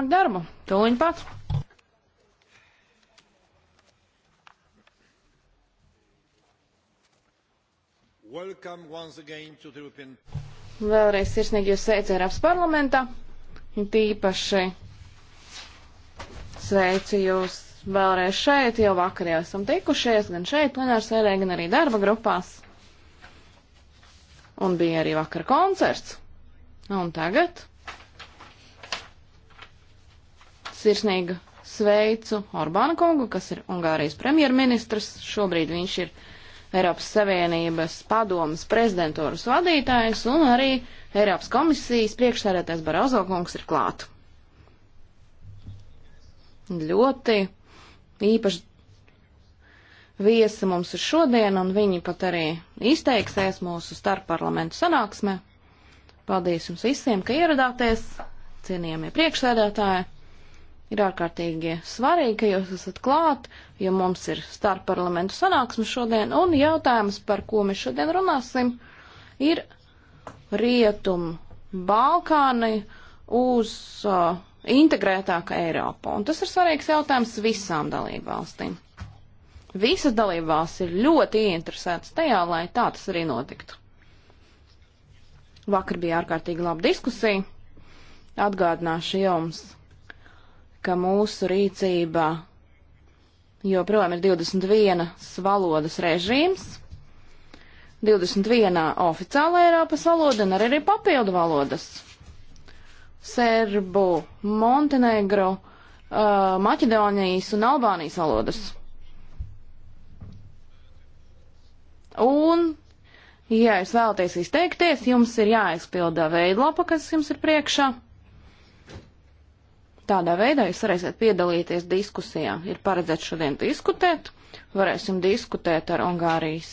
ar darbu. Tūliņ pat. European... Vēlreiz sirsnīgi jūs sveicu Eiropas parlamentā. Tīpaši sveicu jūs vēlreiz šeit, jau vakar jau esam tikušies, gan šeit plenārsēdē, gan arī darba grupās. Un bija arī vakar koncerts. Un tagad sirsnīgu sveicu Orbānu kungu, kas ir Ungārijas premjerministrs. Šobrīd viņš ir Eiropas Savienības padomas prezidentūras vadītājs un arī Eiropas komisijas priekšsēdētājs Barozo kungs ir klāt. Ļoti īpaši viesi mums ir šodien, un viņi pat arī izteiksies mūsu starpparlamentu sanāksmē. Paldies jums visiem, ka ieradāties, cienījamie priekšsēdētāji! ir ārkārtīgi svarīgi, ka jūs esat klāt, jo mums ir starpparlamentu sanāksme šodien, un jautājums, par ko mēs šodien runāsim, ir rietumu Balkāni uz uh, integrētāka Eiropa. Un tas ir svarīgs jautājums visām dalību valstīm. Visas dalību valsts ir ļoti ieinteresētas tajā, lai tā tas arī notiktu. Vakar bija ārkārtīgi laba diskusija. Atgādināšu jums, ka mūsu rīcībā joprojām ir 21 valodas režīms, 21 oficiāla Eiropas valoda un arī ir papildu valodas. Serbu, Montenegro, uh, Maķedonijas un Albānijas valodas. Un Ja jūs vēlaties izteikties, jums ir jāizpilda veidlapa, kas jums ir priekšā. Tādā veidā jūs varēsiet piedalīties diskusijā. Ir paredzēts šodien diskutēt. Varēsim diskutēt ar Ungārijas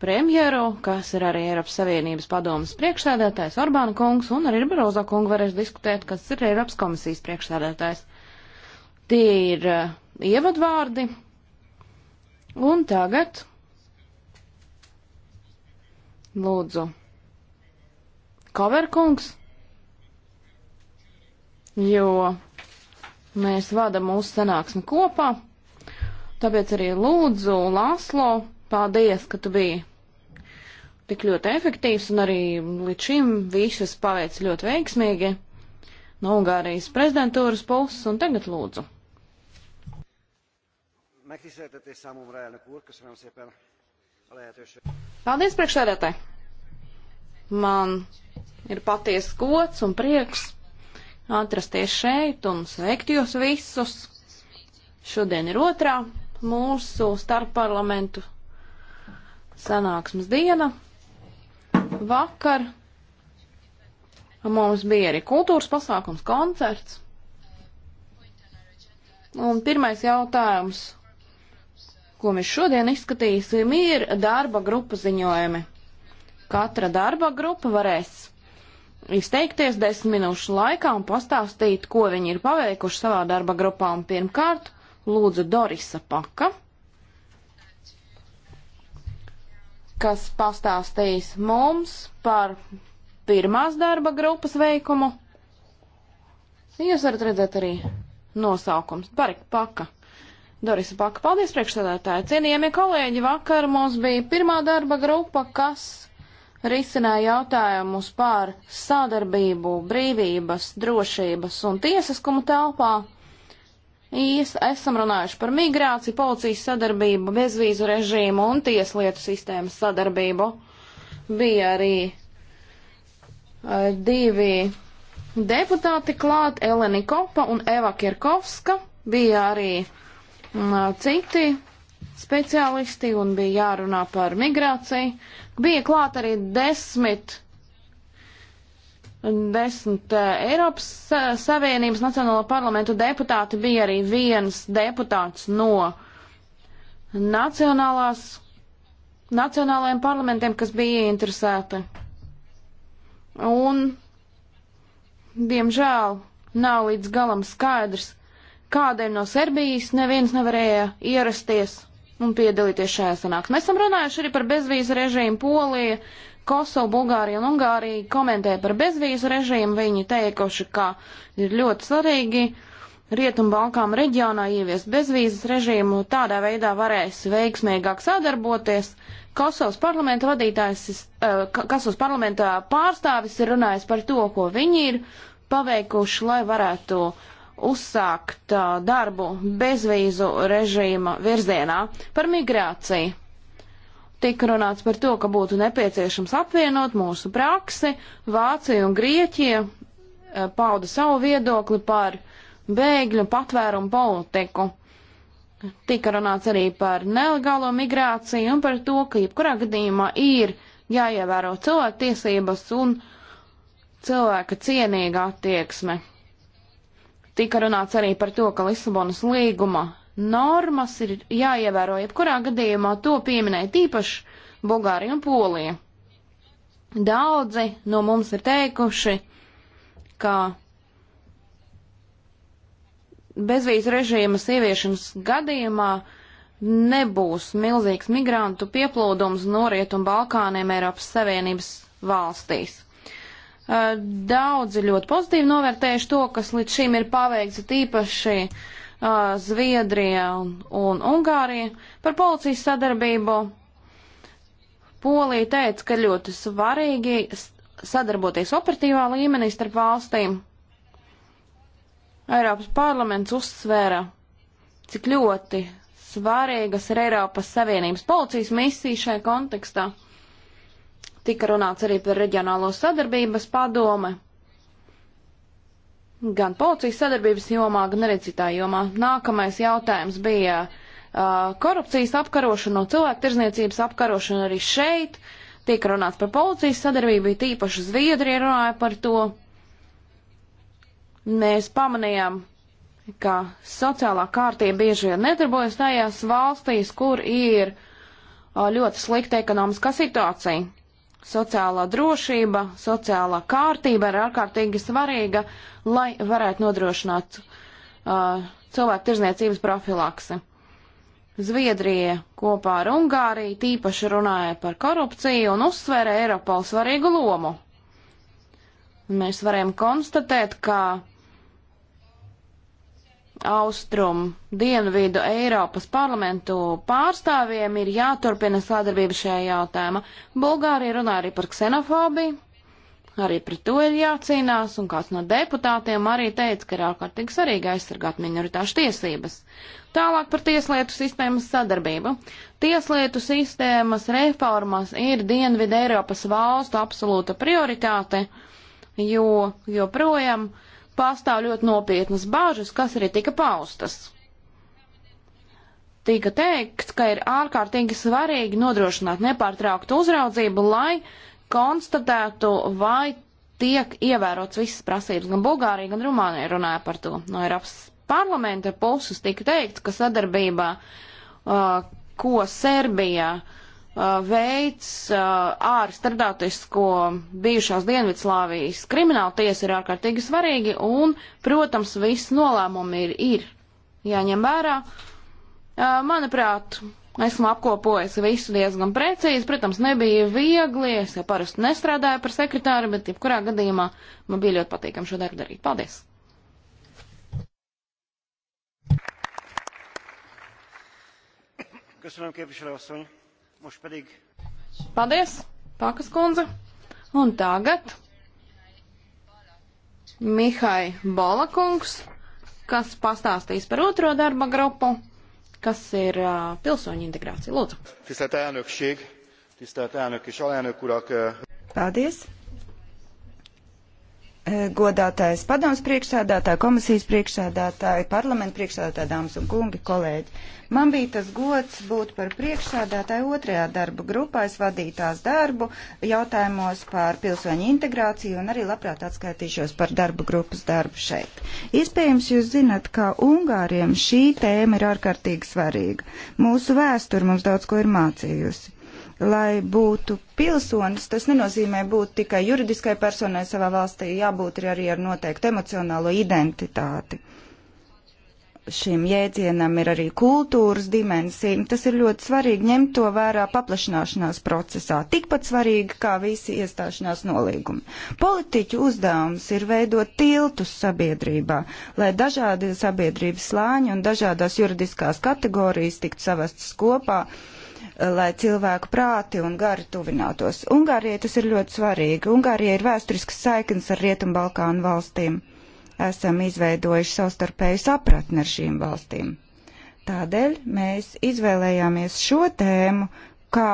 premjeru, kas ir arī Eiropas Savienības padomas priekšsēdētājs Orbāna kungs, un arī Barozo kungu varēs diskutēt, kas ir Eiropas komisijas priekšsēdētājs. Tie ir uh, ievadvārdi, un tagad lūdzu Koverkungs, jo Mēs vadam mūsu sanāksmi kopā, tāpēc arī lūdzu, Lāslo, paldies, ka tu biji tik ļoti efektīvs un arī līdz šim visas paveic ļoti veiksmīgi no Ungārijas prezidentūras puses un tagad lūdzu. Paldies priekšsēdētāji! Man ir patiesa gods un prieks atrasties šeit un sveikt jūs visus. Šodien ir otrā mūsu starpparlamentu sanāksmes diena. Vakar mums bija arī kultūras pasākums, koncerts. Un pirmais jautājums, ko mēs šodien izskatīsim, ir darba grupa ziņojumi. Katra darba grupa varēs izteikties desmit minūšu laikā un pastāstīt, ko viņi ir paveikuši savā darba grupā. Un pirmkārt, lūdzu Dorisa Paka, kas pastāstīs mums par pirmās darba grupas veikumu. Jūs varat redzēt arī nosaukums. Barika Paka. Dorisa Paka, paldies priekšsēdētāji. Cienījamie kolēģi, vakar mums bija pirmā darba grupa, kas risināja jautājumus par sadarbību brīvības, drošības un tiesiskuma telpā. Es, esam runājuši par migrāciju, policijas sadarbību, bezvīzu režīmu un tieslietu sistēmas sadarbību. Bija arī uh, divi deputāti klāt, Eleni Kopa un Eva Kirkovska. Bija arī uh, citi speciālisti un bija jārunā par migrāciju. Bija klāt arī desmit, desmit eh, Eiropas eh, Savienības Nacionālo parlamentu deputāti, bija arī viens deputāts no nacionālās, nacionālajiem parlamentiem, kas bija interesēti. Un, diemžēl, nav līdz galam skaidrs, kādēļ no Serbijas neviens nevarēja ierasties un piedalīties šajā sanāksmē. Mēs esam runājuši arī par bezvīzu režīmu Polija, Kosovu, Bulgāriju un Ungāriju komentē par bezvīzu režīmu. Viņi teikuši, ka ir ļoti svarīgi Rietumbalkām reģionā ieviest bezvīzes režīmu, tādā veidā varēs veiksmīgāk sadarboties. Kosovas parlamenta vadītājs, eh, Kosovas parlamenta pārstāvis ir runājis par to, ko viņi ir paveikuši, lai varētu uh, uzsākt uh, darbu bezvīzu režīma virzienā par migrāciju. Tika runāts par to, ka būtu nepieciešams apvienot mūsu praksi. Vācija un Grieķija uh, pauda savu viedokli par bēgļu patvērumu politiku. Tika runāts arī par nelegālo migrāciju un par to, ka jebkurā gadījumā ir jāievēro cilvēku tiesības un cilvēka cienīga attieksme tika runāts arī par to, ka Lisabonas līguma normas ir jāievēro jebkurā gadījumā, to pieminēja tīpaši Bulgārija un Polija. Daudzi no mums ir teikuši, ka bezvīzu režīma sieviešanas gadījumā nebūs milzīgs migrantu pieplūdums no Rietu un Balkāniem Eiropas Savienības valstīs. Daudzi ļoti pozitīvi novērtējuši to, kas līdz šim ir paveikts, tīpaši uh, Zviedrija un, un Ungārija par policijas sadarbību. Polija teica, ka ļoti svarīgi sadarboties operatīvā līmenī starp valstīm. Eiropas parlaments uzsvēra, cik ļoti svarīgas ir Eiropas Savienības policijas misijas šajā kontekstā. Tika runāts arī par reģionālo sadarbības padome, gan policijas sadarbības jomā, gan arī citā jomā. Nākamais jautājums bija uh, korupcijas apkarošana un cilvēktirzniecības apkarošana arī šeit. Tiek runāts par policijas sadarbību, tīpaši Zviedrija runāja par to. Mēs pamanījām, ka sociālā kārtība bieži vien nedarbojas tajās valstīs, kur ir uh, ļoti slikta ekonomiskā situācija sociālā drošība, sociālā kārtība ir ārkārtīgi svarīga, lai varētu nodrošināt uh, cilvēku tirzniecības profilaksi. Zviedrija kopā ar Ungāriju tīpaši runāja par korupciju un uzsvēra Eiropolu svarīgu lomu. Mēs varējām konstatēt, ka austrum dienvidu Eiropas parlamentu pārstāvjiem ir jāturpina sadarbība šajā jautājumā. Bulgārija runā arī par ksenofobiju, arī pret to ir jācīnās, un kāds no deputātiem arī teica, ka ir ārkārtīgi svarīgi aizsargāt minoritāšu tiesības. Tālāk par tieslietu sistēmas sadarbību. Tieslietu sistēmas reformas ir Dienvidu Eiropas valstu absolūta prioritāte, jo joprojām uh, pastāv ļoti nopietnas bāžas, kas arī tika paustas. Tika teikts, ka ir ārkārtīgi svarīgi nodrošināt nepārtrauktu uzraudzību, lai konstatētu, vai tiek ievērots visas prasības. Gan Bulgārija, gan Rumānija runāja par to. No Eiropas parlamenta puses tika teikts, ka sadarbībā, uh, ko Serbija uh, Uh, veids ar uh, starptautisko bijušās Dienvidslāvijas kriminālu tiesu ir ārkārtīgi svarīgi, un, protams, viss nolēmumi ir, ir jāņem vērā. Uh, manuprāt, esmu apkopojis visu diezgan precīzi. Protams, nebija viegli, es jau parasti nestrādāju par sekretāru, bet jebkurā gadījumā man bija ļoti patīkami šo darbu darīt. Paldies! Köszönöm, képviselő asszony! Paldies, Pakas kundze. Un tagad Mihai Balakungs, kas pastāstīs par otro darba grupu, kas ir uh, pilsoņu integrācija. Lūdzu. Tisztelt elnökség, tisztelt elnök és alelnök urak. Uh, Paldies. Eh, godātais padoms priekšsēdētāji, komisijas priekšsēdētāji, parlamenta priekšsēdētāji, dāmas un kungi, kolēģi. Man bija tas gods būt par priekšsēdētāju otrajā darba grupā. Es vadīju tās darbu jautājumos par pilsoņu integrāciju un arī labprāt atskaitīšos par darba grupas darbu šeit. Iespējams, jūs zinat, ka Ungāriem šī tēma ir ārkārtīgi svarīga. Mūsu vēsture mums daudz ko ir mācījusi. Lai būtu pilsonis, tas nenozīmē būt tikai juridiskai personai savā valstī, jābūt arī ar noteiktu emocionālo identitāti. Šim jēdzienam ir arī kultūras dimensija. Tas ir ļoti svarīgi ņemt to vērā paplašināšanās procesā, tikpat svarīgi kā visi iestāšanās nolīgumi. Politiķu uzdevums ir veidot tiltus sabiedrībā, lai dažādi sabiedrības slāņi un dažādās juridiskās kategorijas tiktu savastas kopā lai cilvēku prāti un gari tuvinātos. Ungārijai tas ir ļoti svarīgi. Ungārija ir vēsturiskas saiknes ar Rietumbalkānu valstīm. Esam izveidojuši savstarpēju sapratni ar šīm valstīm. Tādēļ mēs izvēlējāmies šo tēmu kā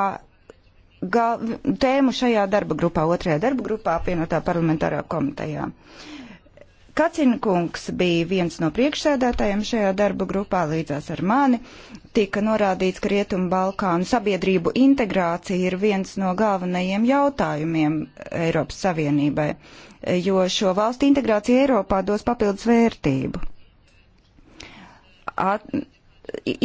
gal, tēmu šajā darba grupā, otrajā darba grupā, apvienotā parlamentārā komitejā. Uh, Kacina kungs bija viens no priekšsēdētājiem šajā darba grupā līdzās ar mani. Tika norādīts, ka Rietumu Balkānu sabiedrību integrācija ir viens no galvenajiem jautājumiem Eiropas Savienībai, jo šo valstu integrācija Eiropā dos papildus vērtību. At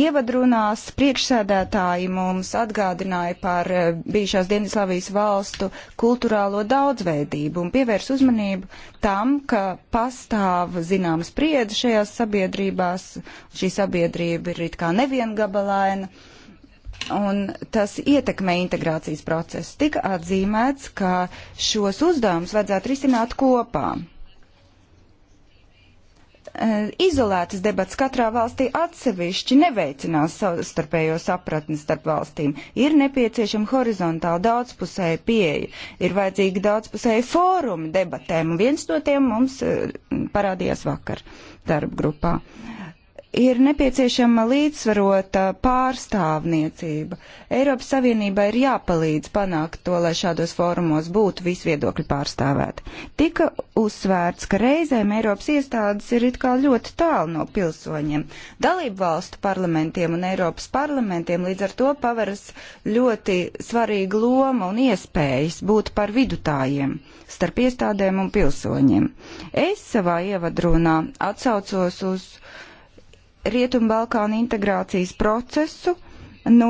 Ievadrunās priekšsēdētāji mums atgādināja par eh, bijušās Dienvidslāvijas valstu kultūrālo daudzveidību un pievērs uzmanību tam, ka pastāv zināms spriedzi šajās sabiedrībās. Šī sabiedrība ir it kā neviengabalaina. Un tas ietekmē integrācijas procesu. Tika atzīmēts, ka šos uzdevumus vajadzētu risināt kopā. Eh, izolētas debats katrā valstī atsevišķi neveicinās savstarpējo sapratni starp valstīm. Ir nepieciešama horizontāla daudzpusēja pieeja, ir vajadzīgi daudzpusēji fórumi debatēm, un viens no tiem mums eh, parādījās vakar darba grupā. Uh, ir nepieciešama līdzsvarota pārstāvniecība. Eiropas Savienībai ir jāpalīdz panākt to, lai šādos fórumos būtu visviedokļi pārstāvēti. Tika uzsvērts, ka reizēm Eiropas iestādes ir it kā ļoti tālu no pilsoņiem. Dalību valstu parlamentiem un Eiropas parlamentiem līdz ar to paveras ļoti svarīga loma un iespējas būt par vidutājiem starp iestādēm un pilsoņiem. Es savā ievadrunā atsaucos uz Rietumbalkānu integrācijas procesu no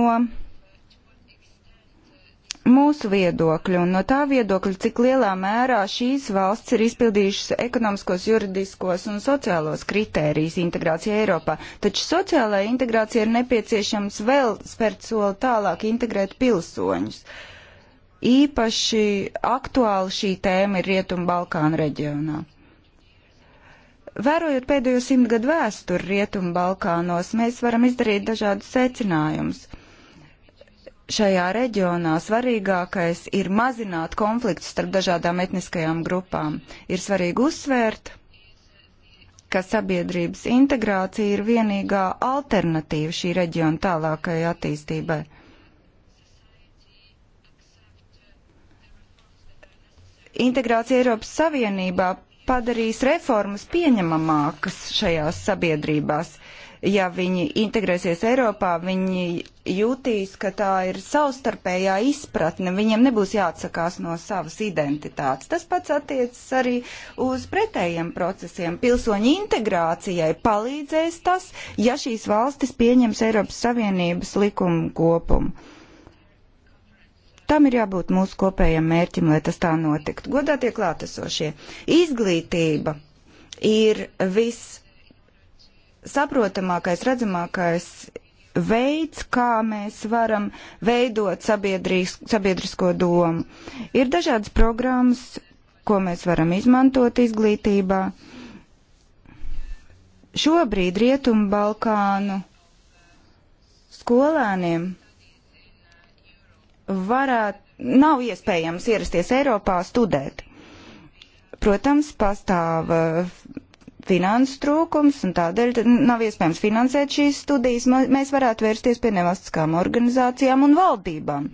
mūsu viedokļa un no tā viedokļa, cik lielā mērā šīs valsts ir izpildījušas ekonomiskos, juridiskos un sociālos kritērijus integrācijai Eiropā. Taču sociālajai integrācijai ir nepieciešams vēl spērt soli tālāk integrēt pilsoņus. Īpaši aktuāli šī tēma ir Rietumu Balkānu reģionā. Vērojot pēdējo simt gadu vēsturi Rietumu Balkānos, mēs varam izdarīt dažādus secinājumus. Šajā reģionā svarīgākais ir mazināt konfliktus starp dažādām etniskajām grupām. Ir svarīgi uzsvērt, ka sabiedrības integrācija ir vienīgā alternatīva šī reģiona tālākajai attīstībai. Integrācija Eiropas Savienībā padarīs reformas pieņemamākas šajās sabiedrībās. Ja viņi integrēsies Eiropā, viņi jutīs, ka tā ir savstarpējā izpratne, viņiem nebūs jāatsakās no savas identitātes. Tas pats attiecas arī uz pretējiem procesiem. Pilsoņu integrācijai palīdzēs tas, ja šīs valstis pieņems Eiropas Savienības likumu kopumu Tam ir jābūt mūsu kopējam mērķim, lai tas tā notiktu. Godā tie klātesošie. Izglītība ir viss saprotamākais, redzamākais veids, kā mēs varam veidot sabiedrisko domu. Ir dažādas programmas, ko mēs varam izmantot izglītībā. Šobrīd Rietumu Balkānu skolēniem varētu, nav iespējams ierasties Eiropā studēt. Protams, pastāv eh, finansu trūkums un tādēļ nav iespējams finansēt šīs studijas. Mēs varētu vērsties pie nevalstiskām organizācijām un valdībām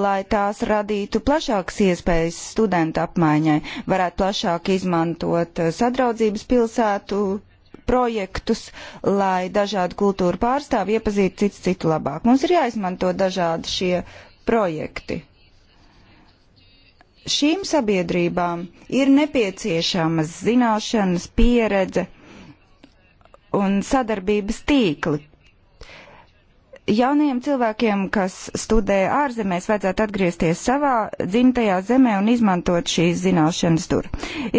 lai tās radītu plašākas iespējas studentu apmaiņai, varētu plašāk izmantot eh, sadraudzības pilsētu projektus, lai dažādu kultūru pārstāvi iepazītu cits citu labāk. Mums ir jāizmanto dažādi šie projekti. Šīm sabiedrībām ir nepieciešamas zināšanas, pieredze un sadarbības tīkli, Jaunajiem cilvēkiem, kas studē ārzemēs, vajadzētu atgriezties savā dzimtajā zemē un izmantot šīs zināšanas tur.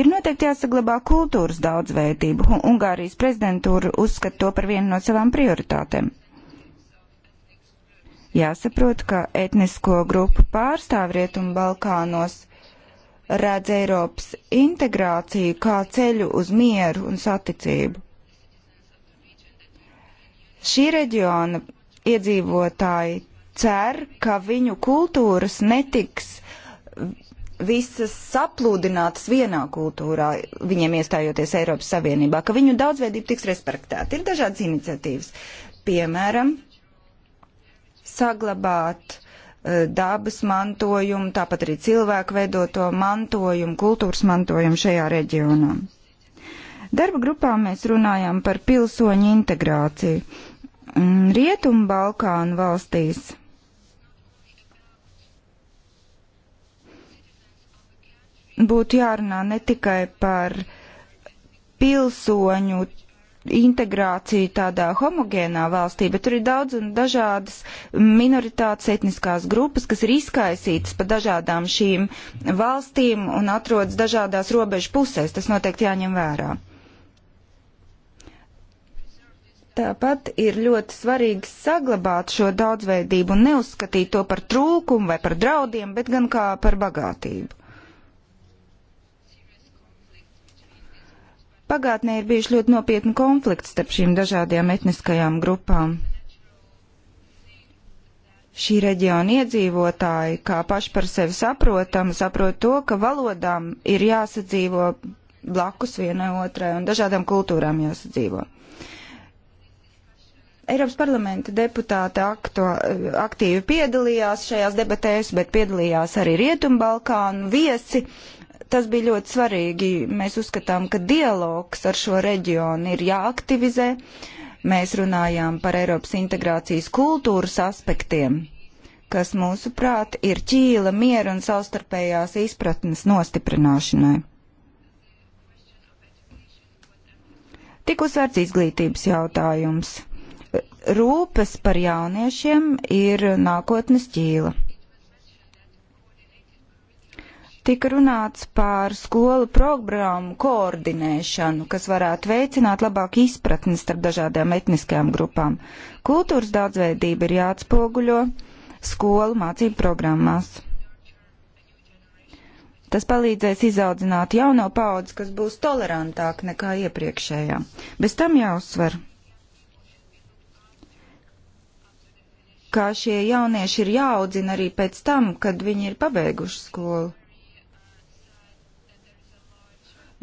Ir noteikti jāsaglabā kultūras daudzveidība. Un Ungārijas prezidentūra uzskata to par vienu no savām prioritātēm. Jāsaprot, ka etnisko grupu pārstāvrietumu Balkānos redz Eiropas integrāciju kā ceļu uz mieru un saticību. Šī reģiona iedzīvotāji cer, ka viņu kultūras netiks visas saplūdinātas vienā kultūrā, viņiem iestājoties Eiropas Savienībā, ka viņu daudzveidība tiks respektēta. Ir dažādas iniciatīvas, piemēram, saglabāt uh, dabas mantojumu, tāpat arī cilvēku veidoto mantojumu, kultūras mantojumu šajā reģionā. Darba grupā mēs runājām par pilsoņu integrāciju. Rietumu Balkānu valstīs. Būtu jārunā ne tikai par pilsoņu integrāciju tādā homogēnā valstī, bet tur ir daudz un dažādas minoritātes etniskās grupas, kas ir izkaisītas pa dažādām šīm valstīm un atrodas dažādās robežu pusēs. Tas noteikti jāņem vērā. Tāpat ir ļoti svarīgi saglabāt šo daudzveidību un neuzskatīt to par trūkumu vai par draudiem, bet gan kā par bagātību. Pagātnē ir bijuši ļoti nopietni konflikti starp šīm dažādajām etniskajām grupām. Šī reģiona iedzīvotāji, kā paši par sevi saprotam, saprot to, ka valodām ir jāsadzīvo blakus vienai otrai un dažādām kultūrām jāsadzīvo. Eiropas parlamenta deputāti aktu, aktīvi piedalījās šajās debatēs, bet piedalījās arī Rietumbalkānu viesi. Tas bija ļoti svarīgi. Mēs uzskatām, ka dialogs ar šo reģionu ir jāaktivizē. Mēs runājām par Eiropas integrācijas kultūras aspektiem, kas, mūsuprāt, ir ķīla miera un savstarpējās izpratnes nostiprināšanai. Tik uzsvērts izglītības jautājums rūpes par jauniešiem ir nākotnes ķīla. Tika runāts par skolu programmu koordinēšanu, kas varētu veicināt labāku izpratni starp dažādām etniskajām grupām. Kultūras daudzveidība ir jāatspoguļo skolu mācību programmās. Tas palīdzēs izaudzināt jauno paudzi, kas būs tolerantāk nekā iepriekšējā. Bez tam jāuzsver, ka šie jaunieši ir jāaudzina arī pēc tam, kad viņi ir pabeiguši skolu.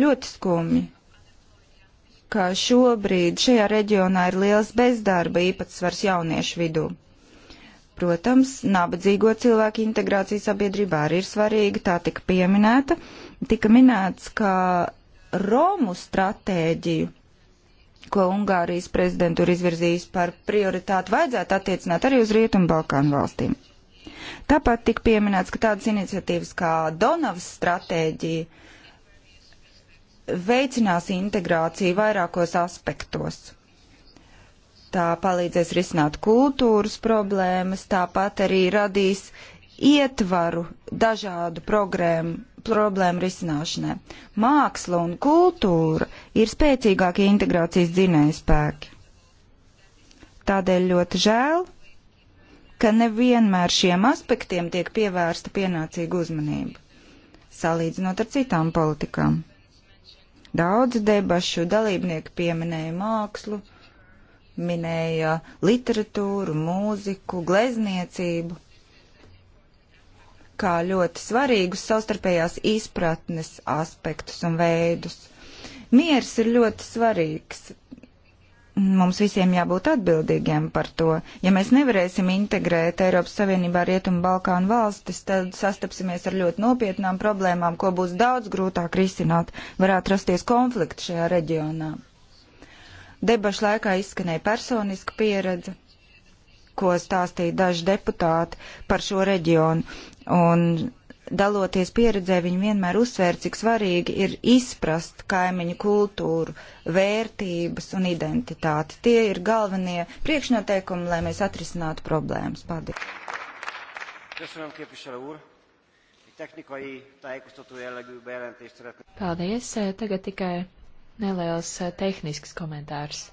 Ļoti skumji, ka šobrīd šajā reģionā ir liels bezdarba īpatsvars jauniešu vidū. Protams, nabadzīgo cilvēku integrācija sabiedrībā arī ir svarīga, tā tika pieminēta. Tika minēts, ka Romu stratēģiju ko Ungārijas prezidentūra izvirzījis par prioritātu, vajadzētu attiecināt arī uz Rietumu Balkānu valstīm. Tāpat tika pieminēts, ka tādas iniciatīvas kā Donavas stratēģija veicinās integrāciju vairākos aspektos. Tā palīdzēs risināt kultūras problēmas, tāpat arī radīs ietvaru dažādu programmu problēmu risināšanai. Māksla un kultūra ir spēcīgākie integrācijas dzinējspēki. Tādēļ ļoti žēl, ka nevienmēr šiem aspektiem tiek pievērsta pienācīga uzmanība, salīdzinot ar citām politikām. Daudz debašu dalībnieku pieminēja mākslu, minēja literatūru, mūziku, glezniecību kā ļoti svarīgus savstarpējās izpratnes aspektus un veidus. Miers ir ļoti svarīgs. Mums visiem jābūt atbildīgiem par to. Ja mēs nevarēsim integrēt Eiropas Savienībā Rietumu Balkānu valstis, tad sastapsimies ar ļoti nopietnām problēmām, ko būs daudz grūtāk risināt. Varētu rasties konflikti šajā reģionā. Debašu laikā izskanēja personiska pieredze ko stāstīja daži deputāti par šo reģionu. Un daloties pieredzē, viņi vienmēr uzsvēra, cik svarīgi ir izprast kaimiņu kultūru, vērtības un identitāti. Tie ir galvenie priekšnoteikumi, lai mēs atrisinātu problēmas. Paldies! Köszönöm, képviselő úr! Technikai tájékoztató jellegű bejelentést szeretném. Paldies! Tagad tikai neliels eh, tehnisks komentārs.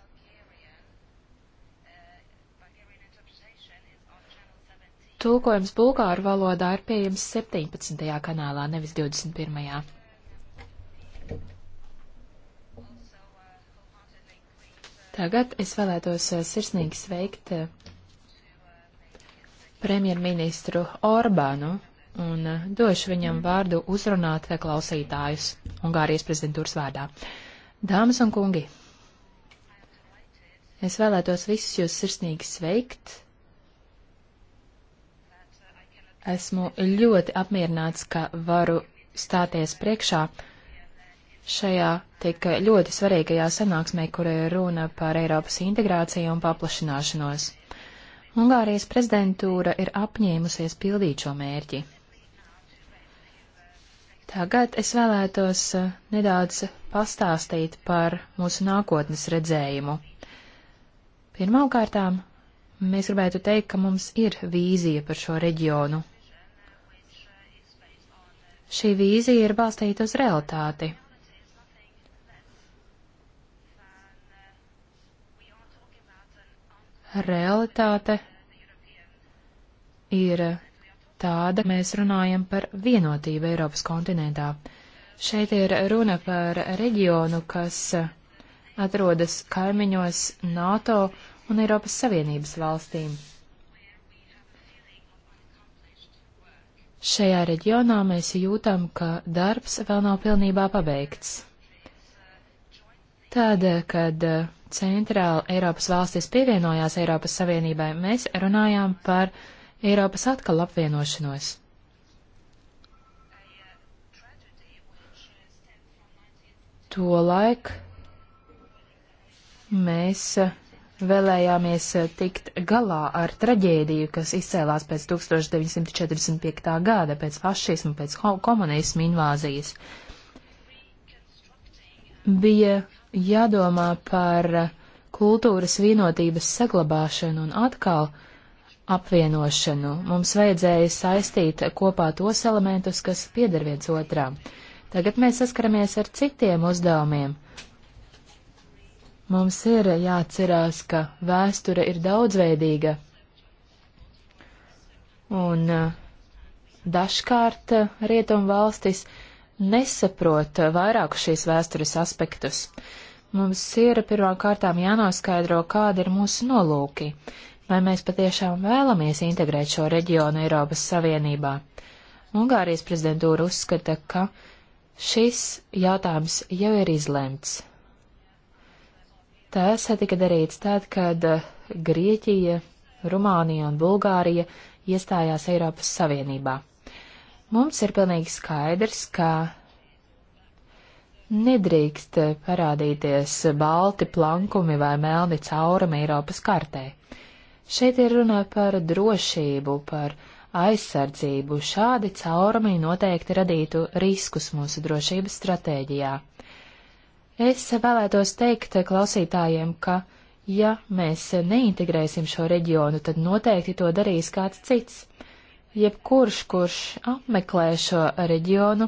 Tulkojums bulgāru valodā ir pieejams 17. kanālā, nevis 21. Tagad es vēlētos eh, sirsnīgi sveikt eh, premjerministru Orbānu un eh, došu viņam vārdu uzrunāt klausītājus Ungārijas prezidentūras vārdā. Dāmas un kungi, es vēlētos visus jūs sirsnīgi sveikt Esmu ļoti apmierināts, ka varu stāties priekšā šajā tik ļoti svarīgajā sanāksmē, kur ir runa par Eiropas integrāciju un paplašināšanos. Ungārijas prezidentūra ir apņēmusies pildīt šo mērķi. Tagad es vēlētos eh, nedaudz pastāstīt par mūsu nākotnes redzējumu. Pirmkārtām, mēs gribētu teikt, ka mums ir vīzija par šo reģionu Šī vīzija ir balstīta uz realitāti. Realitāte ir tāda, ka mēs runājam par vienotību Eiropas kontinentā. Šeit ir runa par reģionu, kas atrodas kaimiņos NATO un Eiropas Savienības valstīm. Šajā reģionā mēs jūtam, ka darbs vēl nav pilnībā pabeigts. Tad, kad centrāla Eiropas valstis pievienojās Eiropas Savienībai, mēs runājām par Eiropas atkal apvienošanos. Tolaik mēs vēlējāmies eh, tikt galā ar traģēdiju, kas izcēlās pēc 1945. gada, pēc fašismu, pēc komunismu invāzijas. Bija jādomā par kultūras vienotības saglabāšanu un atkal apvienošanu. Mums vajadzēja saistīt kopā tos elementus, kas pieder viens otram. Tagad mēs saskaramies ar citiem uzdevumiem Mums ir jāatcerās, ka vēsture ir daudzveidīga. Un uh, dažkārt uh, rietumu valstis nesaprot uh, vairāku šīs vēstures aspektus. Mums ir pirmām kārtām jānoskaidro, kāda ir mūsu nolūki, vai mēs patiešām vēlamies integrēt šo reģionu Eiropas Savienībā. Ungārijas prezidentūra uzskata, ka šis jautājums jau ir izlemts Tas tika darīts tad, kad eh, Grieķija, Rumānija un Bulgārija iestājās Eiropas Savienībā. Mums ir pilnīgi skaidrs, ka nedrīkst eh, parādīties balti plankumi vai melni caurumi Eiropas kartē. Šeit ir runa par drošību, par aizsardzību. Šādi caurumi noteikti radītu riskus mūsu drošības stratēģijā. Es vēlētos teikt klausītājiem, ka, ja mēs neintegrēsim šo reģionu, tad noteikti to darīs kāds cits. Jebkurš, kurš apmeklē šo reģionu,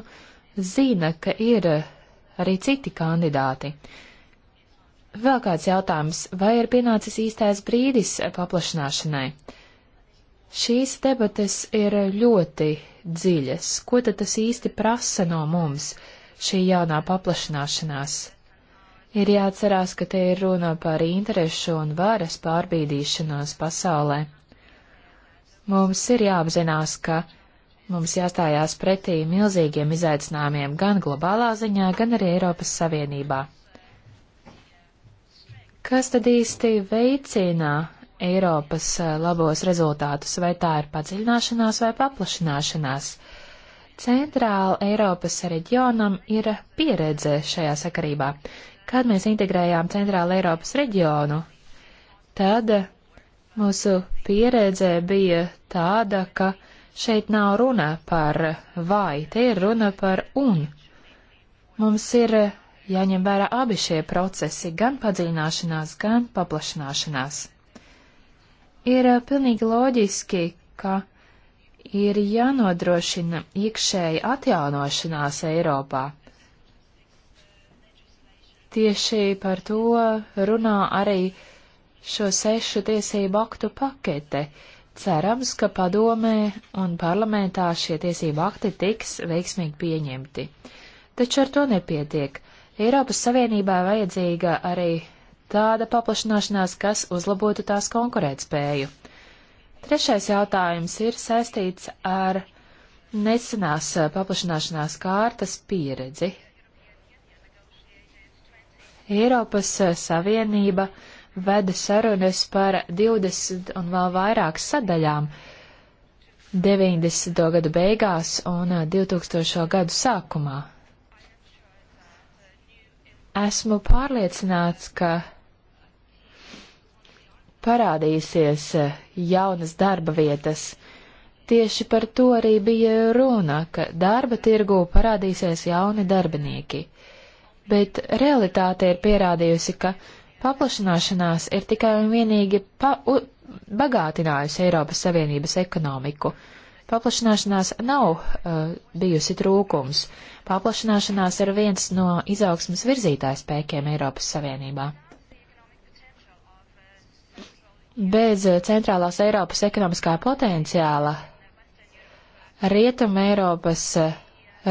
zina, ka ir arī citi kandidāti. Vēl kāds jautājums, vai ir pienācis īstais brīdis paplašināšanai? Šīs debates ir ļoti dziļas. Ko tad tas īsti prasa no mums, šī jaunā paplašināšanās? Ir jāatcerās, ka te ir runa par interešu un varas pārbīdīšanos pasaulē. Mums ir jāapzinās, ka mums jāstājās pretī milzīgiem izaicinājumiem gan globālā ziņā, gan arī Eiropas Savienībā. Kas tad īsti veicina Eiropas eh, labos rezultātus, vai tā ir padziļināšanās vai paplašināšanās? Centrāla Eiropas reģionam ir pieredze šajā sakarībā. Kad mēs integrējām Centrāla Eiropas reģionu, tad mūsu pieredze bija tāda, ka šeit nav runa par vai, te ir runa par un. Mums ir jāņem vērā abi šie procesi, gan padziļināšanās, gan paplašināšanās. Ir pilnīgi loģiski, ka ir jānodrošina iekšēja atjaunošanās Eiropā, Tieši par to runā arī šo sešu tiesību aktu pakete. Cerams, ka padomē un parlamentā šie tiesību akti tiks veiksmīgi pieņemti. Taču ar to nepietiek. Eiropas Savienībā vajadzīga arī tāda paplašanāšanās, kas uzlabotu tās konkurētspēju. Trešais jautājums ir saistīts ar nesenās paplašanāšanās kārtas pieredzi Eiropas eh, Savienība veda sarunas par 20 un vēl vairāk sadaļām 90. gadu beigās un 2000. Eh, gadu sākumā. Esmu pārliecināts, ka parādīsies eh, jaunas darba vietas. Tieši par to arī bija runa, ka darba tirgū parādīsies jauni darbinieki bet realitāte ir pierādījusi, ka paplašanāšanās ir tikai un vienīgi pa u bagātinājusi Eiropas Savienības ekonomiku. Paplašanāšanās nav uh, bijusi trūkums. Paplašanāšanās ir viens no izaugsmas virzītājspēkiem Eiropas Savienībā. Bez uh, centrālās Eiropas ekonomiskā potenciāla Rietuma Eiropas uh,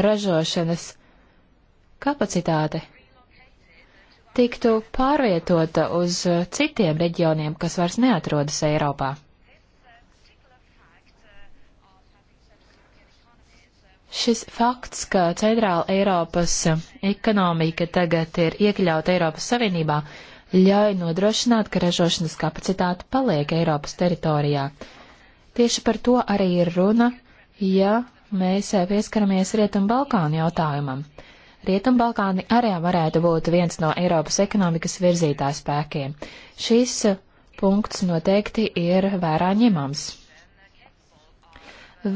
ražošanas kapacitāte tiktu pārvietota uz citiem reģioniem, kas vairs neatrodas Eiropā. Šis fakts, ka Centrāla Eiropas ekonomika tagad ir iekļauta Eiropas Savienībā, ļauj nodrošināt, ka ražošanas kapacitāte paliek Eiropas teritorijā. Tieši par to arī ir runa, ja mēs pieskaramies Rietumu Balkānu jautājumam. Rietumbalkāni arī varētu būt viens no Eiropas ekonomikas virzītā spēkiem. Šis punkts noteikti ir vērā ņemams.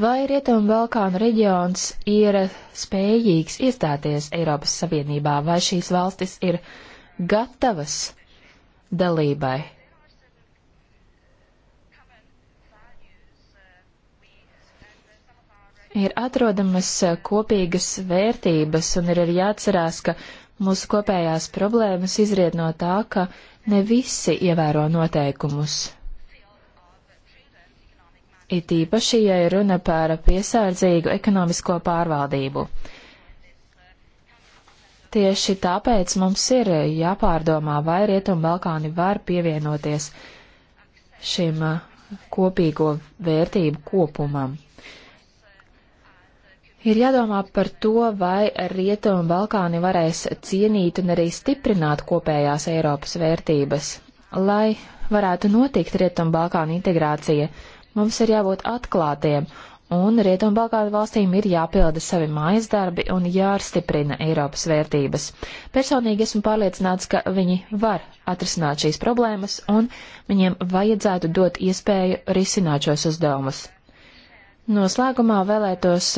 Vai Rietumbalkānu reģions ir spējīgs iestāties Eiropas Savienībā, vai šīs valstis ir gatavas dalībai ir atrodamas eh, kopīgas vērtības un ir arī jāatcerās, ka mūsu kopējās problēmas izried no tā, ka ne visi ievēro noteikumus. It īpaši, ja ir runa par piesardzīgu ekonomisko pārvaldību. Tieši tāpēc mums ir jāpārdomā, vai Rietumbalkāni var pievienoties šim eh, kopīgo vērtību kopumam. Ir jādomā par to, vai Rietumu Balkāni varēs cienīt un arī stiprināt kopējās Eiropas vērtības. Lai varētu notikt Rietumu Balkānu integrācija, mums ir jābūt atklātiem, un Rietumu Balkānu valstīm ir jāpilda savi mājas darbi un jāstiprina Eiropas vērtības. Personīgi esmu pārliecināts, ka viņi var atrisināt šīs problēmas, un viņiem vajadzētu dot iespēju risināt šos uzdevumus. Noslēgumā vēlētos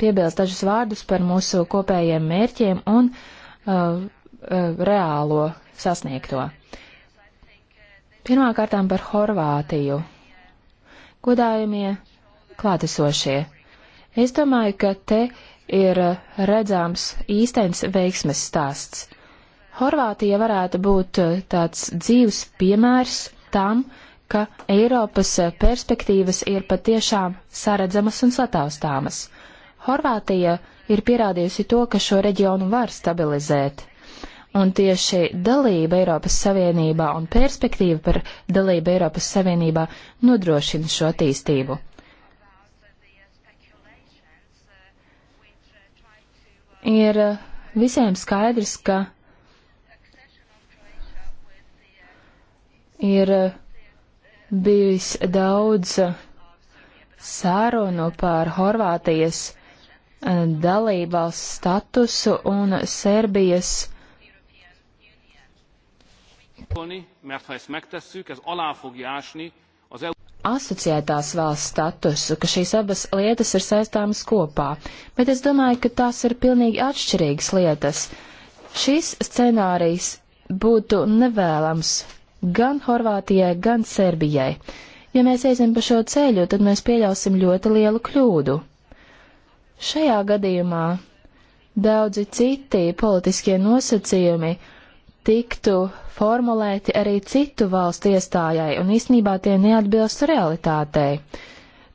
piebilst dažus vārdus par mūsu kopējiem mērķiem un uh, uh, reālo sasniegto. Pirmkārtām par Horvātiju. Godājumie klātesošie. Es domāju, ka te ir redzams īstenis veiksmes stāsts. Horvātija varētu būt uh, tāds dzīves piemērs tam, ka Eiropas uh, perspektīvas ir patiešām saredzamas un sataustāmas. Horvātija ir pierādījusi to, ka šo reģionu var stabilizēt. Un tieši dalība Eiropas Savienībā un perspektīva par dalību Eiropas Savienībā nodrošina šo attīstību. Ir visiem skaidrs, ka ir bijis daudz sārunu par Horvātijas dalībvalsts statusu un Serbijas. Asociētās valsts statusu, ka šīs abas lietas ir saistāmas kopā, bet es domāju, ka tās ir pilnīgi atšķirīgas lietas. Šis scenārijs būtu nevēlams gan Horvātijai, gan Serbijai. Ja mēs iesim pa šo ceļu, tad mēs pieļausim ļoti lielu kļūdu. Šajā gadījumā daudzi citi politiskie nosacījumi tiktu formulēti arī citu valstu iestājai, un īsnībā tie neatbilst realitātei.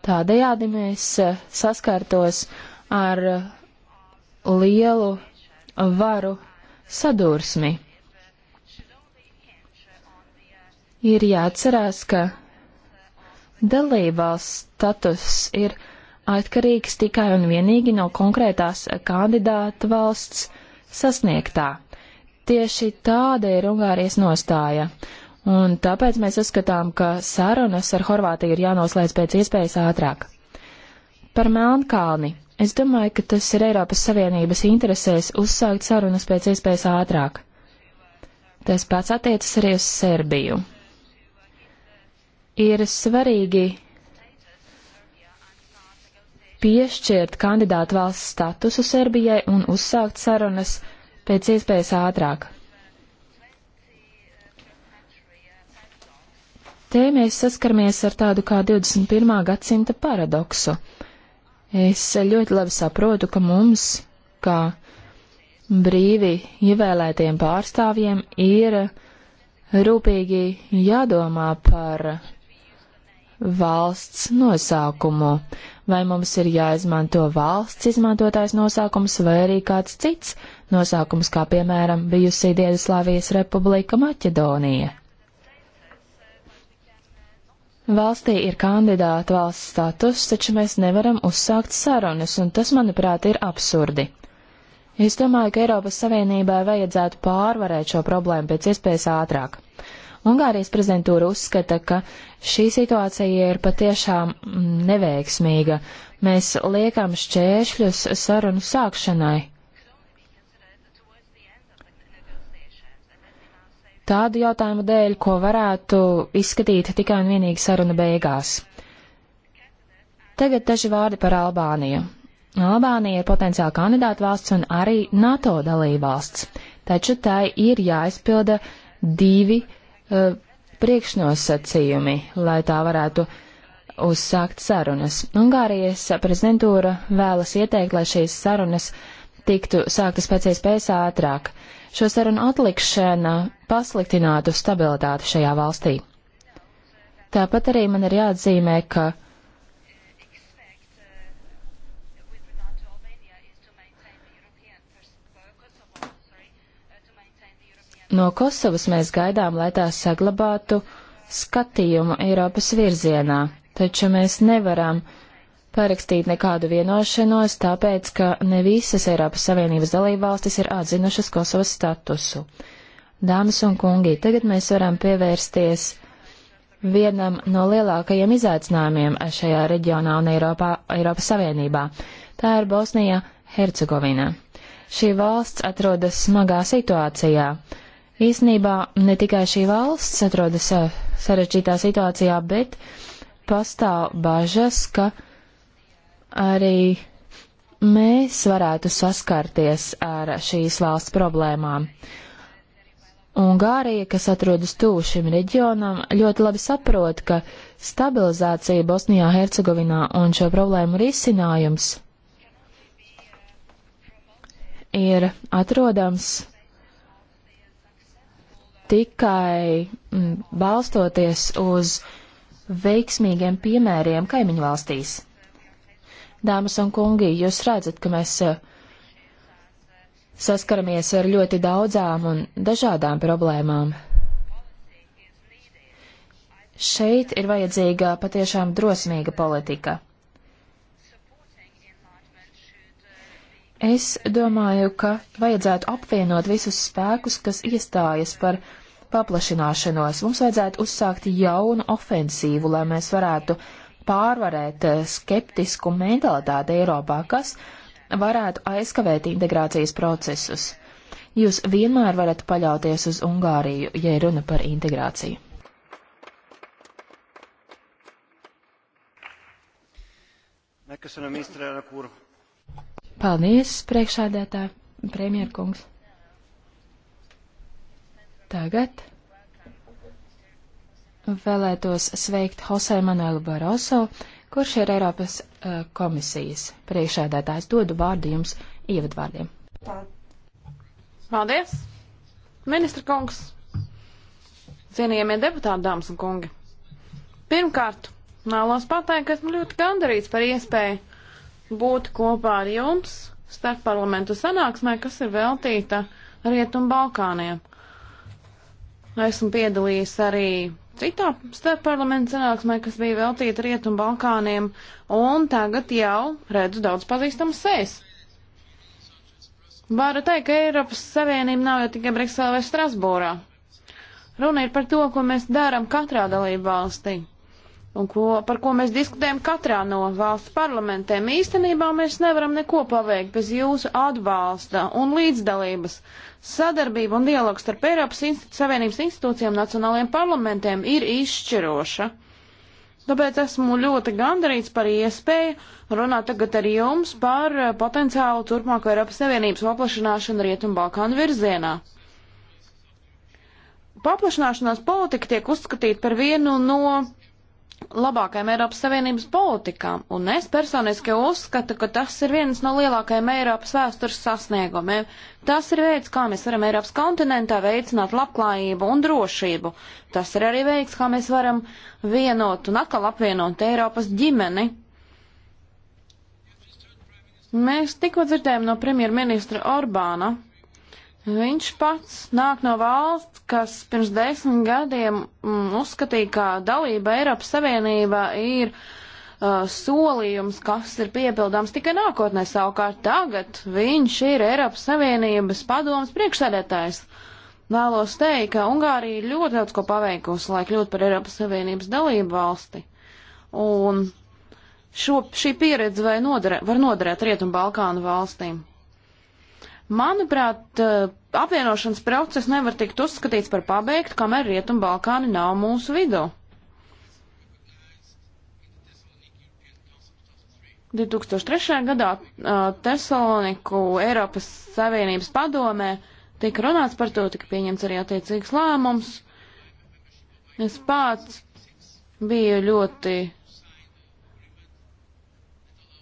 Tādējādi mēs eh, saskārtos ar eh, lielu varu sadursmi. Ir jāatcerās, ka dalībvalsts status ir atkarīgs tikai un vienīgi no konkrētās kandidāta valsts sasniegtā. Tieši tāda ir Ungārijas nostāja. Un tāpēc mēs uzskatām, ka sarunas ar Horvātiju ir jānoslēdz pēc iespējas ātrāk. Par Melnkalni. Es domāju, ka tas ir Eiropas Savienības interesēs uzsākt sarunas pēc iespējas ātrāk. Tas pats attiecas arī uz Serbiju. Ir svarīgi piešķirt kandidātu valsts statusu Serbijai un uzsākt sarunas pēc iespējas ātrāk. Te mēs saskaramies ar tādu kā 21. gadsimta paradoksu. Es ļoti labi saprotu, ka mums, kā brīvi ievēlētiem pārstāvjiem, ir rūpīgi jādomā par valsts nosaukumu. Vai mums ir jāizmanto valsts izmantotais nosaukums vai arī kāds cits nosaukums, kā piemēram bijusī Dievislāvijas republika Maķedonija? Valstī ir kandidāta valsts status, taču mēs nevaram uzsākt sarunas, un tas, manuprāt, ir absurdi. Es domāju, ka Eiropas Savienībai vajadzētu pārvarēt šo problēmu pēc iespējas ātrāk. Ungārijas prezidentūra uzskata, ka šī situācija ir patiešām mm, neveiksmīga. Mēs liekam šķēršļus sarunu sākšanai. Tādu jautājumu dēļ, ko varētu izskatīt tikai un vienīgi saruna beigās. Tagad daži vārdi par Albāniju. Albānija ir potenciāla kandidāta valsts un arī NATO dalībvalsts, taču tai ir jāizpilda divi Eh, priekšnosacījumi, lai tā varētu uzsākt sarunas. Ungārijas prezidentūra vēlas ieteikt, lai šīs sarunas tiktu sāktas pēc iespējas ātrāk. Šo sarunu atlikšana pasliktinātu stabilitāti šajā valstī. Tāpat arī man ir jāatzīmē, ka No Kosovas mēs gaidām, lai tā saglabātu skatījumu Eiropas virzienā, taču mēs nevaram parakstīt nekādu vienošanos, tāpēc, ka ne visas Eiropas Savienības dalībvalstis ir atzinušas Kosovas statusu. Dāmas un kungi, tagad mēs varam pievērsties vienam no lielākajiem izaicinājumiem šajā reģionā un Eiropā, Eiropas Savienībā. Tā ir Bosnija Hercegovina. Šī valsts atrodas smagā situācijā Īsnībā ne tikai šī valsts atrodas eh, sarežģītā situācijā, bet pastāv bažas, ka arī mēs varētu saskarties ar šīs valsts problēmām. Ungārija, kas atrodas tuvu šim reģionam, ļoti labi saprot, ka stabilizācija Bosnijā, Hercegovinā un šo problēmu risinājums ir atrodams tikai mm, balstoties uz veiksmīgiem piemēriem kaimiņu valstīs. Dāmas un kungi, jūs redzat, ka mēs eh, saskaramies ar ļoti daudzām un dažādām problēmām. Šeit ir vajadzīga patiešām drosmīga politika. Es domāju, ka vajadzētu apvienot visus spēkus, kas iestājas par paplašināšanos. Mums vajadzētu uzsākt jaunu ofensīvu, lai mēs varētu pārvarēt eh, skeptisku mentalitāti Eiropā, kas varētu aizkavēt integrācijas procesus. Jūs vienmēr varat paļauties uz Ungāriju, ja runa par integrāciju. Paldies, priekšādētā premjerkungs. Tagad vēlētos sveikt Jose Manuelu Baroso, kurš ir Eiropas uh, komisijas priekšēdētājs. Dodu vārdu jums ievadvārdiem. Paldies! Ministra kungs, cienījamie deputāti, dāmas un kungi! Pirmkārt, vēlos pateikt, ka esmu ļoti gandarīts par iespēju būt kopā ar jums starp parlamentu sanāksmē, kas ir veltīta Rietumu Balkāniem. Esmu piedalījies arī citā starpparlamentu sanāksmē, kas bija veltīta Rietumu Balkāniem, un tagad jau redzu daudz pazīstamas sēs. Varu teikt, ka Eiropas Savienība nav jau tikai Briselē vai Strasbūrā. Runa ir par to, ko mēs darām katrā dalību valstī un ko, par ko mēs diskutējam katrā no valsts parlamentiem. Īstenībā mēs nevaram neko paveikt bez jūsu atbalsta un līdzdalības. Sadarbība un dialogs starp Eiropas institū Savienības institūcijām un nacionālajiem parlamentiem ir izšķiroša. Tāpēc esmu ļoti gandarīts par iespēju runāt tagad ar jums par eh, potenciālu turpmāko Eiropas Savienības paplašināšanu Rietumbalkānu virzienā. Paplašināšanās politika tiek uzskatīta par vienu no labākajām Eiropas Savienības politikām, un es personiski uzskatu, ka tas ir viens no lielākajiem Eiropas vēstures sasniegumiem. Tas ir veids, kā mēs varam Eiropas kontinentā veicināt labklājību un drošību. Tas ir arī veids, kā mēs varam vienot un atkal apvienot Eiropas ģimeni. Mēs tikko dzirdējām no premjerministra Orbāna, Viņš pats nāk no valsts, kas pirms desmit gadiem mm, uzskatīja, ka dalība Eiropas Savienībā ir uh, solījums, kas ir piepildāms tikai nākotnē. Savukārt tagad viņš ir Eiropas Savienības padomas priekšsēdētājs. Vēlos teikt, ka Ungārija ir ļoti daudz ko paveikusi, lai kļūtu par Eiropas Savienības dalību valsti. Un šo, šī pieredze nodara, var noderēt Rietumbalkānu valstīm. Manuprāt, eh, apvienošanas process nevar tikt uzskatīts par pabeigtu, kamēr Rietumbalkāni nav mūsu vidū. 2003. gadā eh, Tesaloniku Eiropas Savienības padomē tika runāts par to, tika pieņemts arī attiecīgs lēmums. Es pats biju ļoti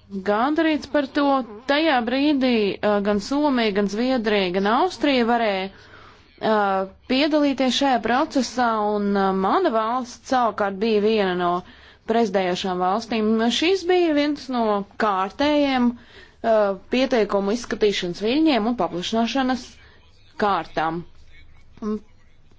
gandrīz par to. Tajā brīdī uh, gan Somija, gan Zviedrija, gan Austrija varēja uh, piedalīties šajā procesā, un uh, mana valsts savukārt bija viena no prezidējošām valstīm. Šis bija viens no kārtējiem uh, pieteikumu izskatīšanas viļņiem un paplašināšanas kārtām.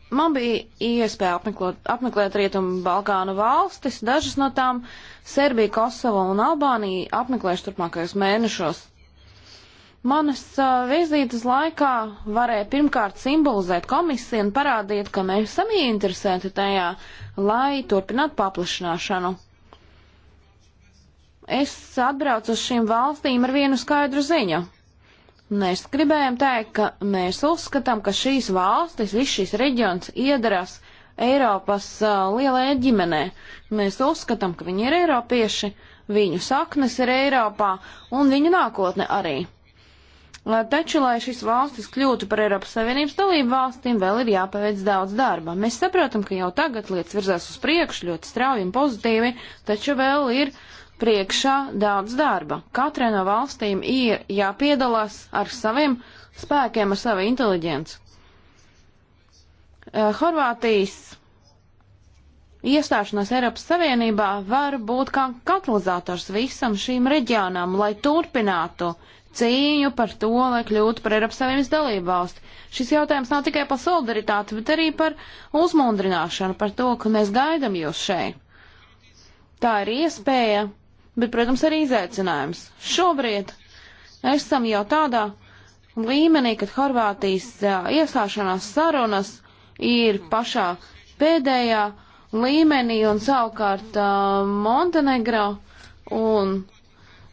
Man bija iespēja apmeklēt, apmeklēt Rietumu Balkānu valstis, dažas no tām uh, Serbiju, Kosovu un Albāniju apmeklēšu turpmākajos mēnešos. Manas uh, vizītes laikā varēja pirmkārt simbolizēt komisiju un parādīt, ka mēs esam ieinteresēti tajā, lai turpinātu paplašināšanu. Es atbraucu uz šīm valstīm ar vienu skaidru ziņu. Mēs gribējām teikt, ka mēs uzskatām, ka šīs valstis, viss šīs reģions iedarās Eiropas uh, lielajā ģimenē. Mēs uzskatām, ka viņi ir eiropieši, viņu saknes ir Eiropā un viņu nākotne arī. Lai taču, lai šīs valstis kļūtu par Eiropas Savienības dalību valstīm, vēl ir jāpaveic daudz darba. Mēs saprotam, ka jau tagad lietas virzās uz priekšu ļoti strauji un pozitīvi, taču vēl ir priekšā daudz darba. Katrai no valstīm ir jāpiedalās ar saviem spēkiem, ar savu inteliģenci. Eh, Horvātijas iestāšanās Eiropas Savienībā var būt kā katalizators visam šīm reģionam, lai turpinātu cīņu par to, lai kļūtu par Eiropas Savienības dalību valsti. Šis jautājums nav tikai par solidaritāti, bet arī par uzmundrināšanu, par to, ka mēs gaidam jūs šeit. Tā ir iespēja, bet, protams, arī izaicinājums. Šobrīd esam jau tādā līmenī, kad Horvātijas eh, iestāšanās sarunas ir pašā pēdējā līmenī un savukārt uh, Montenegro un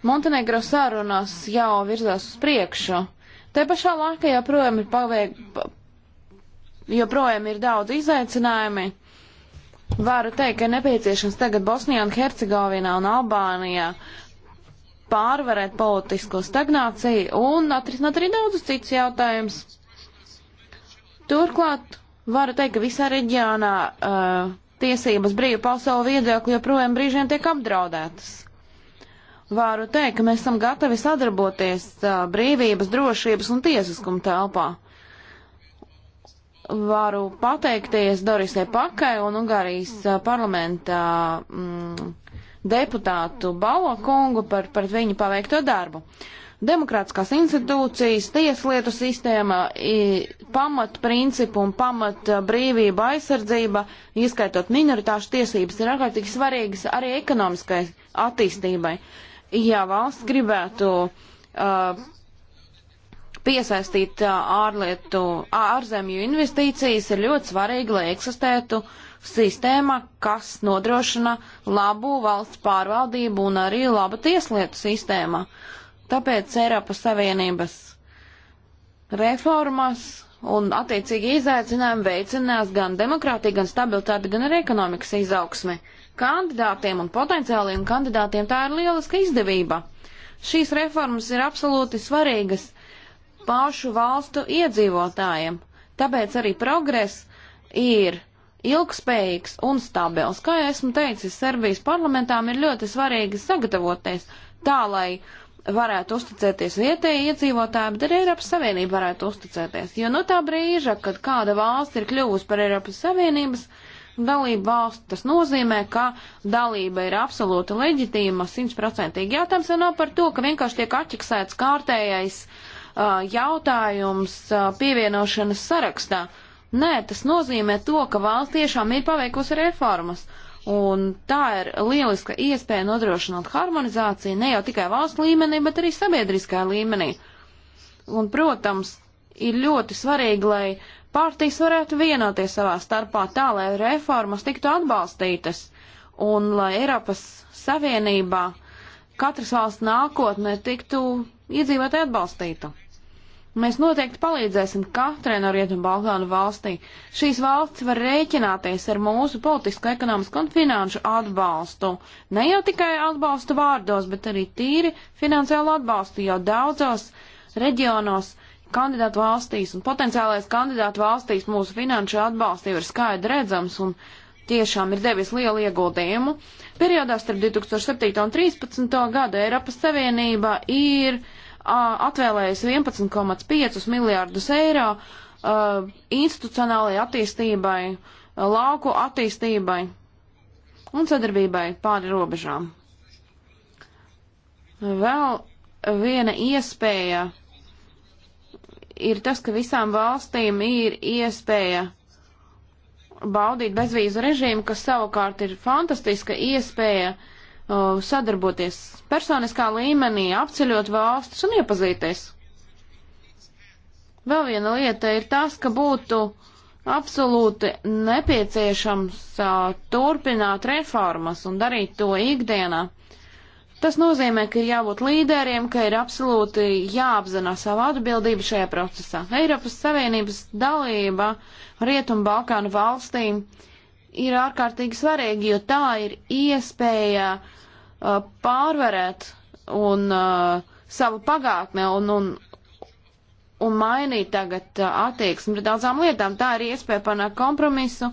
Montenegro sarunās jau virzās uz priekšu. Te pašā laikā joprojām ir, paveik, joprojām ir daudz izaicinājumi. Varu teikt, ka nepieciešams tagad Bosnijā un Hercegovinā un Albānijā pārvarēt politisko stagnāciju un atrisināt arī daudzus citus jautājumus. Turklāt Varu teikt, ka visā reģionā uh, tiesības brīvi paust savu viedokli joprojām brīžiem tiek apdraudētas. Varu teikt, ka mēs esam gatavi sadarboties uh, brīvības, drošības un tiesiskuma telpā. Varu pateikties Dorisai Pakai un Ungārijas uh, parlamentā mm, deputātu Balo kungu par, par viņu paveikto darbu. Uh, Demokrātiskās institūcijas, tieslietu sistēma, pamatprincipu un pamat brīvība aizsardzība, ieskaitot minoritāšu tiesības, ir ārkārtīgi svarīgas arī ekonomiskai attīstībai. Ja valsts gribētu uh, piesaistīt ārlietu, ārzemju investīcijas, ir ļoti svarīgi, lai eksistētu sistēma, kas nodrošina labu valsts pārvaldību un arī laba tieslietu sistēma. Tāpēc Eiropas Savienības reformas un attiecīgi izaicinājumi veicinās gan demokrātiju, gan stabilitāti, gan arī ekonomikas izaugsmi. Kandidātiem un potenciāliem kandidātiem tā ir lieliska izdevība. Šīs reformas ir absolūti svarīgas pašu valstu iedzīvotājiem, tāpēc arī progress ir ilgspējīgs un stabils. Kā jau esmu teicis, Serbijas parlamentām ir ļoti svarīgi sagatavoties tā, lai varētu uzticēties vietējai iedzīvotājai, bet arī Eiropas Savienība varētu uzticēties. Jo no nu tā brīža, kad kāda valsts ir kļuvusi par Eiropas Savienības dalību valsti, tas nozīmē, ka dalība ir absolūti leģitīma, simtprocentīgi. Jautājums jau nav par to, ka vienkārši tiek atķiksēts kārtējais uh, jautājums uh, pievienošanas sarakstā. Nē, tas nozīmē to, ka valsts tiešām ir paveikusi reformas. Uh, Un tā ir lieliska iespēja nodrošināt harmonizāciju ne jau tikai valsts līmenī, bet arī sabiedriskā līmenī. Un, protams, ir ļoti svarīgi, lai partijas varētu vienoties savā starpā tā, lai reformas tiktu atbalstītas un lai Eiropas Savienībā katras valsts nākotne tiktu iedzīvotāji atbalstīta. Mēs noteikti palīdzēsim katrai no Rietumu Balkānu valstī. Šīs valsts var rēķināties ar mūsu politisko, ekonomisko un finanšu atbalstu. Ne jau tikai atbalstu vārdos, bet arī tīri finansiālu atbalstu jau daudzos reģionos, kandidātu valstīs un potenciālais kandidātu valstīs mūsu finanšu atbalsts jau ir skaidri redzams un tiešām ir devis lielu ieguldījumu. Periodā starp 2007 un 2013 gadu Eiropas Savienība ir atvēlējusi 11,5 miljārdus eiro uh, institucionālajai attīstībai, lauku attīstībai un sadarbībai pāri robežām. Vēl viena iespēja ir tas, ka visām valstīm ir iespēja baudīt bezvīzu režīmu, kas savukārt ir fantastiska iespēja uh, sadarboties personiskā līmenī, apceļot valstis un iepazīties. Vēl viena lieta ir tas, ka būtu absolūti nepieciešams uh, turpināt reformas un darīt to ikdienā. Tas nozīmē, ka ir jābūt līderiem, ka ir absolūti jāapzinās savu atbildību šajā procesā. Eiropas Savienības dalība Rietumbalkānu valstīm uh, ir ārkārtīgi svarīgi, jo tā ir iespēja uh, pārvarēt un uh, savu pagātni un, un, un mainīt tagad uh, attieksmi pret daudzām lietām. Tā ir iespēja panākt kompromisu.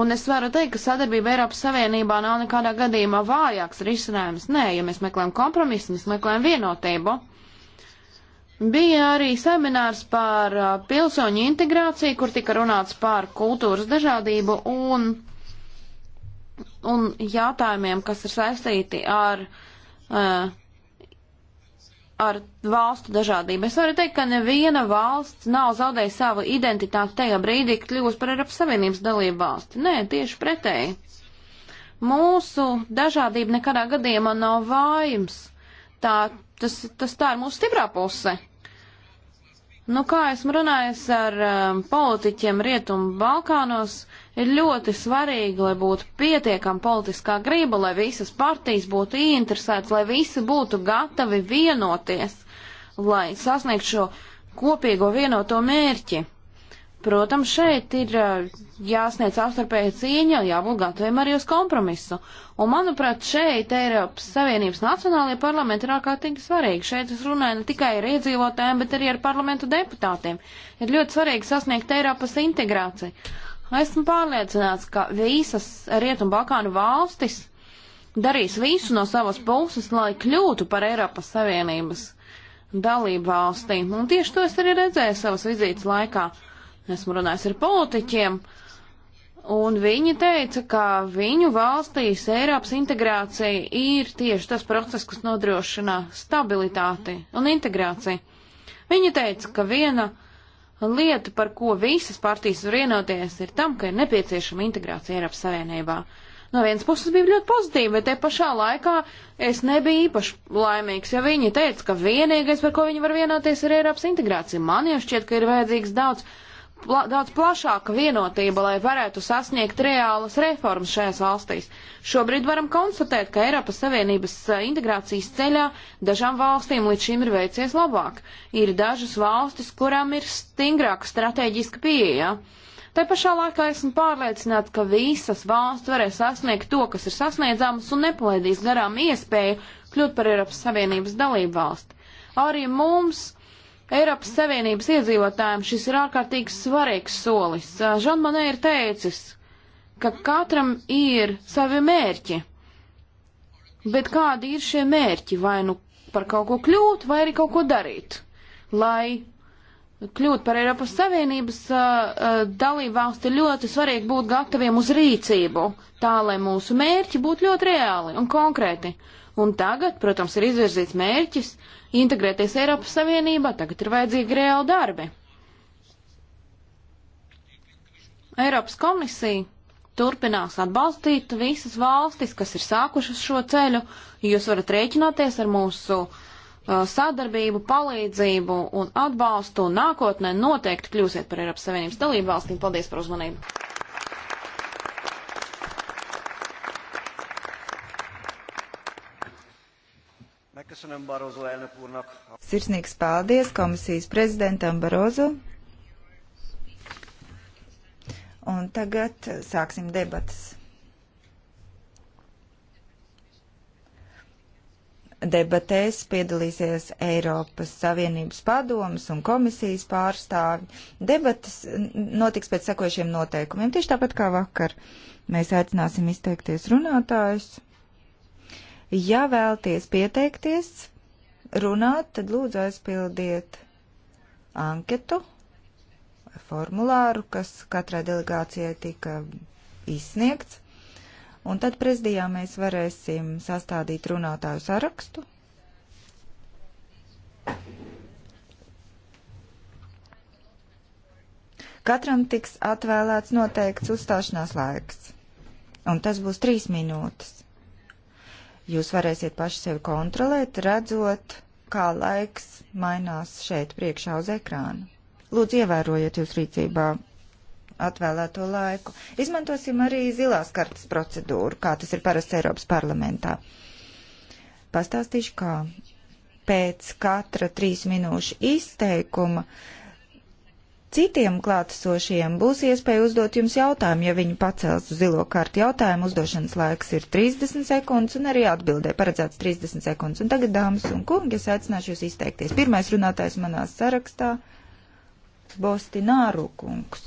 Un es varu teikt, ka sadarbība Eiropas Savienībā nav nekādā gadījumā vājāks risinājums. Nē, ja mēs meklējam kompromisu, mēs meklējam vienotību. Bija arī seminārs par uh, pilsoņu integrāciju, kur tika runāts par kultūras dažādību un, un jautājumiem, kas ir saistīti ar, uh, ar valstu dažādību. Es varu teikt, ka neviena valsts nav zaudējusi savu identitāti tajā brīdī, kad kļūst par Eiropas Savienības dalību valsti. Nē, tieši pretēji. Mūsu dažādība nekadā gadījumā nav vājums. Tā tas, tas tā ir mūsu stiprā puse. Nu, kā esmu runājis ar um, politiķiem Rietumu Balkānos, ir ļoti svarīgi, lai būtu pietiekama politiskā grība, lai visas partijas būtu ieinteresētas, lai visi būtu gatavi vienoties, lai sasniegtu šo kopīgo vienoto mērķi. Protams, šeit ir jāsniedz savstarpēja cīņa un jābūt gataviem arī uz kompromisu. Un, manuprāt, šeit Eiropas Savienības nacionālajie parlamenti ir ārkārtīgi svarīgi. Šeit es runāju ne tikai ar iedzīvotājiem, bet arī ar parlamentu deputātiem. Ir ļoti svarīgi sasniegt Eiropas integrāciju. Esmu pārliecināts, ka visas Rietumu Balkānu valstis darīs visu no savas puses, lai kļūtu par Eiropas Savienības dalību valstīm. Un tieši to es arī redzēju savas vizītes laikā. Esmu runājis ar politiķiem, un viņi teica, ka viņu valstīs Eiropas integrācija ir tieši tas process, kas nodrošina stabilitāti un integrāciju. Viņi teica, ka viena lieta, par ko visas partijas var vienoties, ir tam, ka ir nepieciešama integrācija Eiropas Savienībā. No vienas puses bija ļoti pozitīvi, bet te pašā laikā es nebiju īpaši laimīgs, jo viņi teica, ka vienīgais, par ko viņi var vienoties, ir Eiropas integrācija. Man jau šķiet, ka ir vajadzīgs daudz pla daudz plašāka vienotība, lai varētu sasniegt reālas reformas šajās valstīs. Šobrīd varam konstatēt, ka Eiropas Savienības e, integrācijas ceļā dažām valstīm līdz šim ir veicies labāk. Ir dažas valstis, kurām ir stingrāka stratēģiska pieeja. Tā pašā laikā esmu pārliecināta, ka visas valsts varēs sasniegt to, kas ir sasniedzams un nepalaidīs garām iespēju kļūt par Eiropas Savienības dalību valsti. Arī mums Eiropas Savienības iedzīvotājiem šis ir ārkārtīgi svarīgs solis. Žan Manē ir teicis, ka katram ir savi mērķi. Bet kādi ir šie mērķi? Vai nu par kaut ko kļūt, vai arī kaut ko darīt, lai kļūt par Eiropas Savienības uh, dalību valsti ļoti svarīgi būt gataviem uz rīcību, tā lai mūsu mērķi būtu ļoti reāli un konkrēti. Uh, Un tagad, protams, ir izvirzīts mērķis integrēties Eiropas Savienībā, tagad ir vajadzīgi reāli darbi. Eiropas komisija turpinās atbalstīt visas valstis, kas ir sākušas šo ceļu. Jūs varat rēķināties ar mūsu uh, sadarbību, palīdzību un atbalstu. Nākotnē noteikti kļūsiet par Eiropas Savienības dalību valstīm. Paldies par uzmanību! Sirsnīgs paldies komisijas prezidentam Barozu. Un tagad sāksim debatas. debatēs piedalīsies Eiropas Savienības padomas un komisijas pārstāvi. Debatas notiks pēc sekojušiem noteikumiem, tieši tāpat kā vakar. Mēs aicināsim izteikties runātājus. Ja vēlties pieteikties, runāt, tad lūdzu aizpildiet anketu, formulāru, kas katrai delegācijai tika izsniegts. Un tad prezidijā mēs varēsim sastādīt runātāju sarakstu. Katram tiks atvēlēts noteikts uzstāšanās laiks, un tas būs trīs minūtes. Jūs varēsiet paši sevi kontrolēt, redzot, kā laiks mainās šeit priekšā uz ekrāna. Lūdzu, ievērojiet jūs rīcībā atvēlēto laiku. Izmantosim arī zilās kartas procedūru, kā tas ir parasts Eiropas parlamentā. Pastāstīšu, kā pēc katra trīs minūšu izteikuma uh, Citiem klātesošiem būs iespēja uzdot jums jautājumu, ja viņi pacels uz zilo kārtu jautājumu. Uzdošanas laiks ir 30 sekundes un arī atbildē paredzēts 30 sekundes. Un tagad, dāmas un kungi, es aicināšu jūs izteikties. Pirmais runātājs manā sarakstā - Bostināru kungs.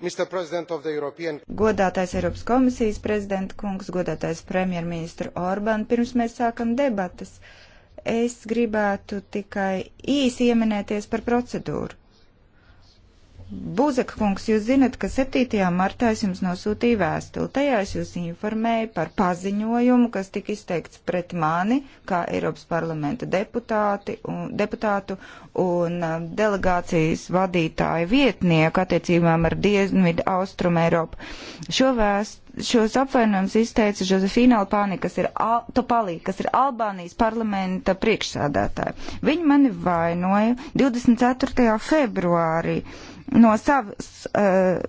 European... Godātais Eiropas komisijas prezidenta kungs, godātais premjerministra Orbán, pirms mēs sākam debatas, es gribētu tikai īsi ieminēties par procedūru. Buzek kungs, jūs zinat, ka 7. martā es jums nosūtīju vēstuli. Tajā es jūs informēju par paziņojumu, kas tika izteikts pret mani, kā Eiropas parlamenta deputāti un, deputātu un um, delegācijas vadītāju vietnieku attiecībām ar Dienvidu Austrumu Eiropu. Šo vēst, šos apvainojums izteica Josefina Alpāni, kas ir, Al, Topalī, kas ir Albānijas parlamenta priekšsādātāja. Viņa mani vainoja 24. februārī no savas uh, eh,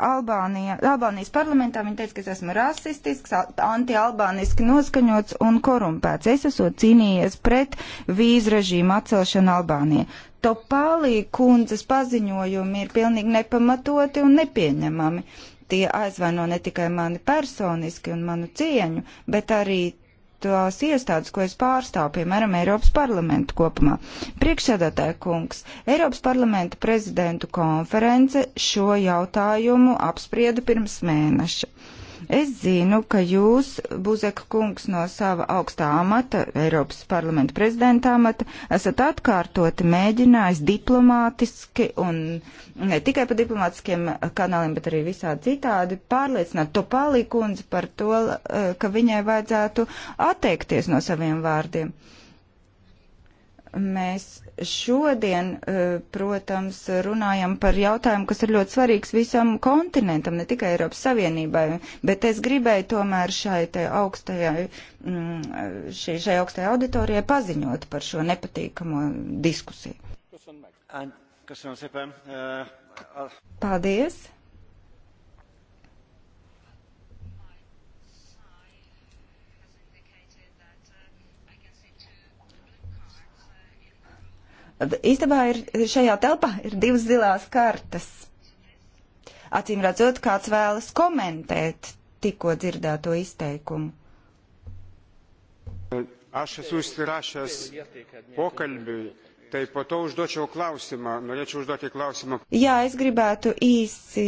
Albānija, Albānijas parlamentā. Viņa teica, ka es esmu rasistisks, anti-albāniski noskaņots un korumpēts. Es esmu cīnījies pret vīzu režīmu atcelšanu Albānijā. Topālī kundzes paziņojumi ir pilnīgi nepamatoti un nepieņemami. Tie aizvaino ne tikai mani personiski un manu cieņu, bet arī tās iestādes, ko es pārstāvu, piemēram, Eiropas parlamentu kopumā. Priekšsēdētāja kungs, Eiropas parlamenta prezidentu konference šo jautājumu apsprieda pirms mēneša. Es zinu, ka jūs, Buzek kungs, no sava augstā amata, Eiropas parlamenta prezidenta amata, esat atkārtoti mēģinājis diplomātiski un ne tikai pa diplomātiskiem kanāliem, bet arī visādi citādi pārliecināt to palikundzi par to, eh, ka viņai vajadzētu atteikties no saviem vārdiem. Uh, Mēs šodien, eh, protams, runājam par jautājumu, kas ir ļoti svarīgs visam kontinentam, ne tikai Eiropas Savienībai, bet es gribēju tomēr šai te augstajai, mm, šai, šai augstajai auditorijai paziņot par šo nepatīkamo diskusiju. Paldies! Īstenībā ir, šajā telpā ir divas zilās kartas. Acīm redzot, kāds vēlas komentēt tikko dzirdēto izteikumu. Aš esu užsirašęs pokalbiui, tai po to uždočiau klausimą. Norėčiau užduoti klausimą. Jā, es gribētu īsi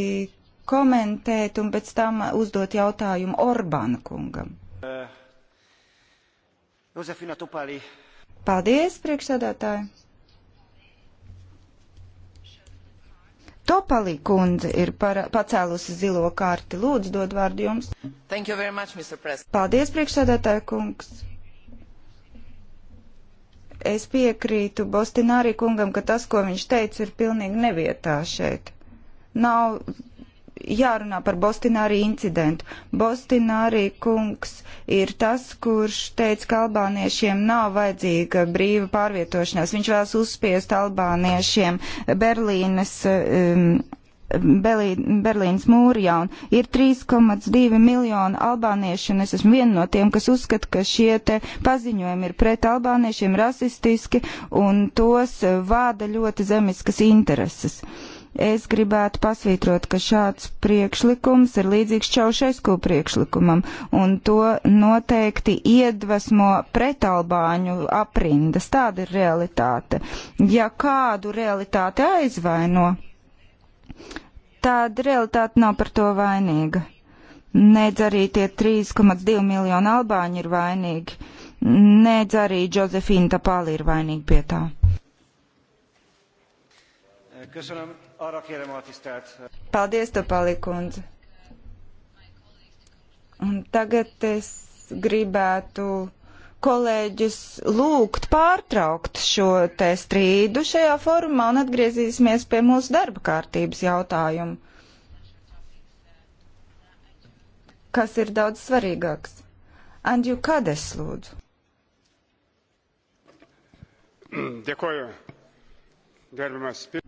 komentēt un pēc tam uzdot jautājumu Orbāna kungam. Uh, Paldies, priekšsēdētāji! Topalī kundze ir par, pacēlusi zilo karti. Lūdzu, dod vārdu jums. Much, Paldies, priekšsēdētāja kungs. Es piekrītu Bostinārī kungam, ka tas, ko viņš teica, ir pilnīgi nevietā šeit. Nav jārunā par Bostinārī incidentu. Bostinārī kungs ir tas, kurš teica, ka albāniešiem nav vajadzīga brīva pārvietošanās. Viņš vēlas uzspiest albāniešiem Berlīnes. Um, Belī, Berlīnas mūri jaun. Ir 3,2 miljoni albāniešu, un es esmu viena no tiem, kas uzskata, ka šie te paziņojumi ir pret albāniešiem rasistiski, un tos vāda ļoti zemiskas intereses. Uh, Es gribētu pasvītrot, ka šāds priekšlikums ir līdzīgs Čaušesku priekšlikumam, un to noteikti iedvesmo pretalbāņu aprindas. Tāda ir realitāte. Ja kādu realitāti aizvaino, tad realitāte nav par to vainīga. Nedz arī tie 3,2 miljoni albāņi ir vainīgi. Nedz arī Džozefīna Tapāli ir vainīga pie tā. Köszönöm. Arra kérem a tisztelt. Eh, Paldies, Topali kundze. Un tagad es gribētu kolēģus lūgt pārtraukt šo te strīdu šajā formā un atgriezīsimies pie mūsu darba kārtības jautājumu, kas ir daudz svarīgāks. Andju Kades lūdzu.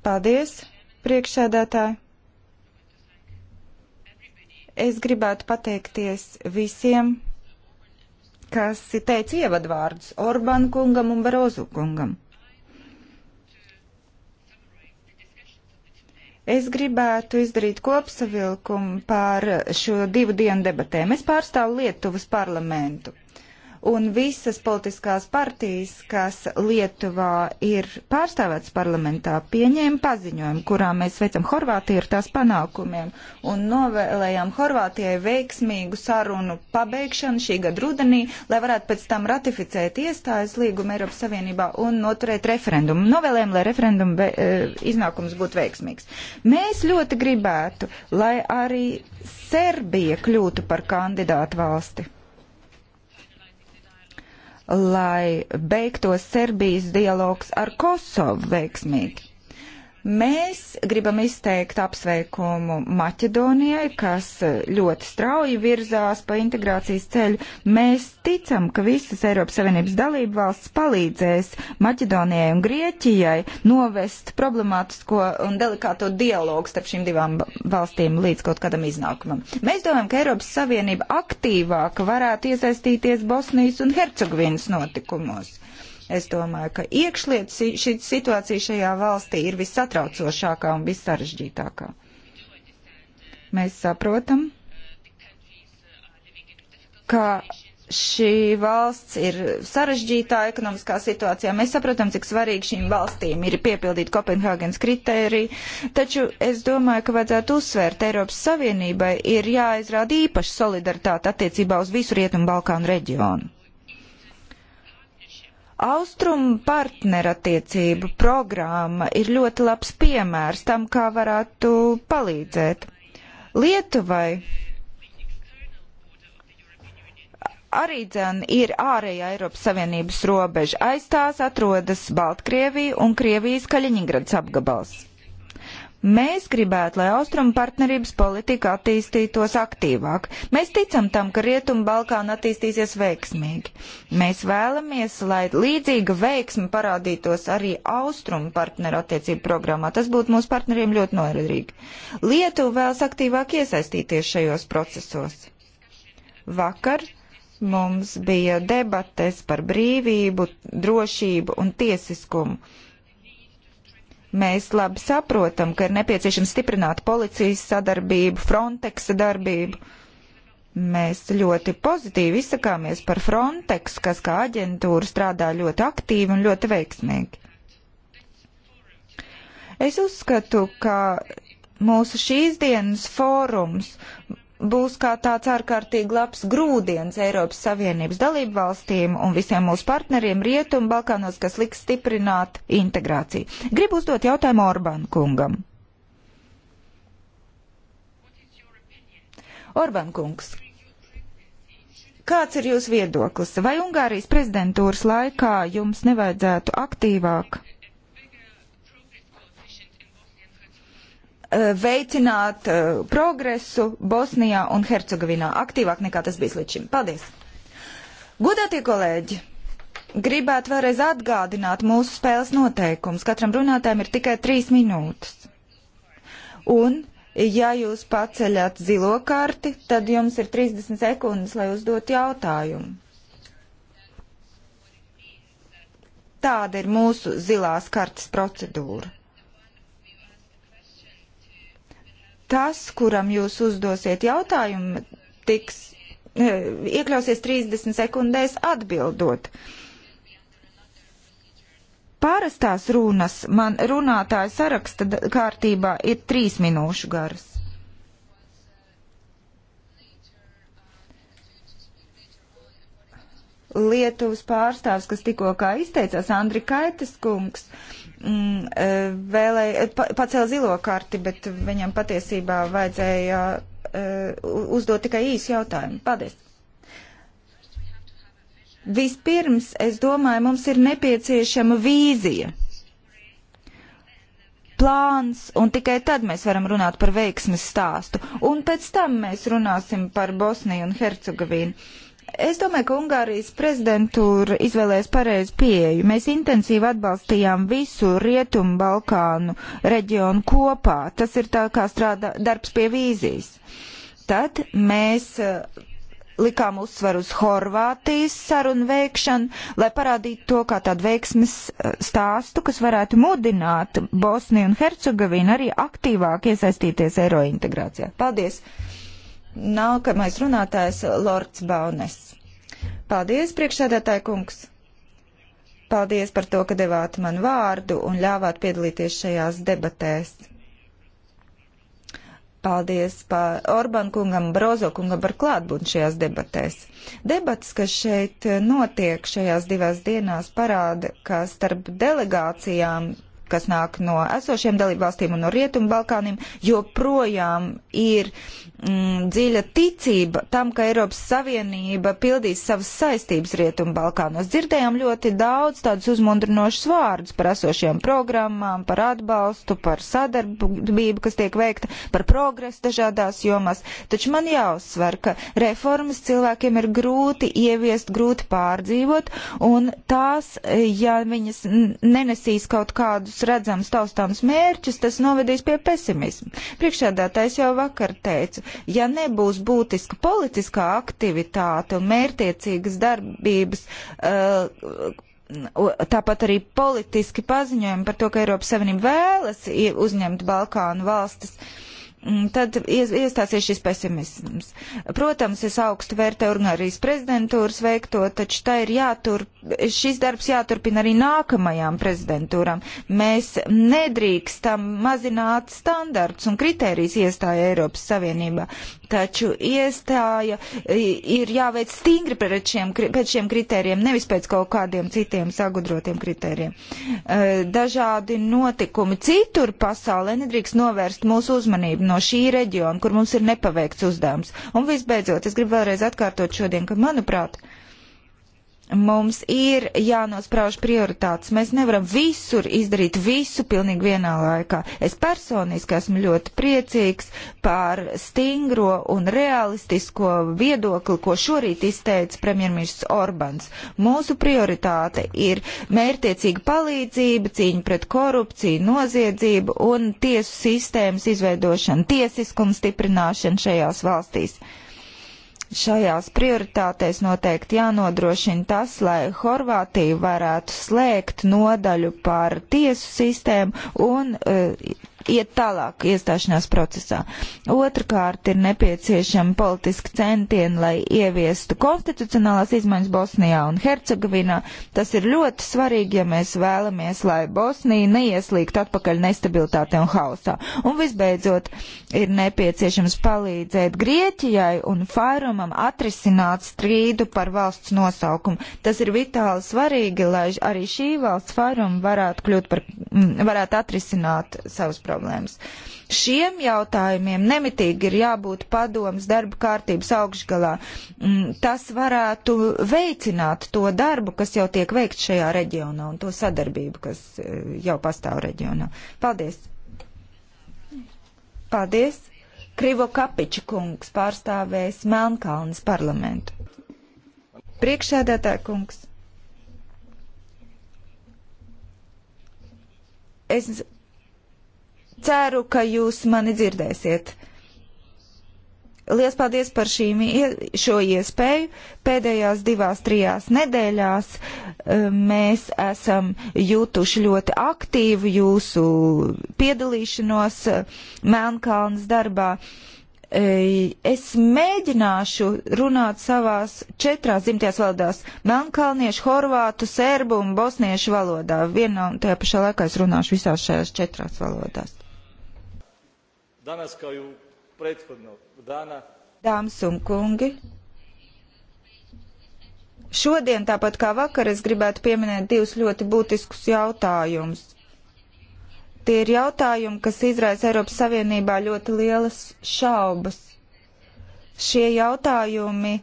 Paldies priekšsēdētāji. Es gribētu pateikties visiem, kas teica ievadvārdus Orbán kungam un Barozu kungam. Es gribētu izdarīt kopsavilkumu par šo divu dienu debatēm. Es pārstāvu Lietuvas parlamentu un visas politiskās partijas, kas Lietuvā ir pārstāvētas parlamentā, pieņēma paziņojumu, kurā mēs veicam Horvātiju ar tās panākumiem un novēlējām Horvātijai veiksmīgu sarunu pabeigšanu šī gada rudenī, lai varētu pēc tam ratificēt iestājas līgumu Eiropas Savienībā un noturēt referendumu. Novēlējām, lai referendumu e, iznākums būtu veiksmīgs. Mēs ļoti gribētu, lai arī Serbija kļūtu par kandidātu valsti lai beigtos Serbijas dialogs ar Kosovu veiksmīgi. Mēs gribam izteikt apsveikumu Maķedonijai, kas ļoti strauji virzās pa integrācijas ceļu. Mēs ticam, ka visas Eiropas Savienības dalību valsts palīdzēs Maķedonijai un Grieķijai novest problemātisko un delikāto dialogu starp šīm divām valstīm līdz kaut kādam iznākumam. Mēs domājam, ka Eiropas Savienība aktīvāk varētu iesaistīties Bosnijas un Hercegovinas notikumos. Es domāju, ka iekšliet šī situācija šajā valstī ir visatraucošākā un vissaržģītākā. Mēs saprotam, ka šī valsts ir sarežģītā ekonomiskā situācijā. Mēs saprotam, cik svarīgi šīm valstīm ir piepildīt Kopenhāgenes kritēriju, taču es domāju, ka vajadzētu uzsvērt Eiropas Savienībai ir jāizrāda īpaša solidaritāte attiecībā uz visu Rietumu Balkānu reģionu. Austrumu partnerattiecību programma ir ļoti labs piemērs tam, kā varētu palīdzēt. Lietuvai arī dzen ir ārējā Eiropas Savienības robeža. Aiz tās atrodas Baltkrievija un Krievijas Kaļiņingrads apgabals. Mēs gribētu, lai austrumu partnerības politika attīstītos aktīvāk. Mēs ticam tam, ka rietumu Balkāna attīstīsies veiksmīgi. Mēs vēlamies, lai līdzīga veiksme parādītos arī austrumu partneru attiecību programmā. Tas būtu mūsu partneriem ļoti noderīgi. Lietuva vēlas aktīvāk iesaistīties šajos procesos. Vakar mums bija debates par brīvību, drošību un tiesiskumu Mēs labi saprotam, ka ir nepieciešams stiprināt policijas sadarbību, Frontexa darbību. Mēs ļoti pozitīvi izsakāmies par Frontex, kas kā aģentūra strādā ļoti aktīvi un ļoti veiksmīgi. Es uzskatu, ka mūsu šīs dienas fórums būs kā tāds ārkārtīgi labs grūdienis Eiropas Savienības dalību valstīm un visiem mūsu partneriem Rietumu Balkānos, kas liks stiprināt integrāciju. Gribu uzdot jautājumu Orbán kungam. Orbán kungs, kāds ir jūsu viedoklis? Vai Ungārijas prezidentūras laikā jums nevajadzētu aktīvāk Eh, veicināt eh, progresu Bosnijā un Hercegovinā aktīvāk nekā tas bija līdz šim. Paldies! Godātie kolēģi! Gribētu vēlreiz atgādināt mūsu spēles noteikumus. Katram runātājam ir tikai trīs minūtes. Un, ja jūs paceļat zilo karti, tad jums ir 30 sekundes, lai uzdot jautājumu. Tāda ir mūsu zilās kartes procedūra. tas, kuram jūs uzdosiet jautājumu, tiks e, iekļausies 30 sekundēs atbildot. Parastās runas man runātāja saraksta kārtībā ir trīs minūšu garas. Lietuvas pārstāvs, kas tikko kā izteicās, Andri Kaitas kungs, uh, mm, e, vēlēja, pa, pacēla zilo karti, bet viņam patiesībā vajadzēja uh, uzdot tikai īsu jautājumu. Paldies! Vispirms, es domāju, mums ir nepieciešama vīzija, plāns, un tikai tad mēs varam runāt par veiksmes stāstu. Un pēc tam mēs runāsim par Bosniju un Hercegovīnu. Uh, Es domāju, ka Ungārijas prezidentūra izvēlēs pareizu pieeju. Mēs intensīvi atbalstījām visu Rietumu Balkānu reģionu kopā. Tas ir tā kā strādā darbs pie vīzijas. Tad mēs eh, likām uzsvaru uz Horvātijas sarunu veikšanu, lai parādītu to kā tādu veiksmes eh, stāstu, kas varētu mudināt Bosniju un Hercegovinu arī aktīvāk iesaistīties eiro integrācijā. Paldies! Nākamais runātājs Lords Baunes. Paldies, priekšsēdētāji kungs! Paldies par to, ka devāt man vārdu un ļāvāt piedalīties šajās debatēs. Paldies par Orbán kungam, Brozo kungam par klātbūtni šajās debatēs. Debats, kas šeit notiek šajās divās dienās, parāda, ka starp delegācijām kas nāk no esošiem dalībvalstīm un no Rietumu Balkāniem, joprojām ir mm, dziļa ticība tam, ka Eiropas Savienība pildīs savas saistības Rietumbalkānos. Dzirdējām ļoti daudz tādus uzmundrinošus vārdus par esošajām programmām, par atbalstu, par sadarbību, kas tiek veikta, par progresu dažādās jomās. Taču man jāuzsver, ka reformas cilvēkiem ir grūti ieviest, grūti pārdzīvot, un tās, ja viņas nenesīs kaut kādus redzams taustāms mērķus, tas novedīs pie pesimismu. Priekšādātais jau vakar teica, ja nebūs būtiska politiskā aktivitāte un mērtiecīgas darbības, uh, tāpat arī politiski paziņojumi par to, ka Eiropas Savienība vēlas uzņemt Balkānu valstis, uh, Mm, tad iestāsies šis pesimisms. Protams, es augstu vērtēju Ungārijas prezidentūras veikto, taču tā ir jātur, šis darbs jāturpina arī nākamajām prezidentūram. Mēs nedrīkstam mazināt standarts un kritērijas iestāja Eiropas Savienībā. Taču iestāja ir jāveic stingri pret šiem, pēc šiem kritērijiem, nevis pēc kaut kādiem citiem sagudrotiem kritērijiem. E, dažādi notikumi citur pasaulē nedrīkst novērst mūsu uzmanību no šī reģiona, kur mums ir nepaveikts uzdevums. Un visbeidzot, es gribu vēlreiz atkārtot šodien, ka manuprāt, uh, Mums ir jānosprauž prioritātes. Mēs nevaram visur izdarīt visu pilnīgi vienā laikā. Es personiski esmu ļoti priecīgs par stingro un realistisko viedokli, ko šorīt izteica premjerministrs Orbans. Mūsu prioritāte ir mērtiecīga palīdzība, cīņa pret korupciju, noziedzību un tiesu sistēmas izveidošana, tiesiskuma stiprināšana šajās valstīs. Šajās prioritātēs noteikti jānodrošina tas, lai Horvātija varētu slēgt nodaļu par tiesu sistēmu un uh, iet tālāk iestāšanās procesā. Otrakārt ir nepieciešama politiska centiena, lai ieviestu konstitucionālās izmaiņas Bosnijā un Hercegovinā. Tas ir ļoti svarīgi, ja mēs vēlamies, lai Bosnija neieslīgt atpakaļ nestabilitātē un hausā. Un visbeidzot, ir nepieciešams palīdzēt Grieķijai un Fairumam atrisināt strīdu par valsts nosaukumu. Tas ir vitāli svarīgi, lai arī šī valsts Fairum varētu kļūt par, varētu atrisināt savus problēmas problēmas. Šiem jautājumiem nemitīgi ir jābūt padomas darba kārtības augšgalā. Mm, tas varētu veicināt to darbu, kas jau tiek veikt šajā reģionā un to sadarbību, kas eh, jau pastāv reģionā. Paldies! Paldies! Krivo Kapiča kungs pārstāvēs Melnkalnes parlamentu. Priekšsēdētāja kungs. Es Ceru, ka jūs mani dzirdēsiet. Lielas paldies par šīm, šo iespēju. Pēdējās divās, trijās nedēļās eh, mēs esam jutuši ļoti aktīvu jūsu piedalīšanos eh, Melnkalnas darbā. Eh, es mēģināšu runāt savās četrās dzimtajās valodās - melnkalniešu, horvātu, serbu un bosniešu valodā. Vienā un tajā pašā laikā es runāšu visās šajās četrās valodās. Danas kao i prethodnog dana. Dāmas un kungi, šodien, tāpat kā vakar, es gribētu pieminēt divus ļoti būtiskus jautājumus. Tie ir jautājumi, kas izraisa Eiropas Savienībā ļoti lielas šaubas. Šie jautājumi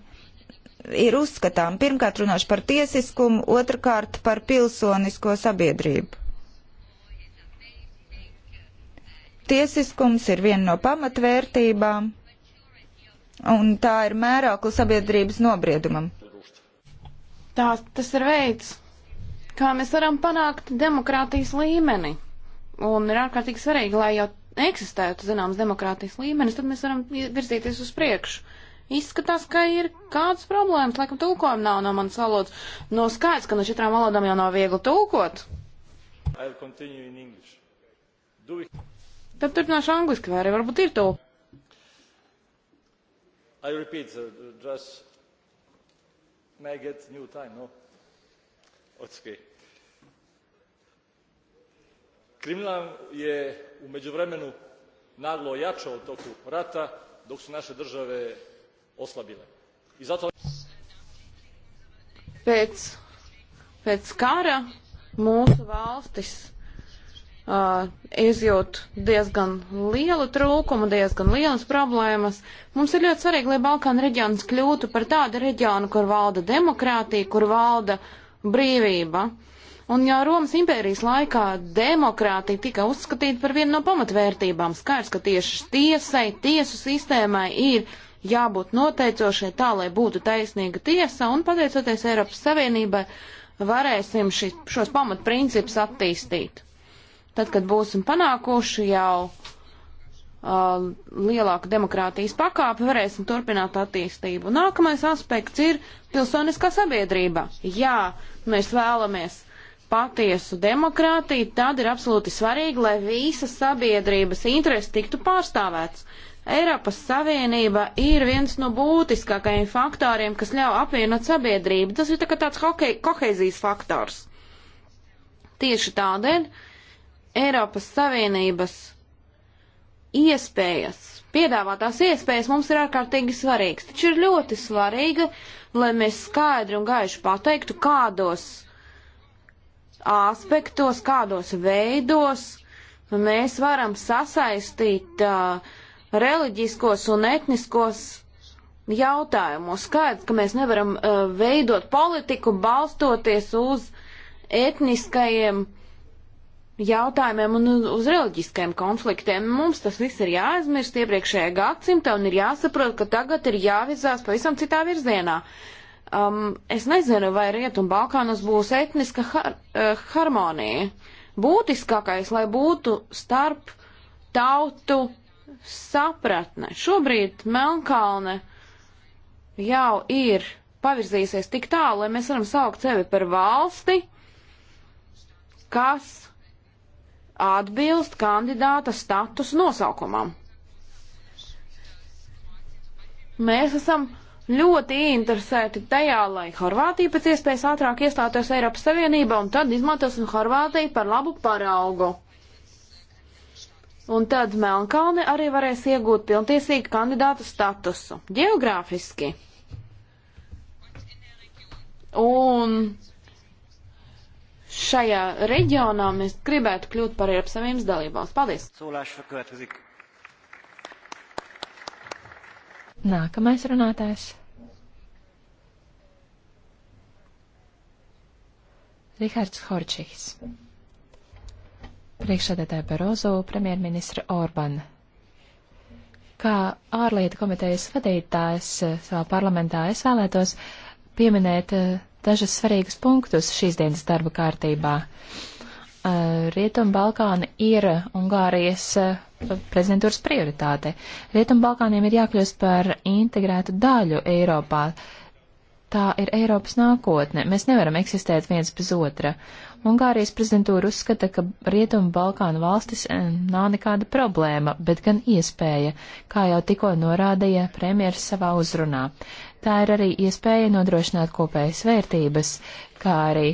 ir uzskatām. Pirmkārt runāšu par tiesiskumu, otrkārt par pilsonisko sabiedrību. Tiesiskums ir viena no pamatvērtībām, un tā ir mērokla sabiedrības nobriedumam. Tā tas ir veids, kā mēs varam panākt demokrātijas līmeni. Un ir ārkārtīgi svarīgi, lai jau eksistētu zināms demokrātijas līmenis, tad mēs varam virzīties uz priekšu. Izskatās, ka ir kādas problēmas, laikam tulkojumi nav no manas valodas. No skaidrs, ka no četrām valodām jau nav viegli tulkot. We... Tad turpināšu angliski, vai arī varbūt ir to. I repeat, uh, just may I get new time, no? Okay. Kriminal je u međuvremenu naglo jačao u toku rata dok su naše države oslabile. I zato... Pēc, pēc kara mūsu valstis uh, izjūt diezgan lielu trūkumu, diezgan lielas problēmas. Mums ir ļoti svarīgi, lai Balkāna reģions kļūtu par tādu reģionu, kur valda demokrātija, kur valda brīvība. Un jau Romas impērijas laikā demokrātija tika uzskatīta par vienu no pamatvērtībām. Skaidrs, ka tieši tiesai, tiesu sistēmai ir jābūt noteicošai tā, lai būtu taisnīga tiesa, un pateicoties Eiropas Savienībai, varēsim ši, šos pamatprincipus attīstīt. Tad, kad būsim panākuši jau uh, lielāku demokrātijas pakāpi, varēsim turpināt attīstību. Nākamais aspekts ir pilsoniskā sabiedrība. Jā, mēs vēlamies patiesu demokrātiju, tad ir absolūti svarīgi, lai visas sabiedrības intereses tiktu pārstāvēts. Eiropas Savienība ir viens no būtiskākajiem faktoriem, kas ļauj apvienot sabiedrību. Tas ir tā kā tāds kohezijas faktors. Tieši tādēļ Eiropas Savienības iespējas, piedāvātās iespējas mums ir ārkārtīgi svarīgs. Taču ir ļoti svarīgi, lai mēs skaidri un gaiši pateiktu, kādos aspektos, kādos veidos mēs varam sasaistīt uh, reliģiskos un etniskos jautājumos. Skaidrs, ka mēs nevaram uh, veidot politiku balstoties uz etniskajiem uh, jautājumiem un uz reliģiskiem konfliktiem. Mums tas viss ir jāaizmirst iepriekšējā gadsimta un ir jāsaprot, ka tagad ir jāvizās pavisam citā virzienā. Um, es nezinu, vai Rietum Balkānos būs etniska har uh, harmonija. Būtiskākais, lai būtu starp tautu sapratne. Šobrīd Melnkalne jau ir pavirzīsies tik tālu, lai mēs varam saukt sevi par valsti, kas atbilst kandidāta status nosaukumam. Mēs esam ļoti interesēti tajā, lai Horvātija pēc iespējas ātrāk iestātos Eiropas Savienībā, un tad izmantosim Horvātiju par labu paraugu. Un tad Melnkalne arī varēs iegūt pilntiesīgu kandidātu statusu ģeogrāfiski. Un šajā reģionā mēs gribētu kļūt par Eiropas Savienības dalībvalsts. Paldies! Nākamais runātājs. Rihards Horčīs. Priekšsēdētāja Barozo, premjerministra Orbana. Kā ārlietu komitejas vadītājs eh, savā parlamentā es vēlētos pieminēt uh, dažas svarīgas punktus šīs dienas darba kārtībā. Rietumbalkāni ir Ungārijas prezidentūras prioritāte. Rietumbalkāniem ir jākļūst par integrētu daļu Eiropā. Tā ir Eiropas nākotne. Mēs nevaram eksistēt viens bez otra. Ungārijas prezidentūra uzskata, ka Rietumu Balkānu valstis nav nekāda problēma, bet gan iespēja, kā jau tikko norādīja premjeras savā uzrunā. Tā ir arī iespēja nodrošināt kopējas vērtības, kā arī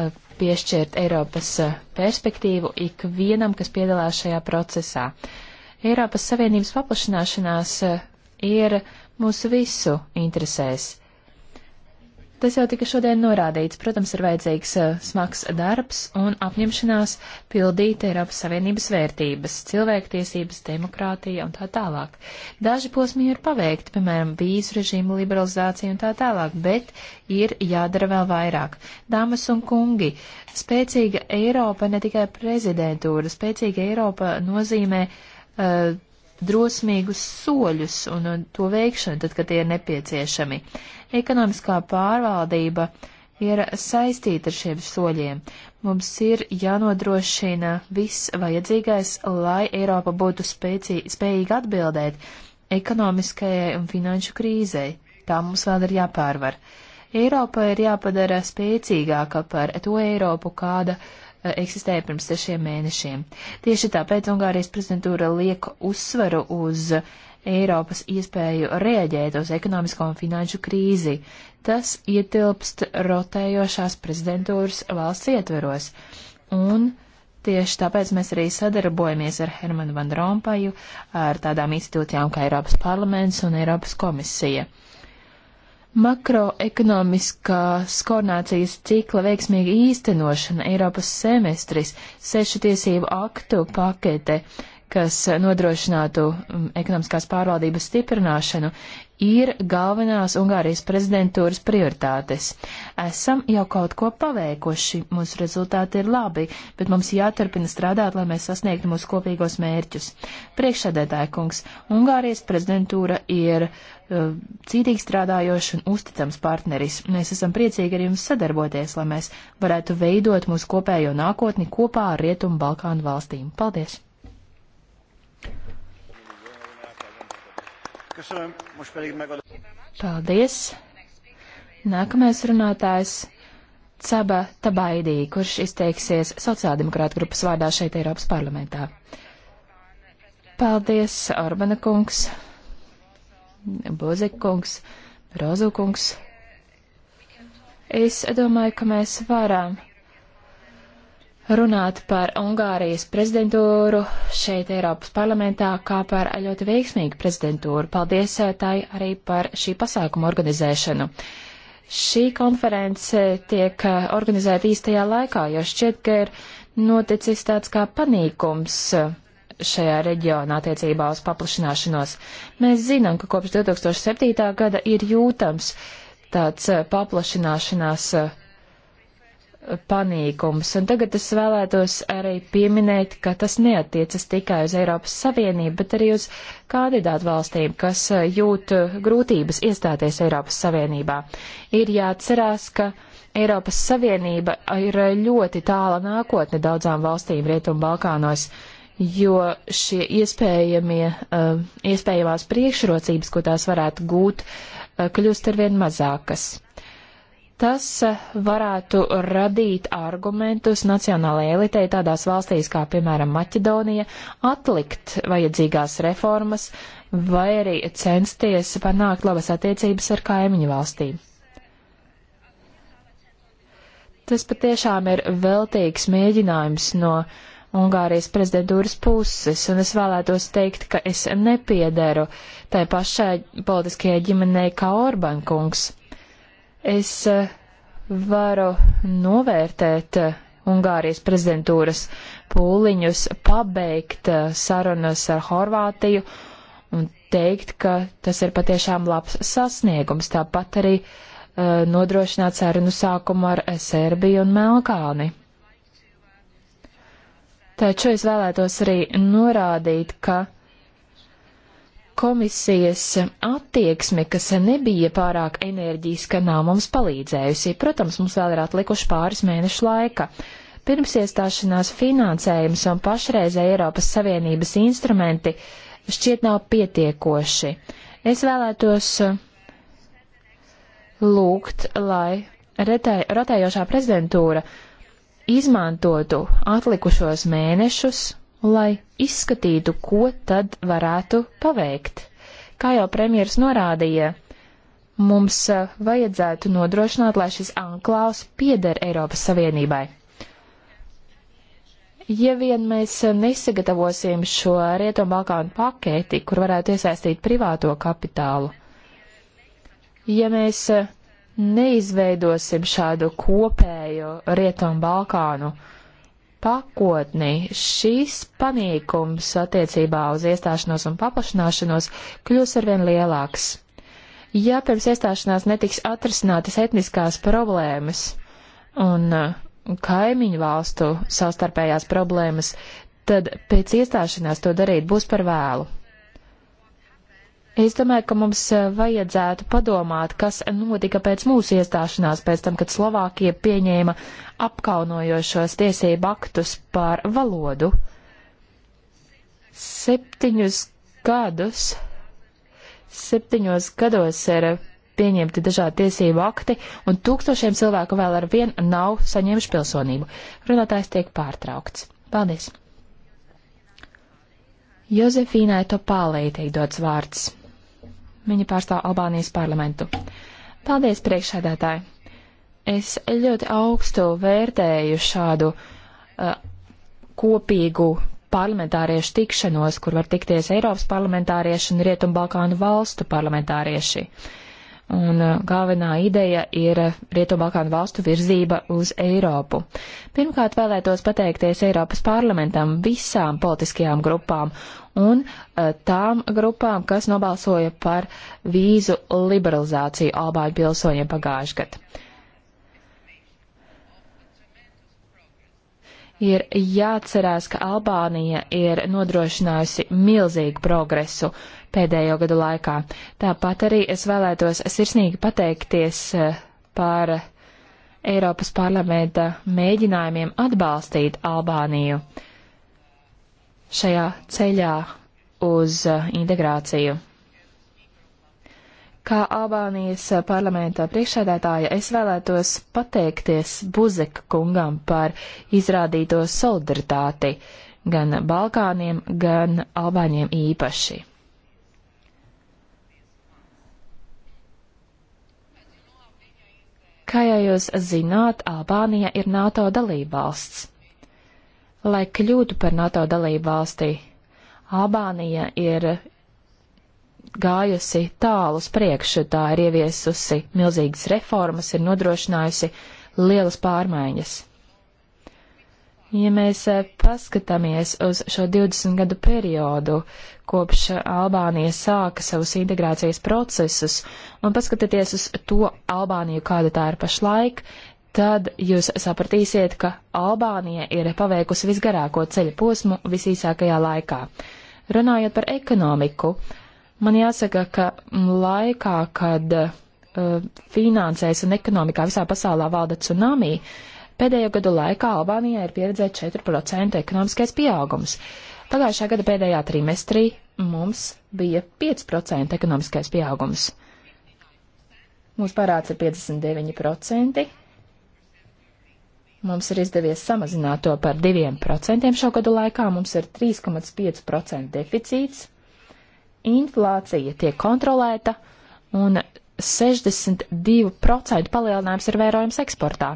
uh, piešķirt Eiropas eh, perspektīvu ikvienam, kas piedalās šajā procesā. Eiropas Savienības paplašanāšanās eh, ir mūsu visu interesēs. Tas jau tika šodien norādīts. Protams, ir vajadzīgs eh, smags darbs un apņemšanās pildīt Eiropas Savienības vērtības, cilvēktiesības, demokrātija un tā tālāk. Daži posmi ir paveikti, piemēram, vīzu režīmu liberalizācija un tā tālāk, bet ir jādara vēl vairāk. Dāmas un kungi, spēcīga Eiropa ne tikai prezidentūra, spēcīga Eiropa nozīmē uh, drosmīgus soļus un, un uh, to veikšanu, tad, kad tie ir nepieciešami. Ekonomiskā pārvaldība ir saistīta ar šiem soļiem. Mums ir jānodrošina viss vajadzīgais, lai Eiropa būtu spēcī, spējīga atbildēt ekonomiskajai un finanšu krīzei. Tā mums vēl ir jāpārvar. Eiropa ir jāpadara spēcīgāka par to Eiropu, kāda uh, eksistēja pirms sešiem mēnešiem. Tieši tāpēc Ungārijas prezidentūra liek uzsvaru uz Eiropas iespēju reaģēt uz ekonomisko un finanšu krīzi. Tas ietilpst rotējošās prezidentūras valsts ietveros. Un tieši tāpēc mēs arī sadarbojamies ar Hermanu Van Rompaju, ar tādām institūcijām kā Eiropas parlaments un Eiropas komisija. Uh, makroekonomiskās koordinācijas cikla veiksmīga īstenošana, Eiropas semestris, sešu tiesību aktu pakete, kas nodrošinātu mm, ekonomiskās pārvaldības stiprināšanu, ir galvenās Ungārijas prezidentūras prioritātes. Esam jau kaut ko paveikuši, mūsu rezultāti ir labi, bet mums jāturpina strādāt, lai mēs sasniegtu mūsu kopīgos mērķus. Priekšsēdētāja kungs, Ungārijas prezidentūra ir uh, cītīgi strādājoši un uzticams partneris. Mēs esam priecīgi ar jums sadarboties, lai mēs varētu veidot mūsu kopējo nākotni kopā ar Rietumu Balkānu valstīm. Paldies! Paldies! Nākamais runātājs Caba Tabaidī, kurš izteiksies sociāldemokrāta grupas vārdā šeit Eiropas parlamentā. Paldies, Orbana kungs, Bozek kungs, Rozu kungs. Es domāju, ka mēs varam runāt par Ungārijas prezidentūru šeit Eiropas parlamentā kā par ļoti veiksmīgu prezidentūru. Paldies eh, tai arī par šī pasākuma organizēšanu. Šī konference tiek eh, organizēta īstajā laikā, jo šķiet, ka ir noticis tāds kā panīkums eh, šajā reģionā attiecībā uz paplašināšanos. Mēs zinām, ka kopš 2007. gada ir jūtams tāds paplašināšanās uh, panīkums. Un tagad es vēlētos arī pieminēt, ka tas neatiecas tikai uz Eiropas Savienību, bet arī uz kandidātu valstīm, kas eh, jūt eh, grūtības iestāties Eiropas Savienībā. Ir jāatcerās, ka Eiropas Savienība ir eh, ļoti tāla nākotne daudzām valstīm Rietumu Balkānos, jo šie iespējamie, iespējamās priekšrocības, ko tās varētu gūt, kļūst arvien mazākas. Tas varētu radīt argumentus nacionālajai elitei tādās valstīs kā, piemēram, Maķedonija, atlikt vajadzīgās reformas vai arī censties panākt labas attiecības ar kaimiņu valstīm. Tas patiešām ir veltīgs mēģinājums no Ungārijas prezidentūras puses, un es vēlētos teikt, ka es nepiedaru tai pašai politiskajai ģimenei kā Orban kungs es eh, varu novērtēt eh, Ungārijas prezidentūras pūliņus pabeigt eh, sarunas ar Horvātiju un teikt, ka tas ir patiešām labs sasniegums. Tāpat arī uh, nodrošināt sarunu sākumu ar Serbiju un Melkāni. Taču es vēlētos arī norādīt, ka uh, komisijas attieksme, kas nebija pārāk enerģiska, nav mums palīdzējusi. Protams, mums vēl ir atlikuši pāris mēnešu laika. Pirms iestāšanās finansējums un pašreizē Eiropas Savienības instrumenti šķiet nav pietiekoši. Es vēlētos uh, lūgt, lai retē, rotējošā prezidentūra izmantotu atlikušos mēnešus lai izskatītu, ko tad varētu paveikt. Kā jau premjeras norādīja, mums eh, vajadzētu nodrošināt, lai šis anklāvs pieder Eiropas Savienībai. Ja vien mēs eh, nesagatavosim šo Rietumbalkānu paketi, kur varētu iesaistīt privāto kapitālu, ja mēs eh, neizveidosim šādu kopēju Rietumbalkānu, uh, pakotni šīs panīkums attiecībā uz iestāšanos un paplašanāšanos kļūs arvien lielāks. Ja pirms iestāšanās netiks atrasinātas etniskās problēmas un uh, kaimiņu valstu savstarpējās problēmas, tad pēc iestāšanās to darīt būs par vēlu. Es domāju, ka mums eh, vajadzētu padomāt, kas notika pēc mūsu iestāšanās, pēc tam, kad Slovākija pieņēma apkaunojošos tiesību aktus par valodu. Septiņus gadus, septiņos gados ir pieņemti dažādi tiesību akti, un tūkstošiem cilvēku vēl ar vienu nav saņēmuši pilsonību. Runātājs tiek pārtraukts. Paldies! Jozefīnai Topālei teikdots vārds. Viņa pārstāv Albānijas parlamentu. Paldies, priekšsēdētāji! Es ļoti augstu vērtēju šādu uh, kopīgu parlamentāriešu tikšanos, kur var tikties Eiropas parlamentārieši un Rietumbalkānu valstu parlamentārieši. Un uh, galvenā ideja ir Rietumbalkānu valstu virzība uz Eiropu. Pirmkārt vēlētos pateikties Eiropas parlamentam, visām politiskajām grupām un eh, tām grupām, kas nobalsoja par vīzu liberalizāciju Albāņu pilsoņiem pagājušajā gadā. Ir jāatcerās, ka Albānija ir nodrošinājusi milzīgu progresu pēdējo gadu laikā. Tāpat arī es vēlētos sirsnīgi pateikties eh, par Eiropas parlamenta mēģinājumiem atbalstīt Albāniju. Uh, šajā ceļā uz eh, integrāciju. Kā Albānijas eh, parlamenta priekšsēdētāja, es vēlētos pateikties Buzeka kungam par izrādīto solidaritāti gan Balkāniem, gan Albāņiem īpaši. Kā jau jūs zināt, Albānija ir NATO dalībvalsts. Lai kļūtu par NATO dalību valstī, Albānija ir gājusi tālu uz priekšu, tā ir ieviesusi milzīgas reformas, ir nodrošinājusi lielas pārmaiņas. Ja mēs eh, paskatāmies uz šo 20 gadu periodu, kopš Albānija sāka savus integrācijas procesus, un paskatieties uz to Albāniju, kāda tā ir pašlaik, tad jūs sapratīsiet, ka Albānija ir paveikusi visgarāko ceļa posmu visīsākajā laikā. Runājot par ekonomiku, man jāsaka, ka laikā, kad uh, finansēs un ekonomikā visā pasaulā valda tsunami, pēdējo gadu laikā Albānijā ir pieredzēts 4% ekonomiskais pieaugums. Pagājušā gada pēdējā trimestrī mums bija 5% ekonomiskais pieaugums. Mūsu parāds ir 59%, Mums ir izdevies samazināt to par 2% šo gadu laikā, mums ir 3,5% deficīts, inflācija tiek kontrolēta un 62% palielinājums ir vērojams eksportā.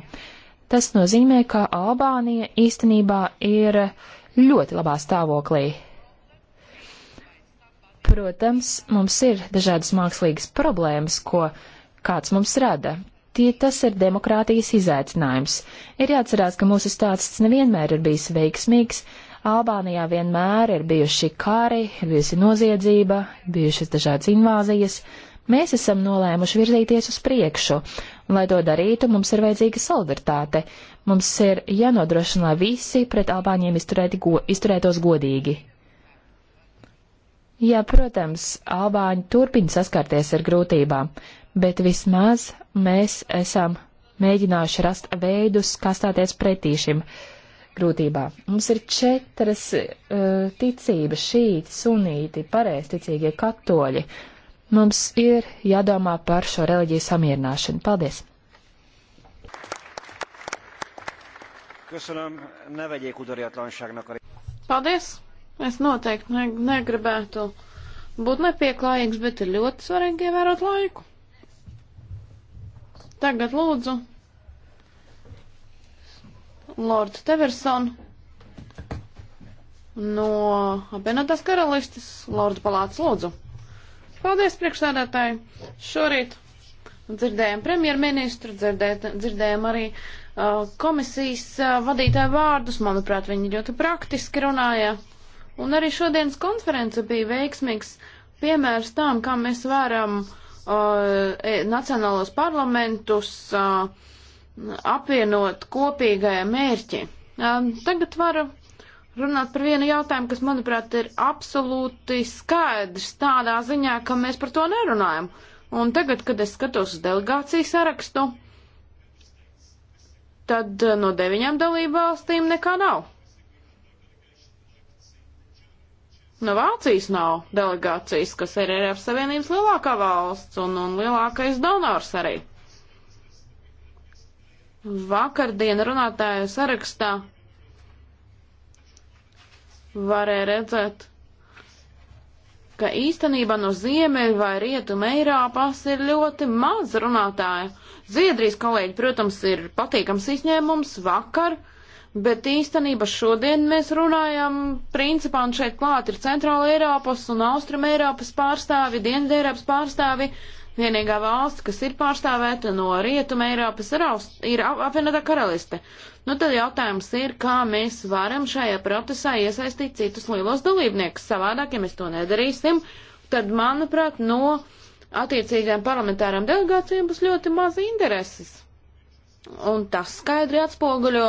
Tas nozīmē, ka Albānija īstenībā ir ļoti labā stāvoklī. Protams, mums ir dažādas mākslīgas problēmas, ko kāds mums rada tie, tas ir demokrātijas izaicinājums. Ir jāatcerās, ka mūsu stāsts nevienmēr ir bijis veiksmīgs. Albānijā vienmēr ir bijuši kari, ir bijusi noziedzība, bijušas dažādas invāzijas. Mēs esam nolēmuši virzīties uz priekšu, un, lai to darītu, mums ir vajadzīga solidaritāte. Mums ir jānodrošina, lai visi pret Albāņiem izturētos godīgi, Jā, protams, Albāņi turpina saskarties ar grūtībām, bet vismaz mēs esam mēģinājuši rast veidus, kā stāties pretī šim grūtībām. Mums ir četras uh, ticības - šīti, sunīti, pareizticīgie katoļi. Mums ir jādomā par šo reliģiju samierināšanu. Paldies! Köszönöm, ne vegyék udariatlanságnak a... Paldies! Es noteikti ne negribētu būt nepieklājīgs, bet ir ļoti svarīgi ievērot laiku. Tagad lūdzu, Lords Teverson no apvienotās karalistes, Lorda palātas lūdzu. Paldies, priekšsēdētāji! Šorīt dzirdējām premjerministru, dzirdējām arī uh, komisijas uh, vadītāju vārdus. Manuprāt, viņi ļoti praktiski runāja Un arī šodienas konference bija veiksmīgs piemērs tām, kā mēs varam uh, e, nacionālos parlamentus uh, apvienot kopīgajā mērķi. Um, tagad varu runāt par vienu jautājumu, kas, manuprāt, ir absolūti skaidrs tādā ziņā, ka mēs par to nerunājam. Un tagad, kad es skatos uz delegāciju sarakstu, tad uh, no deviņām dalību valstīm nekā nav. No nu, Vācijas nav delegācijas, kas ir Eiropas Savienības lielākā valsts un, un lielākais donors arī. Vakardien runātāju sarakstā varēja redzēt, ka īstenībā no ziemeļa vai rietuma Eiropas ir ļoti maz runātāju. Ziedrijas kolēģi, protams, ir patīkams izņēmums vakar. Uh, Bet īstenībā šodien mēs runājam, principā, un šeit klāt ir Centrāla Eiropas un Austruma Eiropas pārstāvi, Dienvidu Eiropas pārstāvi. Vienīgā valsts, kas ir pārstāvēta no Rietuma Eiropas, ir, Aust ir apvienotā karaliste. Nu tad jautājums ir, kā mēs varam šajā procesā iesaistīt citus lielos dalībniekus. Savādāk, ja mēs to nedarīsim, tad, manuprāt, no attiecīgām parlamentārām delegācijām būs ļoti maz intereses. Un tas skaidri atspoguļo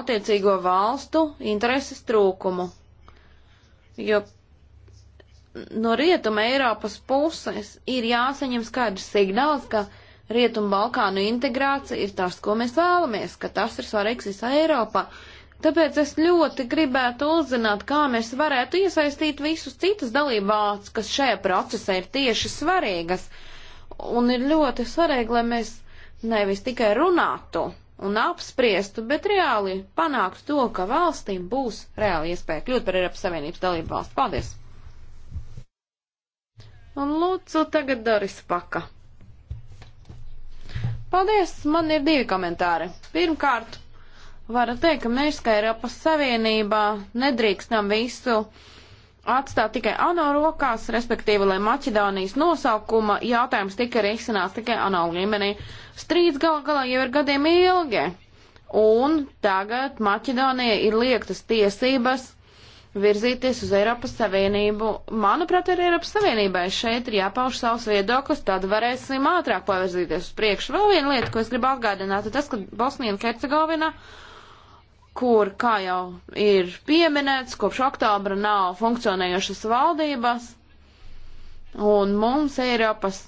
attiecīgo valstu intereses trūkumu. Jo no rietuma Eiropas puses ir jāsaņem skaidrs signāls, ka rietumu Balkānu integrācija ir tas, ko mēs vēlamies, ka tas ir svarīgs visā Eiropā. Tāpēc es ļoti gribētu uzzināt, kā mēs varētu iesaistīt visus citus dalību valsts, kas šajā procesā ir tieši svarīgas. Un ir ļoti svarīgi, lai mēs nevis tikai runātu un apspriestu, bet reāli panākt to, ka valstīm būs reāli iespēja kļūt par Eiropas Savienības dalību valstu. Paldies! Un lūdzu tagad Doris Paka. Paldies, man ir divi komentāri. Pirmkārt, varu teikt, ka mēs, kā Eiropas Savienībā, nedrīkstam visu uh, atstāt tikai ANO rokās, respektīvi, lai Maķedānijas nosaukuma jautājums tika risināts tikai ANO līmenī. Strīds gal galā jau ir gadiem ilgi, un tagad Maķedānija ir liektas tiesības virzīties uz Eiropas Savienību. Manuprāt, arī Eiropas Savienībai šeit ir jāpauž savs viedoklis, tad varēsim ātrāk pavirzīties uz priekšu. Vēl viena lieta, ko es gribu atgādināt, ir tas, ka Bosnija un Hercegovina kur, kā jau ir pieminēts, kopš oktobra nav funkcionējušas valdības, un mums Eiropas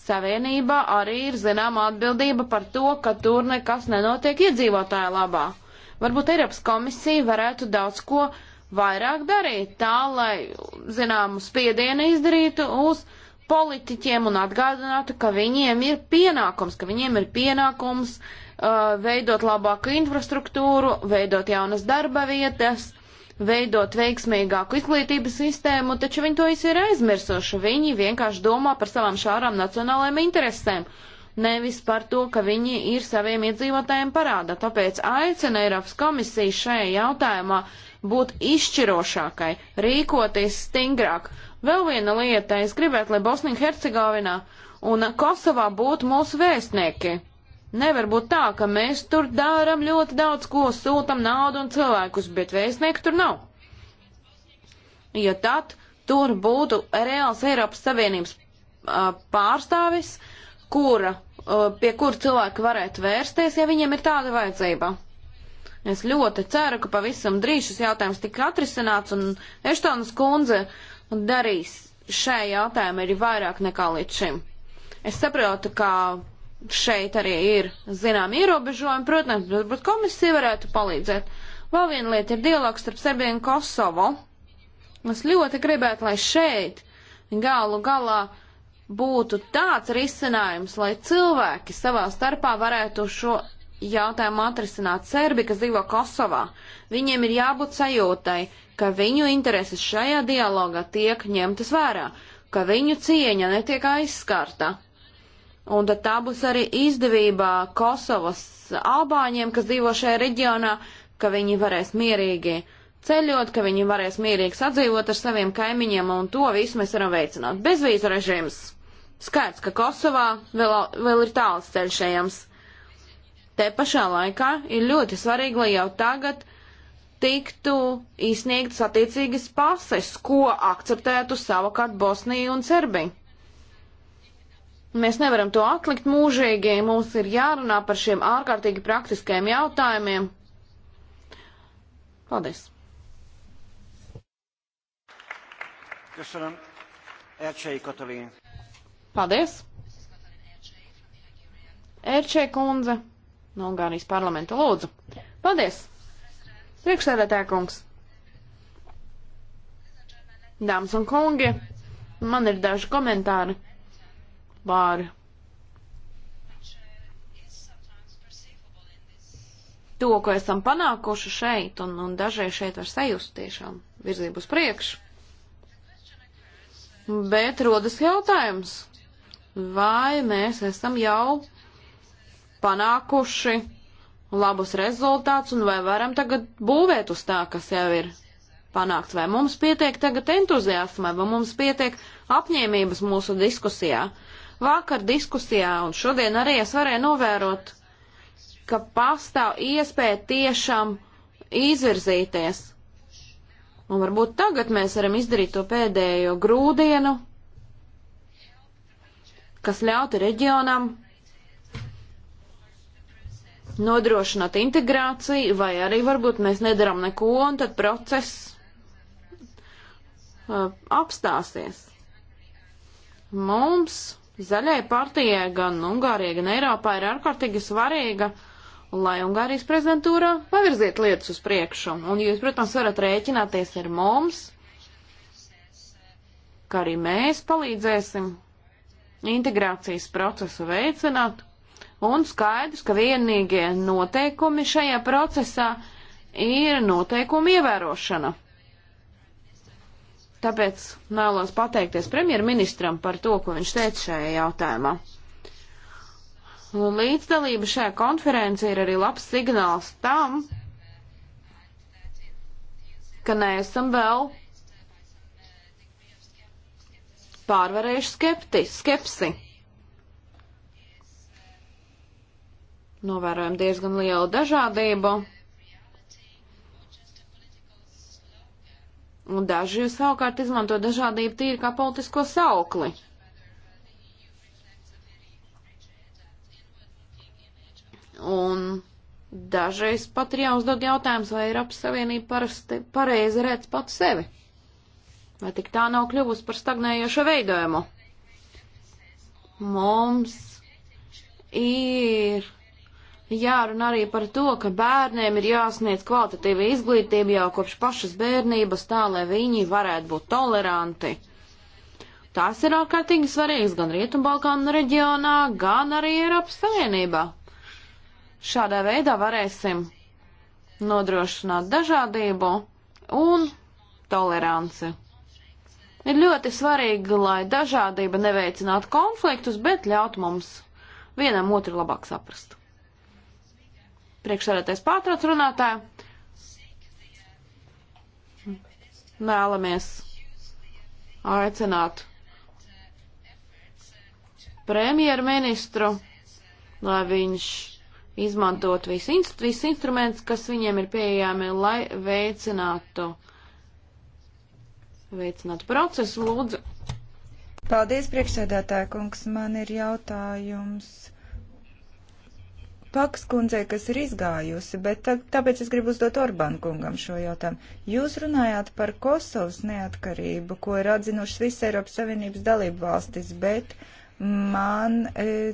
Savienībā arī ir zināma atbildība par to, ka tur nekas nenotiek iedzīvotāja labā. Varbūt Eiropas komisija varētu daudz ko vairāk darīt tā, lai zināmu spiedienu izdarītu uz politiķiem un atgādinātu, ka viņiem ir pienākums, ka viņiem ir pienākums uh, Uh, veidot labāku infrastruktūru, veidot jaunas darba vietas, veidot veiksmīgāku izglītības sistēmu, taču viņi to visu ir aizmirsuši. Viņi vienkārši domā par savām šārām nacionālajām interesēm, nevis par to, ka viņi ir saviem iedzīvotājiem parāda. Tāpēc aicina Eiropas komisija šajā jautājumā būt izšķirošākai, rīkoties stingrāk. Vēl viena lieta, es gribētu, lai Bosnija Hercegovinā un Kosovā būtu mūsu vēstnieki. Nevar būt tā, ka mēs tur dārām ļoti daudz ko, sūtam naudu un cilvēkus, bet vēstnieku tur nav. Ja tad tur būtu reāls Eiropas Savienības uh, pārstāvis, kura, uh, pie kura cilvēki varētu vērsties, ja viņiem ir tāda vajadzība. Es ļoti ceru, ka pavisam drīz šis jautājums tika atrisināts un Eštonas kundze darīs šai jautājumai arī vairāk nekā līdz šim. Es saprotu, ka šeit arī ir zinām ierobežojumi, protams, bet, bet komisija varētu palīdzēt. Vēl viena lieta ir dialogs starp Serbiju un Kosovo. Es ļoti gribētu, lai šeit galu galā būtu tāds risinājums, lai cilvēki savā starpā varētu šo jautājumu atrisināt. Serbi, kas dzīvo Kosovā, viņiem ir jābūt sajūtai, ka viņu intereses šajā dialogā tiek ņemtas vērā, ka viņu cieņa netiek aizskarta Un tad tā būs arī izdevībā Kosovas albāņiem, kas dzīvo šajā reģionā, ka viņi varēs mierīgi ceļot, ka viņi varēs mierīgi sadzīvot ar saviem kaimiņiem, un to visu mēs varam veicināt. Bezvīzu režīms. Skaidrs, ka Kosovā vēl, vēl ir tāls ceļš ejams. Te pašā laikā ir ļoti svarīgi, lai jau tagad tiktu izsniegtas attiecīgas pases, ko akceptētu savukārt Bosnija un Serbija. Mēs nevaram to atlikt mūžīgi, mums ir jārunā par šiem ārkārtīgi praktiskajiem jautājumiem. Paldies! Köszönöm. Ercsei Katalin. Paldies! Erčē kundze no Ungārijas parlamenta lūdzu. Paldies! Priekšsēdētāja kungs! Dāmas un kungi, man ir daži komentāri par to, ko esam panākuši šeit, un, un dažreiz šeit var sajust tiešām virzību uz priekšu. Bet rodas jautājums, vai mēs esam jau panākuši labus rezultātus, un vai varam tagad būvēt uz tā, kas jau ir panākts, vai mums pietiek tagad entuziasma, vai mums pietiek apņēmības mūsu diskusijā. Uh, Vakar diskusijā un šodien arī es varēju novērot, ka pastāv iespēja tiešām izvirzīties. Un varbūt tagad mēs varam izdarīt to pēdējo grūdienu, kas ļautu reģionam nodrošināt integrāciju, vai arī varbūt mēs nedaram neko, un tad process uh, apstāsies. Mums Zaļai partijai gan Ungārijai, gan Eiropā ir ārkārtīgi svarīga, lai Ungārijas prezidentūra pavirziet lietas uz priekšu. Un jūs, protams, varat rēķināties ar mums, ka arī mēs palīdzēsim integrācijas procesu veicināt. Un skaidrs, ka vienīgie noteikumi šajā procesā ir noteikumu ievērošana. Tāpēc vēlos pateikties premjerministram par to, ko viņš teica šajā jautājumā. Līdzdalība šajā konferencē ir arī labs signāls tam, ka neesam vēl pārvarējuši skepti, skepsi. Novērojam diezgan lielu dažādību. Un daži savukārt izmanto dažādību tīri kā politisko saukli. Un dažreiz pat ir jāuzdod jautājums, vai Eiropas Savienība parasti pareizi redz pat sevi. Vai tik tā nav kļuvusi par stagnējošo veidojumu? Mums ir Jārunā arī par to, ka bērniem ir jāsniedz kvalitatīva izglītība jau kopš pašas bērnības, tā lai viņi varētu būt toleranti. Tas ir ārkārtīgi svarīgs gan Rietumbalkānu reģionā, gan arī Eiropas Savienībā. Šādā veidā varēsim nodrošināt dažādību un toleranci. Ir ļoti svarīgi, lai dažādība neveicinātu konfliktus, bet ļaut mums vienam otru labāk saprast. Priekšsēdētais pārtrauc runātāju. Vēlamies aicināt premjerministru, lai viņš izmantot visus inst visu instrumentus, kas viņiem ir pieejami, lai veicinātu, veicinātu procesu. Lūdzu. Paldies, priekšsēdētāja kungs. Man ir jautājums Paks kundzei, kas ir izgājusi, bet tā, tāpēc es gribu uzdot Orbán kungam šo jautājumu. Jūs runājāt par Kosovas neatkarību, ko ir atzinušas visas Eiropas Savienības dalību valstis, bet man, e,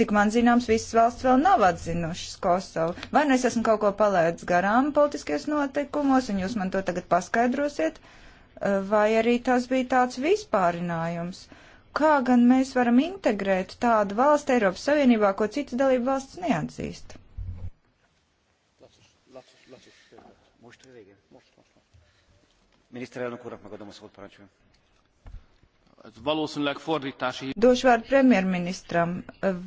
cik man zināms, visas valsts vēl nav atzinušas Kosovu. Vai nu es esmu kaut ko palaidis garām politiskajos noteikumos, un jūs man to tagad paskaidrosiet, e, vai arī tas bija tāds vispārinājums? Uh, kā gan mēs varam integrēt tādu valstu Eiropas Savienībā, ko citas dalība valsts neatzīst? Miniszterelnök úrnak megadom a szót, parancsoljon. Valószínűleg fordítási... Došu vārdu premjerministram.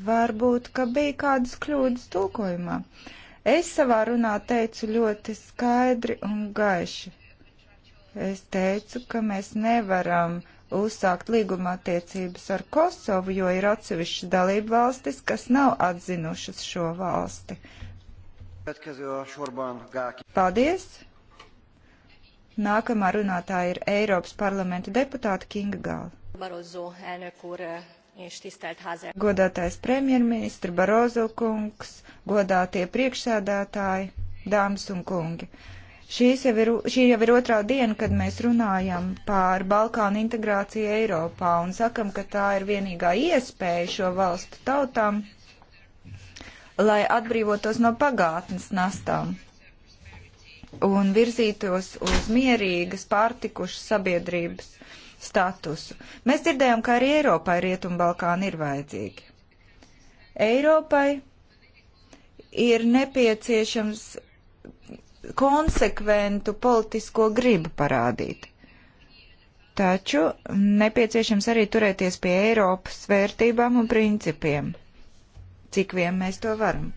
Varbūt, ka bija kādas kļūdas tulkojumā. Es savā runā teicu ļoti skaidri un gaiši. Es teicu, ka mēs nevaram uh, uzsākt līguma attiecības ar Kosovu, jo ir atsevišķas dalība valstis, kas nav atzinušas šo valsti. Paldies! Nākamā runātāja ir Eiropas parlamenta deputāta Kinga Gāla. Godātais premjerministra Barozo kungs, godātie priekšsēdētāji, dāmas un kungi. Šīs jau ir, šī jau ir otrā diena, kad mēs runājam par Balkānu integrāciju Eiropā un sakam, ka tā ir vienīgā iespēja šo valstu tautām, lai atbrīvotos no pagātnes nastām un virzītos uz mierīgas, pārtikušas sabiedrības statusu. Mēs dzirdējām, ka arī Eiropai Rietumbalkāni ir vajadzīgi. Eiropai ir nepieciešams konsekventu politisko gribu parādīt. Taču nepieciešams arī turēties pie Eiropas vērtībām un principiem, cik vien mēs to varam.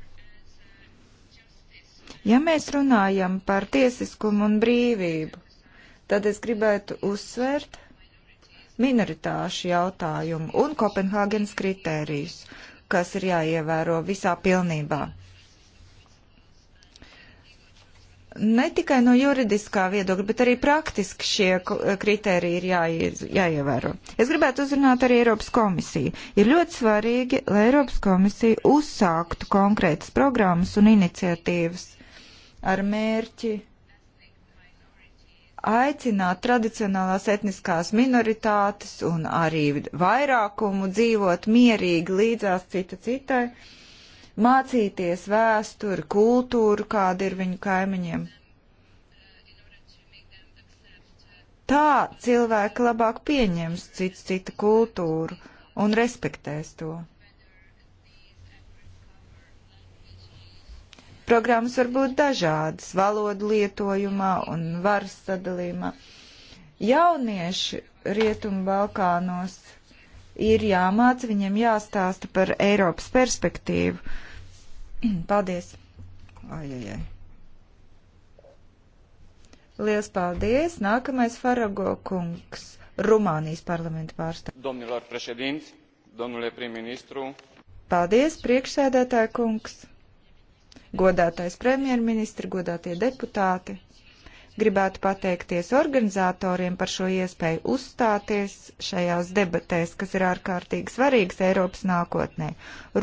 Ja mēs runājam par tiesiskumu un brīvību, tad es gribētu uzsvērt minoritāšu jautājumu un Kopenhāgenes kritērijus, kas ir jāievēro visā pilnībā. ne tikai no juridiskā viedokļa, bet arī praktiski šie kriteriji ir jāie, jāievēro. Es gribētu uzrunāt arī Eiropas komisiju. Ir ļoti svarīgi, lai Eiropas komisija uzsāktu konkrētas programmas un iniciatīvas ar mērķi aicināt tradicionālās etniskās minoritātes un arī vairākumu dzīvot mierīgi līdzās cita citai. Uh, mācīties vēsturi, kultūru, kāda ir viņu kaimiņiem. Tā cilvēki labāk pieņems cits cita kultūru un respektēs to. Programmas var būt dažādas - valodu lietojumā un varas sadalījumā. Jaunieši Rietumu Balkānos ir jāmāca, viņiem jāstāsta par Eiropas perspektīvu Paldies! Ajajai! Lielas paldies! Nākamais Farago kungs, Rumānijas parlamenta pārstāvs. Domnilor președinți, domnule prim-ministru. Paldies, priekšsēdētāja kungs, godātais premjerministri, godātie deputāti. Gribētu pateikties organizatoriem par šo iespēju uzstāties šajās debatēs, kas ir ārkārtīgi svarīgas Eiropas nākotnē.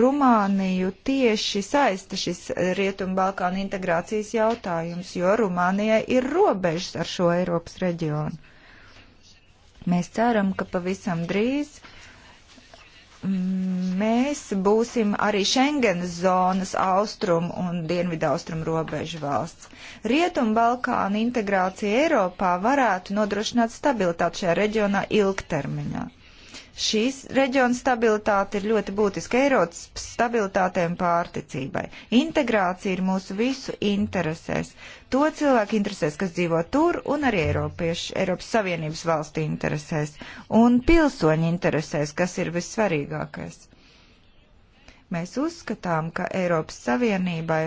Rumāniju tieši saista šis eh, Rietumbalkānu integrācijas jautājums, jo Rumānijai ir robežas ar šo Eiropas reģionu. Mēs ceram, ka pavisam drīz mēs būsim arī Schengenas zonas austrumu un dienvidu austrumu robežu valsts. Rietumu Balkānu integrācija Eiropā varētu nodrošināt stabilitāti šajā reģionā ilgtermiņā. Šīs reģiona stabilitāte ir ļoti būtiska Eiropas stabilitātei un pārticībai. Integrācija ir mūsu visu interesēs. To cilvēku interesēs, kas dzīvo tur, un arī Eiropiešu, Eiropas Savienības valstu interesēs, un pilsoņu interesēs, kas ir vissvarīgākais. Mēs uzskatām, ka Eiropas Savienībai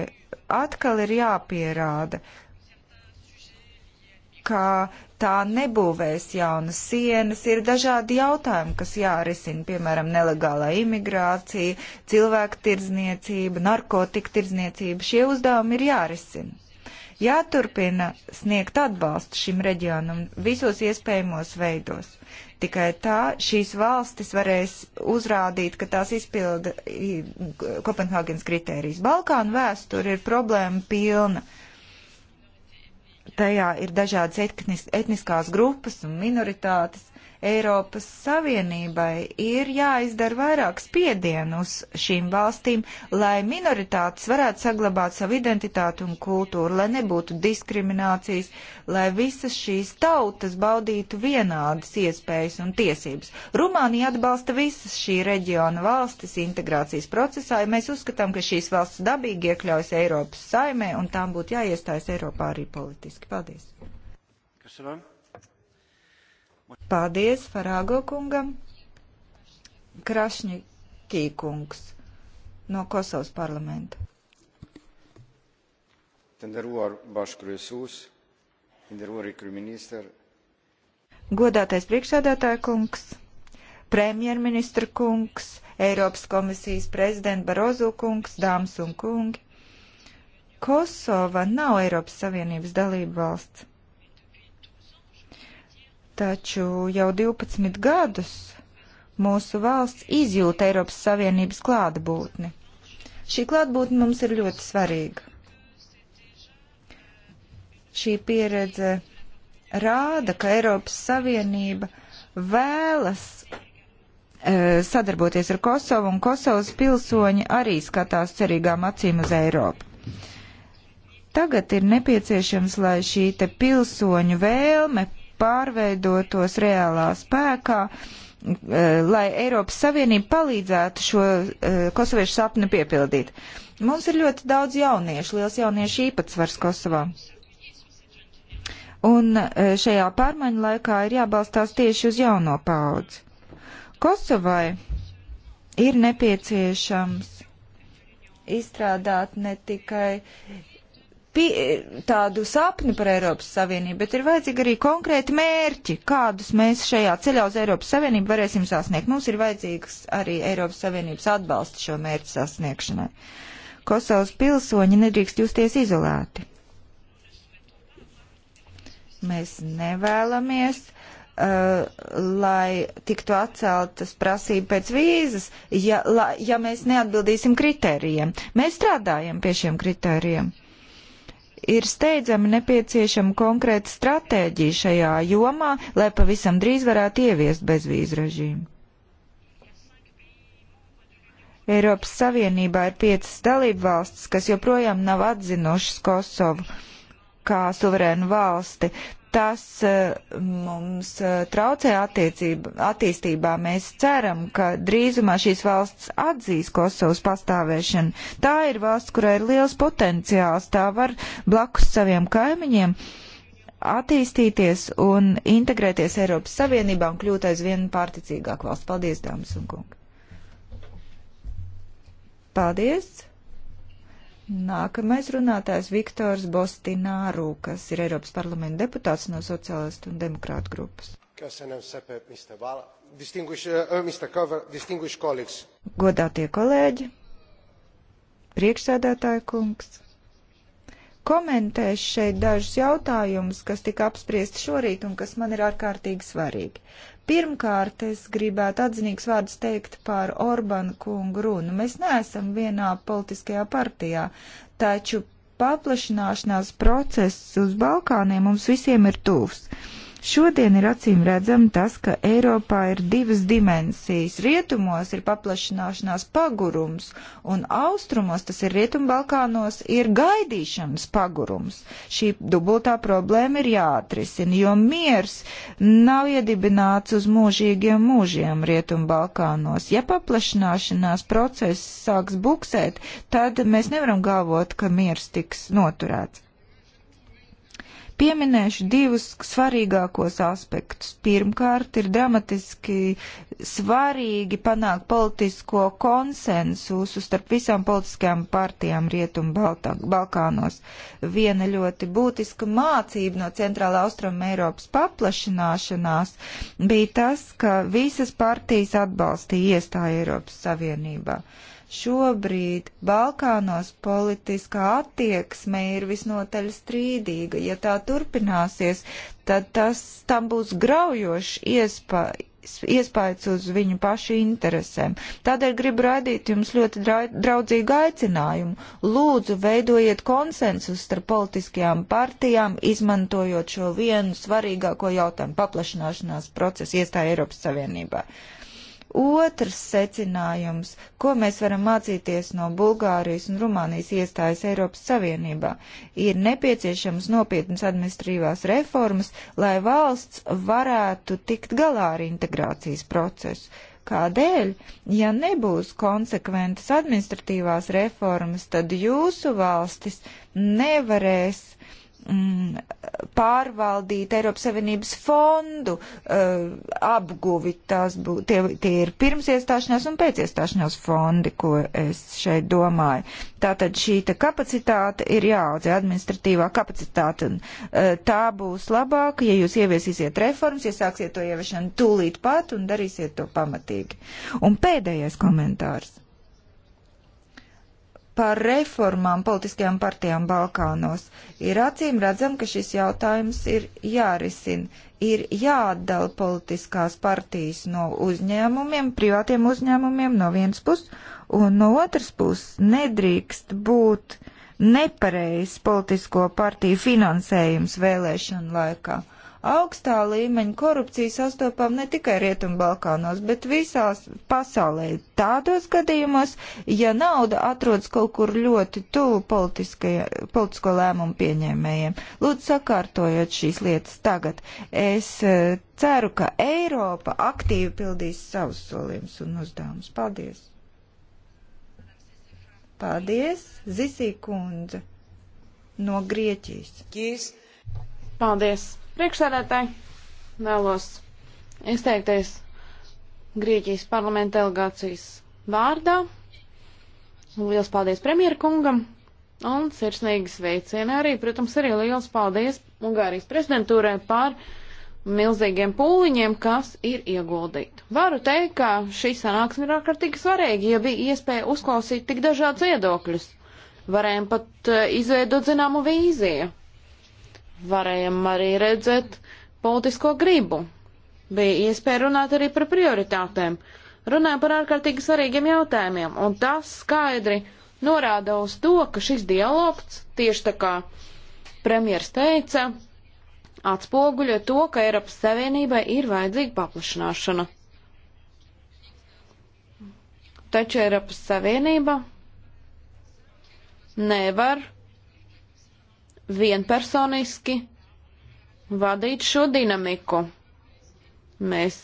atkal ir jāpierāda ka tā nebūvēs jaunas sienas. Ir dažādi jautājumi, kas jārisina, piemēram, nelegālā imigrācija, cilvēku tirdzniecība, narkotika tirdzniecība. Šie uzdevumi ir jārisina jāturpina sniegt atbalstu šim reģionam visos iespējamos veidos. Tikai tā šīs valstis varēs uzrādīt, ka tās izpilda Kopenhāgenes kritērijas. Balkānu vēsture ir problēma pilna. Uh, tajā ir dažādas etnis, etniskās grupas un minoritātes. Eiropas Savienībai ir jāizdara vairāk spiedienu uz šīm valstīm, lai minoritātes varētu saglabāt savu identitāti un kultūru, lai nebūtu diskriminācijas, lai visas šīs tautas baudītu vienādas iespējas un tiesības. Rumānija atbalsta visas šī reģiona valstis integrācijas procesā, ja mēs uzskatām, ka šīs valsts dabīgi iekļaujas Eiropas saimē un tām būtu jāiestājas Eiropā arī politiski. Paldies! Köszönöm. Paldies Farāgo kungam. Krašņikī kungs no Kosovas parlamenta. Tenderuar Baškrujas Jūs, tenderuar Ikruminister. Godātais priekšsēdētāja kungs, premjerministra kungs, Eiropas komisijas prezidenta Barozu kungs, dāmas un kungi. Kosova nav Eiropas Savienības dalība valsts. Taču jau 12 gadus mūsu valsts izjūta Eiropas Savienības klātbūtni. Šī klātbūtne mums ir ļoti svarīga. Šī pieredze rāda, ka Eiropas Savienība vēlas e, sadarboties ar Kosovu, un Kosovas pilsoņi arī skatās cerīgām acīm uz Eiropu. Tagad ir nepieciešams, lai šī te pilsoņu vēlme pārveidotos reālā spēkā, eh, lai Eiropas Savienība palīdzētu šo eh, kosoviešu sapni piepildīt. Mums ir ļoti daudz jauniešu, liels jauniešu īpatsvars Kosovā. Un eh, šajā pārmaiņu laikā ir jābalstās tieši uz jauno paudzi. Kosovai ir nepieciešams izstrādāt ne tikai tādu sapni par Eiropas Savienību, bet ir vajadzīgi arī konkrēti mērķi, kādus mēs šajā ceļā uz Eiropas Savienību varēsim sasniegt. Mums ir vajadzīgs arī Eiropas Savienības atbalsts šo mērķu sasniegšanai. Kosovas pilsoņi nedrīkst justies izolēti. Mēs nevēlamies, uh, lai tiktu atceltas prasība pēc vīzas, ja, la, ja mēs neatbildīsim kritērijiem. Mēs strādājam pie šiem kritērijiem ir steidzami nepieciešama konkrēta stratēģija šajā jomā, lai pavisam drīz varētu ieviest bezvīzu režīmu. Eiropas Savienībā ir piecas dalību valstis, kas joprojām nav atzinušas Kosovu kā suverēnu valsti tas eh, mums eh, traucē attīstībā. Mēs ceram, ka drīzumā šīs valsts atzīs Kosovas pastāvēšanu. Tā ir valsts, kurai ir liels potenciāls, tā var blakus saviem kaimiņiem attīstīties un integrēties Eiropas Savienībā un kļūt aizvien pārticīgāk valsts. Paldies, dāmas un kungi! Paldies! Nākamais runātājs Viktors Bostināru, kas ir Eiropas parlamenta deputāts no sociālistu un demokrātu grupas. Uh, uh, Godātie kolēģi, priekšsēdētāja kungs, komentēšu šeit dažus jautājumus, kas tika apspriesti šorīt un kas man ir ārkārtīgi svarīgi. Pirmkārt, es gribētu atzinīgs vārdus teikt par Orbanu kungu runu. Mēs neesam vienā politiskajā partijā, taču paplašināšanās process uz Balkāniem mums visiem ir tuvs. Uh, Šodien ir acīm redzam tas, ka Eiropā ir divas dimensijas. Rietumos ir paplašināšanās pagurums, un austrumos, tas ir Rietumbalkānos, ir gaidīšanas pagurums. Šī dubultā problēma ir jāatrisina, jo miers nav iedibināts uz mūžīgiem mūžiem Rietumbalkānos. Ja paplašināšanās process sāks buksēt, tad mēs nevaram galvot, ka miers tiks noturēts. Pieminēšu divus svarīgākos aspektus. Pirmkārt, ir dramatiski svarīgi panākt politisko konsensusu starp visām politiskajām partijām Rietumu Baltā, Balkānos. Viena ļoti būtiska mācība no Centrāla Austruma Eiropas paplašināšanās bija tas, ka visas partijas atbalstīja iestāju Eiropas Savienībā. Uh, Šobrīd Balkānos politiskā attieksme ir visnotaļ strīdīga. Ja tā turpināsies, tad tas tam būs graujošs iespa, iespējas uz viņu pašu interesēm. Tādēļ gribu radīt jums ļoti draudzīgu aicinājumu. Lūdzu, veidojiet konsensus starp politiskajām partijām, izmantojot šo vienu svarīgāko jautājumu paplašināšanās procesu iestāja Eiropas Savienībā. Uh, Otrs secinājums, ko mēs varam mācīties no Bulgārijas un Rumānijas iestājas Eiropas Savienībā, ir nepieciešams nopietnas administrīvās reformas, lai valsts varētu tikt galā ar integrācijas procesu. Kādēļ? Ja nebūs konsekventas administratīvās reformas, tad jūsu valstis nevarēs uh, Mm, pārvaldīt Eiropas Savienības fondu uh, apguvi. Tās bū, tie, tie ir pirms iestāšanās un pēc iestāšanās fondi, ko es šeit domāju. Tātad šī ta kapacitāte ir jāaudzē, administratīvā kapacitāte. Un, uh, tā būs labāka, ja jūs ieviesīsiet reformas, iesāksiet ja to ieviešanu tūlīt pat un darīsiet to pamatīgi. Un pēdējais komentārs par reformām politiskajām partijām Balkānos, ir acīm redzam, ka šis jautājums ir jārisina, ir jāatdala politiskās partijas no uzņēmumiem, privātiem uzņēmumiem no vienas puses, un no otras puses nedrīkst būt nepareizs politisko partiju finansējums vēlēšanu laikā. Augstā līmeņa korupcija sastopam ne tikai Rietumbalkānos, bet visās pasaulē. Tādos gadījumos, ja nauda atrodas kaut kur ļoti tuvu politisko lēmumu pieņēmējiem, lūdzu sakārtojot šīs lietas tagad. Es eh, ceru, ka Eiropa aktīvi pildīs savus solījumus un uzdevumus. Paldies! Paldies, Zisī kundze no Grieķijas. Paldies! Priekšsēdētāji, vēlos izteikties Grieķijas parlamenta delegācijas vārdā. Liels paldies premjerkungam un sirsnīgi sveicieni arī, protams, arī liels paldies Ungārijas prezidentūrē par milzīgiem pūliņiem, kas ir ieguldīti. Varu teikt, ka šī sanāksme ir ārkārtīgi svarīga, ja bija iespēja uzklausīt tik dažādus viedokļus. Varējām pat eh, izveidot zināmu vīziju varējām arī redzēt politisko gribu. Bija iespēja runāt arī par prioritātēm. Runāja par ārkārtīgi svarīgiem jautājumiem, un tas skaidri norāda uz to, ka šis dialogs, tieši tā kā premjers teica, atspoguļo to, ka Eiropas Savienībai ir vajadzīga paplašināšana. Taču Eiropas Savienība nevar vienpersoniski vadīt šo dinamiku. Mēs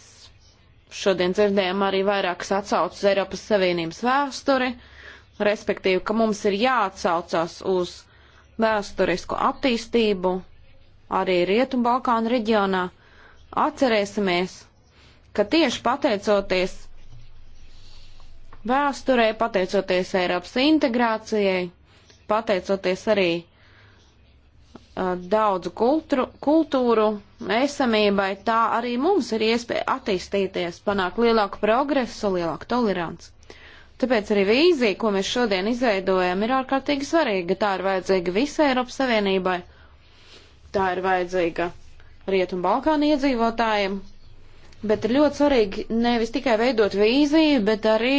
šodien dzirdējām arī vairākas atsaucas Eiropas Savienības vēsturi, respektīvi, ka mums ir jāatsaucas uz vēsturisku attīstību arī Rietu-Balkānu reģionā. Atcerēsimies, ka tieši pateicoties vēsturē, pateicoties Eiropas integrācijai, pateicoties arī Uh, daudzu kultru, kultūru esamībai, tā arī mums ir iespēja attīstīties, panākt lielāku progresu, lielāku toleranci. Tāpēc arī vīzija, ko mēs šodien izveidojam, ir ārkārtīgi svarīga. Tā ir vajadzīga visai Eiropas Savienībai. Tā ir vajadzīga Rietumu Balkānu iedzīvotājiem. Bet ir ļoti svarīgi nevis tikai veidot vīziju, bet arī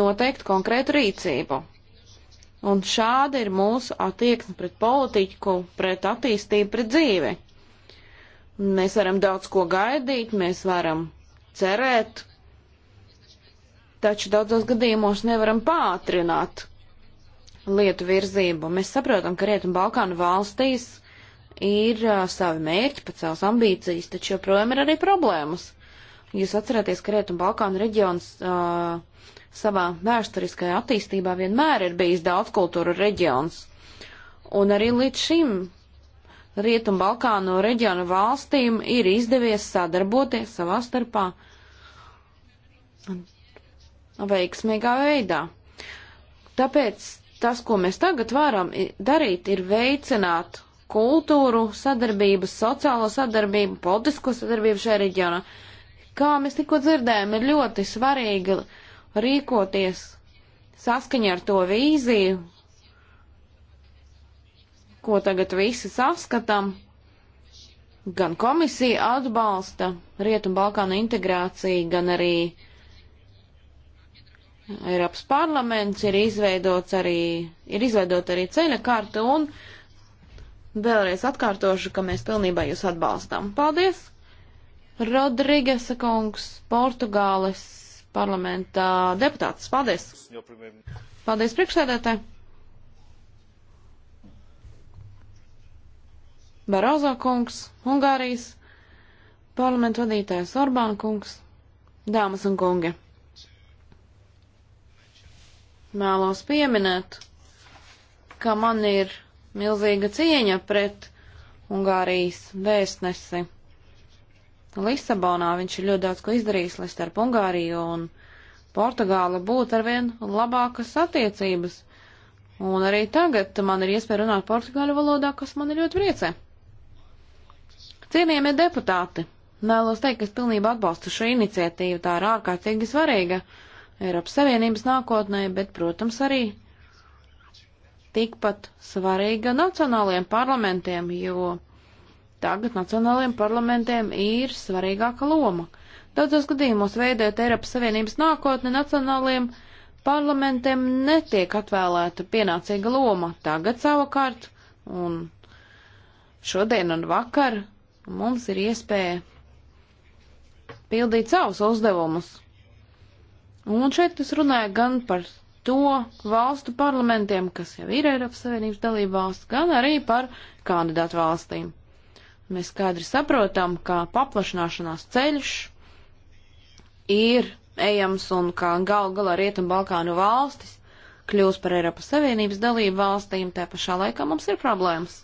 noteikt konkrētu rīcību. Un šāda ir mūsu attieksme pret politiku, pret attīstību, pret dzīvi. Mēs varam daudz ko gaidīt, mēs varam cerēt, taču daudzos gadījumos nevaram pātrināt lietu virzību. Mēs saprotam, ka Rietu un Balkānu valstīs ir uh, savi mērķi, pat savas ambīcijas, taču joprojām ir arī problēmas. Jūs atceraties, ka Rietu un Balkānu reģions uh, savā vēsturiskajā attīstībā vienmēr ir bijis daudz kultūru reģions. Un arī līdz šim Rietumbalkānu reģionu valstīm ir izdevies sadarboties savā starpā veiksmīgā veidā. Tāpēc tas, ko mēs tagad varam darīt, ir veicināt kultūru sadarbību, sociālo sadarbību, politisko sadarbību šajā reģionā. Kā mēs tikko dzirdējām, ir ļoti svarīgi rīkoties saskaņā ar to vīziju, ko tagad visi saskatām. Gan komisija atbalsta Rietumbalkānu integrāciju, gan arī Eiropas parlaments ir izveidots arī, ir izveidot arī ceļa karta un vēlreiz atkārtošu, ka mēs pilnībā jūs atbalstam. Paldies! Rodrigesa kungs, Portugāles parlamentā deputāts. Paldies! Paldies priekšsēdētāji! Barozo kungs, Ungārijas parlamentu vadītājs Orbāna kungs, dāmas un kungi. Mēlos pieminēt, ka man ir milzīga cieņa pret Ungārijas vēstnesi. Lisabonā viņš ir ļoti daudz ko izdarījis, lai starp Ungāriju un Portugāla būtu arvien labākas attiecības. Un arī tagad man ir iespēja runāt portugāļu valodā, kas man ir ļoti priecē. Cienījamie deputāti, vēlos teikt, ka es pilnībā atbalstu šo iniciatīvu, tā ir ārkārtīgi svarīga Eiropas Savienības nākotnē, bet, protams, arī tikpat svarīga nacionālajiem parlamentiem, jo Tagad nacionālajiem parlamentiem ir svarīgāka loma. Daudzos gadījumos veidēt Eiropas Savienības nākotni nacionālajiem parlamentiem netiek atvēlēta pienācīga loma. Tagad savukārt, un šodien un vakar, mums ir iespēja pildīt savus uzdevumus. Un šeit es runāju gan par to valstu parlamentiem, kas jau ir Eiropas Savienības dalība valsts, gan arī par kandidātu valstīm. Mēs skaidri saprotam, ka paplašināšanās ceļš ir ejams un kā gal galā Rietumbalkānu valstis kļūs par Eiropas Savienības dalību valstīm, tā pašā laikā mums ir problēmas.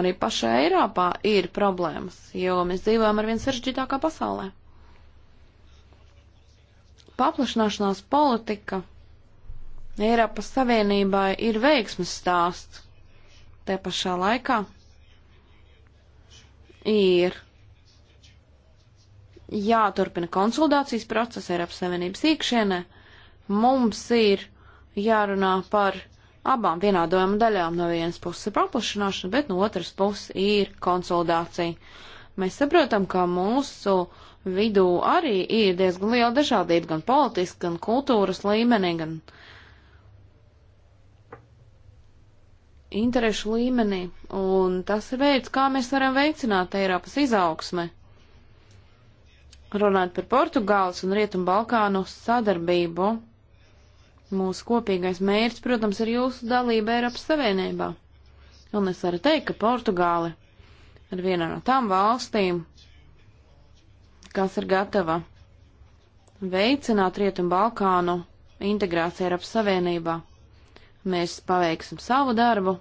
Arī pašā Eiropā ir problēmas, jo mēs dzīvojam ar vien sarežģītākā pasaulē. Paplašināšanās politika Eiropas Savienībai ir veiksmes stāsts. Te pašā laikā ir jāturpina konsultācijas process Eiropas Savienības iekšienē. Mums ir jārunā par abām vienādojuma daļām. No vienas puses ir paplašināšana, bet no otras puses ir konsolidācija. Mēs saprotam, ka mūsu vidū arī ir diezgan liela dažādība gan politiski, gan kultūras līmenī, gan interešu līmenī, un tas ir veids, kā mēs varam veicināt Eiropas izaugsme. Runāt par Portugāles un Rietumu Balkānu sadarbību. Mūsu kopīgais mērķis, protams, ir jūsu dalība Eiropas Savienībā. Un es varu teikt, ka Portugāle ir viena no tām valstīm, kas ir gatava veicināt Rietumu Balkānu integrāciju Eiropas Savienībā. Mēs paveiksim savu darbu.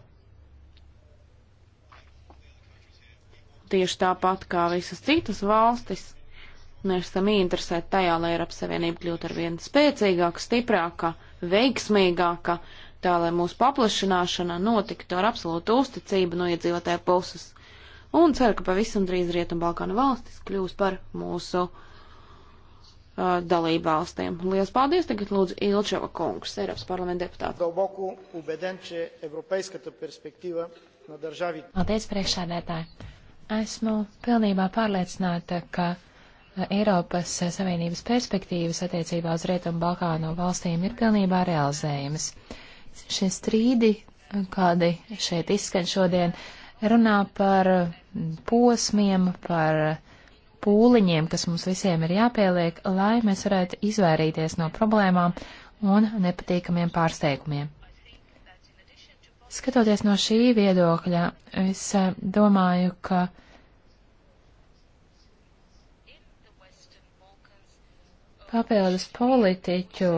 Tieši tāpat kā visas citas valstis, mēs esam interesēti tajā, lai Eiropas Savienība kļūtu ar vien spēcīgāka, stiprāka, veiksmīgāka, tā lai mūsu paplašināšana notiktu ar absolūtu uzticību no iedzīvotāju puses. Un ceru, ka pavisam drīz Rietumbalkānu valstis kļūs par mūsu uh, uh, dalību valstiem. Lielas paldies! Tagad lūdzu Ilčeva kungs, Eiropas parlamenta deputāts. Paldies, priekšsēdētāji! Esmu pilnībā pārliecināta, ka uh, Eiropas Savienības perspektīvas attiecībā uz Rietumu Balkānu valstīm ir pilnībā realizējamas. Šie strīdi, kādi šeit izskan šodien, runā par posmiem, par uh, pūliņiem, kas mums visiem ir jāpieliek, lai mēs varētu izvairīties no problēmām un nepatīkamiem pārsteigumiem. Skatoties no šī viedokļa, es eh, domāju, ka papildus politiķu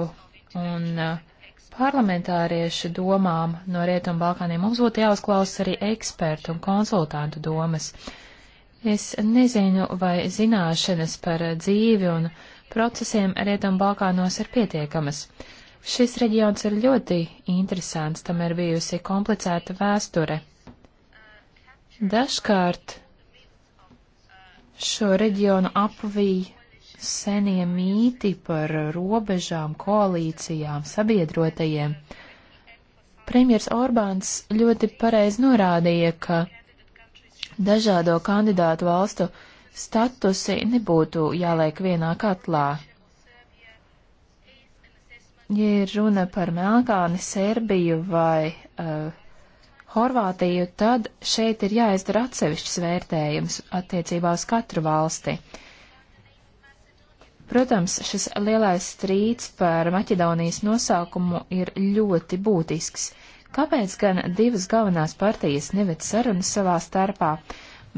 un eh, parlamentāriešu domām no Rietumbalkāniem mums būtu jāuzklausa arī ekspertu un konsultantu domas. Uh, Es nezinu, vai zināšanas par dzīvi un procesiem Rietumbalkānos ir pietiekamas. Šis reģions ir ļoti interesants, tam ir bijusi komplicēta vēsture. Dažkārt šo reģionu apvīja senie mīti par robežām, koalīcijām, sabiedrotajiem. Premjers Orbāns ļoti pareizi norādīja, ka dažādo kandidātu valstu statusi nebūtu jāliek vienā katlā. Ja ir runa par Melkāni, Serbiju vai uh, Horvātiju, tad šeit ir jāizdara atsevišķs vērtējums attiecībā uz katru valsti. Protams, šis lielais strīds par Maķedonijas nosaukumu ir ļoti būtisks. Kāpēc gan divas galvenās partijas neved sarunas savā starpā?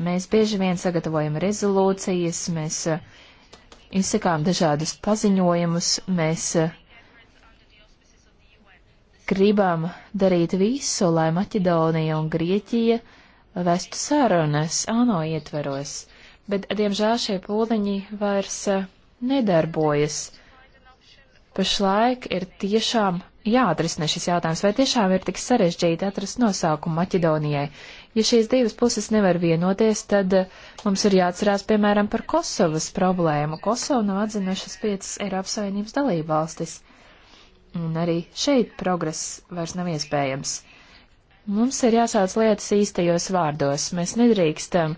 Mēs bieži vien sagatavojam rezolūcijas, mēs uh, izsakām dažādus paziņojumus, mēs uh, gribam darīt visu, lai Maķedonija un Grieķija vestu sarunas ANO ietveros, bet, diemžēl, šie pūliņi vairs uh, nedarbojas. Pašlaik ir tiešām jāatrisina šis jautājums, vai tiešām ir tik sarežģīti atrast nosaukumu Maķedonijai. Ja šīs divas puses nevar vienoties, tad eh, mums ir jāatcerās, piemēram, par Kosovas problēmu. Kosovu nav atzinušas piecas Eiropas Savienības dalībvalstis. Un arī šeit progress vairs nav iespējams. Mums ir jāsāc lietas īstajos vārdos. Mēs nedrīkstam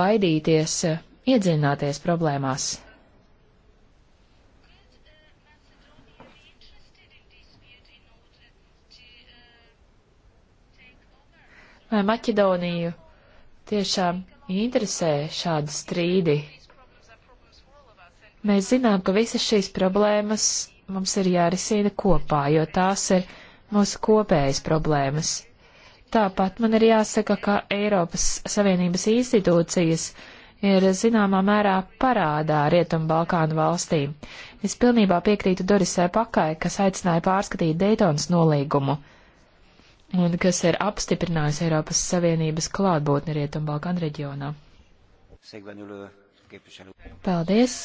baidīties eh, iedziļināties problēmās. vai Maķedoniju tiešām interesē šādi strīdi. Mēs zinām, ka visas šīs problēmas mums ir jārisina kopā, jo tās ir mūsu kopējas problēmas. Tāpat man ir jāsaka, ka Eiropas Savienības institūcijas ir zināmā mērā parādā Rietumbalkānu valstīm. Es pilnībā piekrītu Dorisai Pakai, kas aicināja pārskatīt Daytonas nolīgumu un kas ir apstiprinājusi Eiropas Savienības klātbūtni Rietumbalkānu reģionā. Paldies!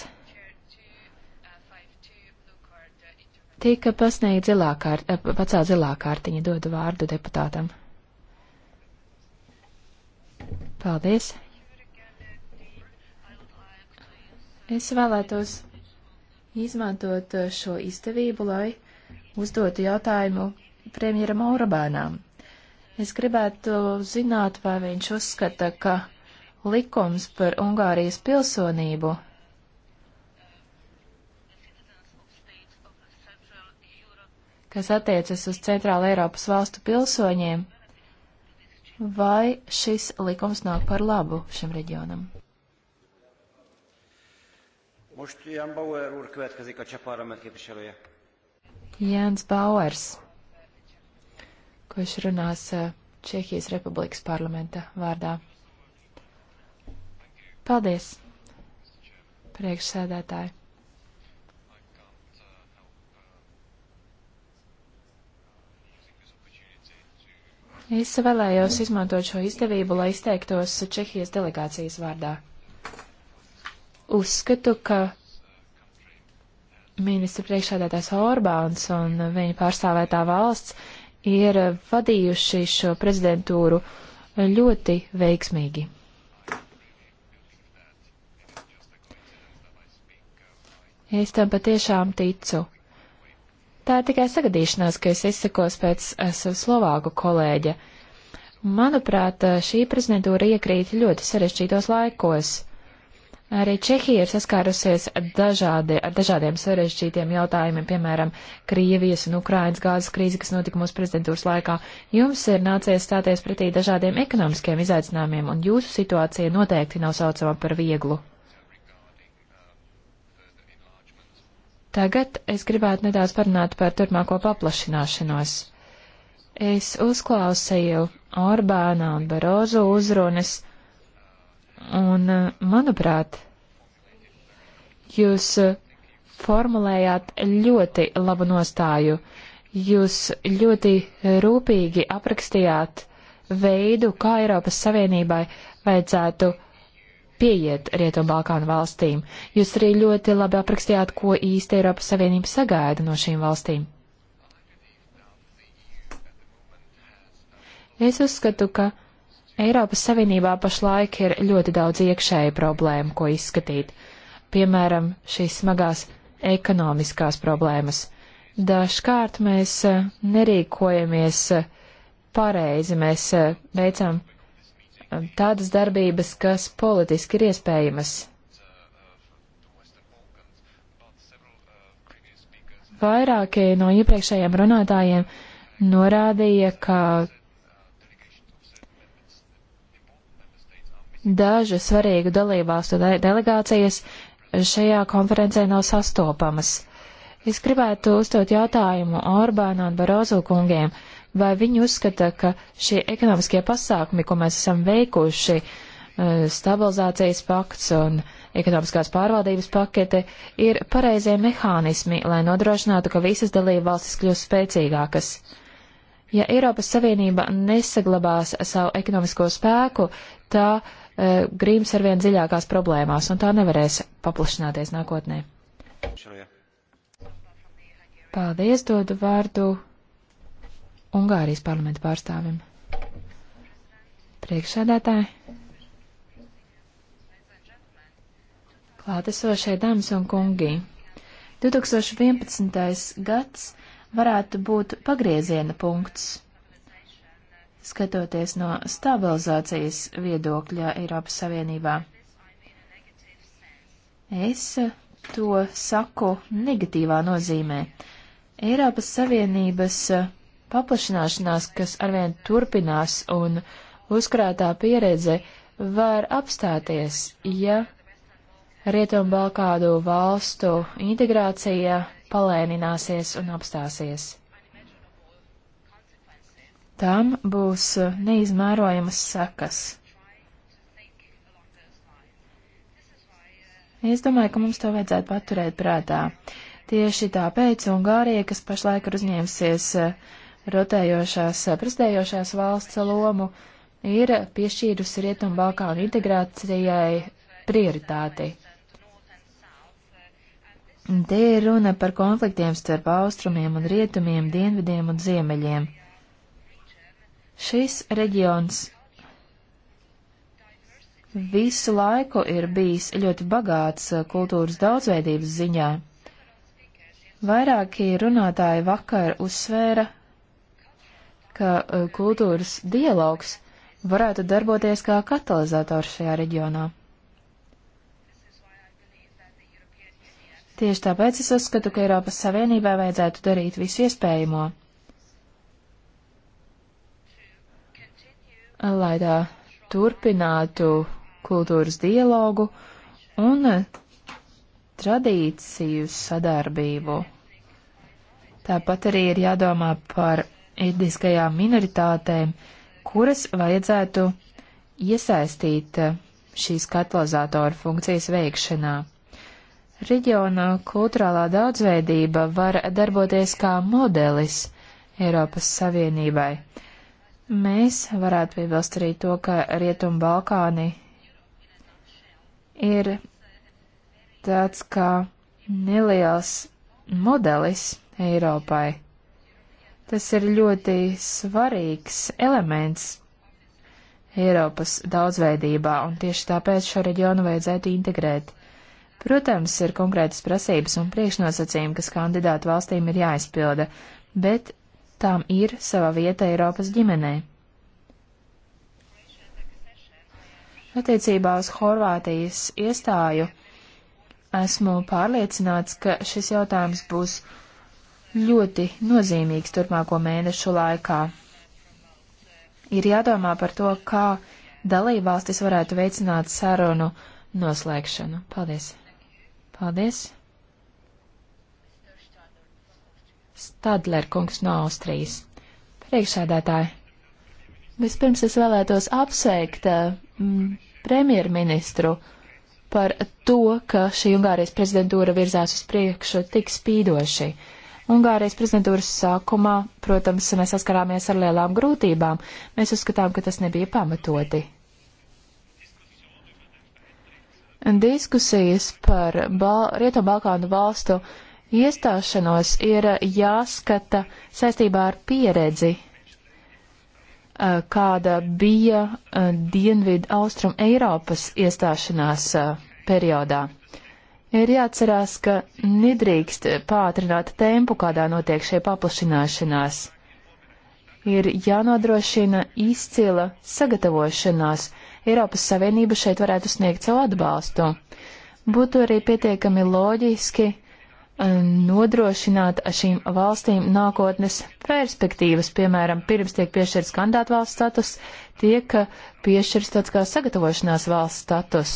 Tika pasniegt zilā kārta, eh, pacā zilā kārtiņa dodu vārdu deputātam. Paldies! Es vēlētos izmantot eh, šo izdevību, lai uzdotu jautājumu premjeram Orbānām. Es gribētu zināt, vai viņš uzskata, ka likums par Ungārijas pilsonību kas attiecas uz Centrāla Eiropas valstu pilsoņiem, vai šis likums nāk par labu šim reģionam? Most Jan Bauer úr következik a cseh parlament képviselője. Jens Bauers kurš runās Čehijas Republikas parlamenta vārdā. Paldies, priekšsēdētāji! Es vēlējos izmantot šo izdevību, lai izteiktos Čehijas delegācijas vārdā. Uzskatu, ka ministra priekšādātājs Orbāns un viņa pārstāvētā valsts ir eh, vadījuši šo prezidentūru eh, ļoti veiksmīgi. Es tam patiešām ticu. Tā ir tikai sagadīšanās, ka es izsakos pēc eh, savu slovāku kolēģa. Manuprāt, šī prezidentūra iekrīt ļoti sarežģītos laikos. Arī Čehija ir saskārusies dažādi, ar dažādiem sarežģītiem jautājumiem, piemēram, Krievijas un Ukrainas gāzes krīze, kas notika mūsu prezidentūras laikā. Jums ir nācies stāties pretī dažādiem ekonomiskiem izaicinājumiem, un jūsu situācija noteikti nav saucama par vieglu. Tagad es gribētu nedaudz parunāt par turpmāko paplašināšanos. Es uzklausīju Orbāna un Barozu uzrunas Un, uh, manuprāt, jūs uh, formulējāt ļoti labu nostāju. Jūs ļoti rūpīgi aprakstījāt veidu, kā Eiropas Savienībai vajadzētu pieiet Rietumbalkānu valstīm. Jūs arī ļoti labi aprakstījāt, ko īsti Eiropas Savienība sagaida no šīm valstīm. Es uzskatu, ka Eiropas Savienībā pašlaik ir ļoti daudz iekšēju problēmu, ko izskatīt. Piemēram, šīs smagās ekonomiskās problēmas. Dažkārt mēs e, nerīkojamies e, pareizi, mēs e, veicam tādas darbības, kas politiski ir iespējamas. Vairāki no iepriekšējiem runātājiem norādīja, ka dažu svarīgu dalībvalstu de delegācijas šajā konferencē nav sastopamas. Es gribētu uzdot jautājumu Orbāna un Barozu kungiem, vai viņi uzskata, ka šie ekonomiskie pasākumi, ko mēs esam veikuši, eh, stabilizācijas pakts un ekonomiskās pārvaldības pakete, ir pareizie mehānismi, lai nodrošinātu, ka visas dalība valstis kļūs spēcīgākas. Ja Eiropas Savienība nesaglabās savu ekonomisko spēku, tā uh, Eh, grīms ar vien dziļākās problēmās, un tā nevarēs paplašināties nākotnē. Paldies, dodu vārdu Ungārijas parlamenta pārstāvim. Priekšsēdētāji. Klātesošie dāmas un kungi. 2011. gads varētu būt pagrieziena punkts skatoties no stabilizācijas viedokļa Eiropas Savienībā. Es to saku negatīvā nozīmē. Eiropas Savienības paplašināšanās, kas arvien turpinās un uzkrātā pieredze, var apstāties, ja Rietumbalkādu valstu integrācija palēnināsies un apstāsies. Tam būs uh, neizmērojamas sekas. Es domāju, ka mums to vajadzētu paturēt prātā. Tieši tāpēc Ungārija, kas pašlaik ir uzņēmusies uh, rotējošās, uh, prestējošās valsts lomu, ir piešķīrusi Rietumbalkānu integrācijai prioritāti. Te ir runa par konfliktiem starp austrumiem un rietumiem, dienvidiem un ziemeļiem. Šis reģions visu laiku ir bijis ļoti bagāts uh, kultūras daudzveidības ziņā. Vairāki runātāji vakar uzsvēra, ka uh, kultūras dialogs varētu darboties kā katalizators šajā reģionā. Tieši tāpēc es uzskatu, ka Eiropas Savienībai vajadzētu darīt visu iespējamo, lai tā turpinātu kultūras dialogu un tradīciju sadarbību. Tāpat arī ir jādomā par etniskajām minoritātēm, kuras vajadzētu iesaistīt šīs katalizātoru funkcijas veikšanā. Reģiona kultūrālā daudzveidība var darboties kā modelis Eiropas Savienībai. Mēs varētu piebilst arī to, ka Rietumu Balkāni ir tāds kā neliels modelis Eiropai. Tas ir ļoti svarīgs elements Eiropas daudzveidībā, un tieši tāpēc šo reģionu vajadzētu integrēt. Protams, ir konkrētas prasības un priekšnosacījumi, kas kandidātu valstīm ir jāizpilda, bet tām ir sava vieta Eiropas ģimenē. Attiecībā uz Horvātijas iestāju esmu pārliecināts, ka šis jautājums būs ļoti nozīmīgs turpmāko mēnešu laikā. Ir jādomā par to, kā dalībvalstis varētu veicināt sarunu noslēgšanu. Paldies! Paldies! Stadler kungs no Austrijas. Priekšsēdētāji, vispirms es vēlētos apsveikt mm, premjerministru par to, ka šī Ungārijas prezidentūra virzās uz priekšu tik spīdoši. Ungārijas prezidentūras sākumā, protams, mēs saskarāmies ar lielām grūtībām. Mēs uzskatām, ka tas nebija pamatoti. Diskusijas par Bal Rietumbalkānu valstu Iestāšanos ir jāskata saistībā ar pieredzi, kāda bija Dienvidu Austrum Eiropas iestāšanās periodā. Ir jāatcerās, ka nedrīkst pātrināt tempu, kādā notiek šie paplašināšanās. Ir jānodrošina izcila sagatavošanās. Eiropas Savienība šeit varētu sniegt savu atbalstu. Būtu arī pietiekami loģiski Um, nodrošināt šīm valstīm nākotnes perspektīvas. Piemēram, pirms tiek piešķirts kandidātu valsts status, tiek piešķirts tāds kā sagatavošanās valsts status.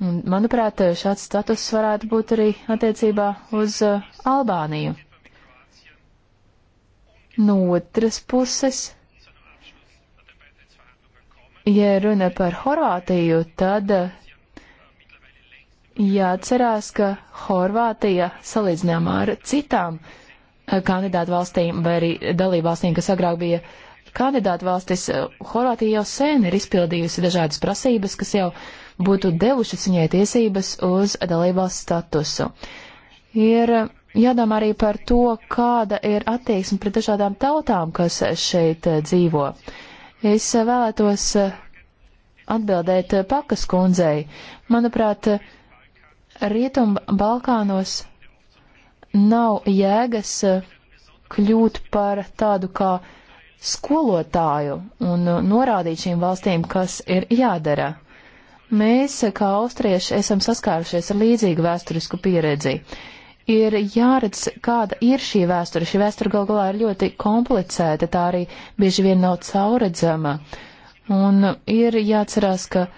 Un, manuprāt, šāds status varētu būt arī attiecībā uz uh, Albāniju. No otras puses, ja runa par Horvātiju, tad uh, jāatcerās, ka Horvātija salīdzinājumā ar citām eh, kandidātu valstīm vai arī dalību valstīm, kas agrāk bija kandidātu valstis, Horvātija jau sen ir izpildījusi dažādas prasības, kas jau būtu devušas viņai tiesības uz dalībās statusu. Ir eh, jādomā arī par to, kāda ir attieksme pret dažādām tautām, kas šeit eh, dzīvo. Es vēlētos atbildēt pakas kundzei. Manuprāt, Rietum Balkānos nav jēgas eh, kļūt par tādu kā skolotāju un eh, norādīt šīm valstīm, kas ir jādara. Mēs, eh, kā austrieši, esam saskārušies ar līdzīgu vēsturisku pieredzi. Ir jāredz, kāda ir šī vēsture. Šī vēsture gal galā ir ļoti komplicēta, tā arī bieži vien nav cauredzama. Un ir jāatcerās, ka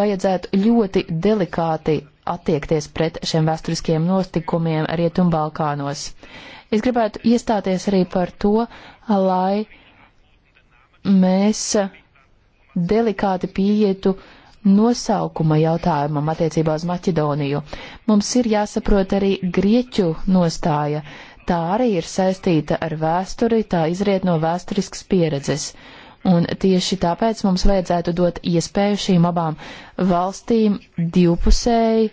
vajadzētu ļoti delikāti attiekties pret šiem vēsturiskiem notikumiem Rietumbalkānos. Es gribētu iestāties arī par to, lai mēs delikāti pieietu nosaukuma jautājumam attiecībā uz Maķedoniju. Mums ir jāsaprot arī grieķu nostāja. Tā arī ir saistīta ar vēsturi, tā izriet no vēsturiskas pieredzes. Un tieši tāpēc mums vajadzētu dot iespēju šīm abām valstīm divpusēji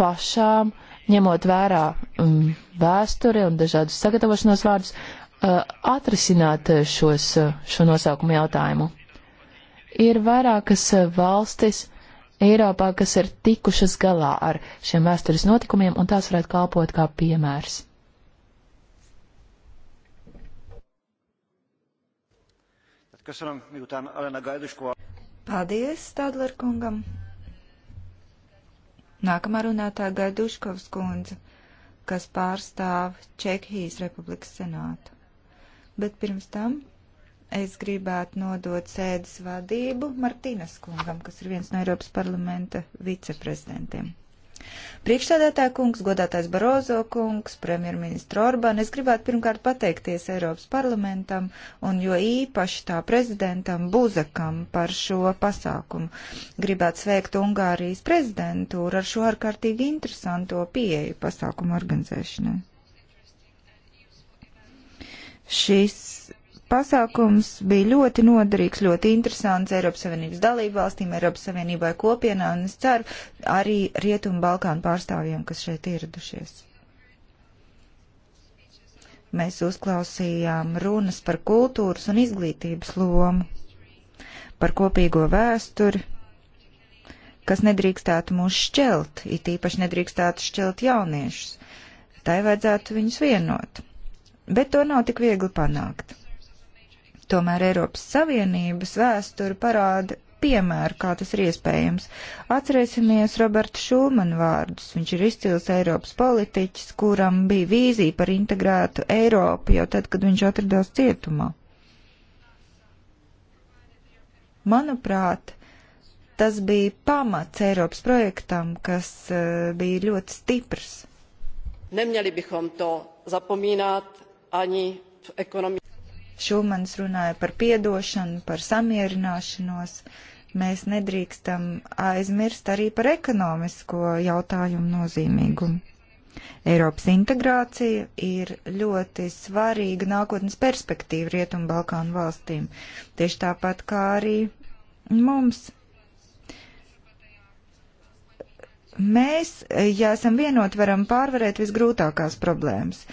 pašām, ņemot vērā um, mm, vēsturi un dažādus sagatavošanos vārdus, uh, atrisināt uh, šos, uh, šo nosaukumu jautājumu. Ir vairākas uh, valstis Eiropā, kas ir tikušas galā ar šiem vēstures notikumiem, un tās varētu kalpot kā piemērs. Köszönöm, miután Elena Gaiduško. Paldies, Stādler kungam. Nākamā runātā Gaiduškovs kundze, kas pārstāv Čehijas Republikas senātu. Bet pirms tam es gribētu nodot sēdes vadību Martīnas kungam, kas ir viens no Eiropas parlamenta viceprezidentiem. Priekšsēdētāja kungs, godātais Barozo kungs, premjerministra Orbán, es gribētu pirmkārt pateikties Eiropas parlamentam un jo īpaši tā prezidentam Buzakam par šo pasākumu. Gribētu sveikt Ungārijas prezidentūru ar šo ārkārtīgi interesanto pieeju pasākumu organizēšanai. Šis pasākums bija ļoti noderīgs, ļoti interesants Eiropas Savienības dalību valstīm, Eiropas Savienībai kopienā, un es ceru arī Rietumu Balkānu pārstāvjiem, kas šeit ieradušies mēs uzklausījām runas par kultūras un izglītības lomu, par kopīgo vēsturi, kas nedrīkstētu mūs šķelt, it īpaši nedrīkstētu šķelt jauniešus. Tai vajadzētu viņus vienot. Bet to nav tik viegli panākt. Tomēr Eiropas Savienības vēsture parāda piemēru, kā tas ir iespējams. Atcerēsimies Roberta Šulmana vārdus. Viņš ir izcils Eiropas politiķis, kuram bija vīzija par integrētu Eiropu jau tad, kad viņš atradās cietumā. Manuprāt, tas bija pamats Eiropas projektam, kas uh, bija ļoti stiprs. Neměli bychom to zapomínat ani v ekonomii. Šumans runāja par piedošanu, par samierināšanos. Mēs nedrīkstam aizmirst arī par ekonomisko jautājumu nozīmīgumu. Eiropas integrācija ir ļoti svarīga nākotnes perspektīva Rietumu Balkānu valstīm, tieši tāpat kā arī mums. Mēs, ja esam vienot, varam pārvarēt visgrūtākās problēmas.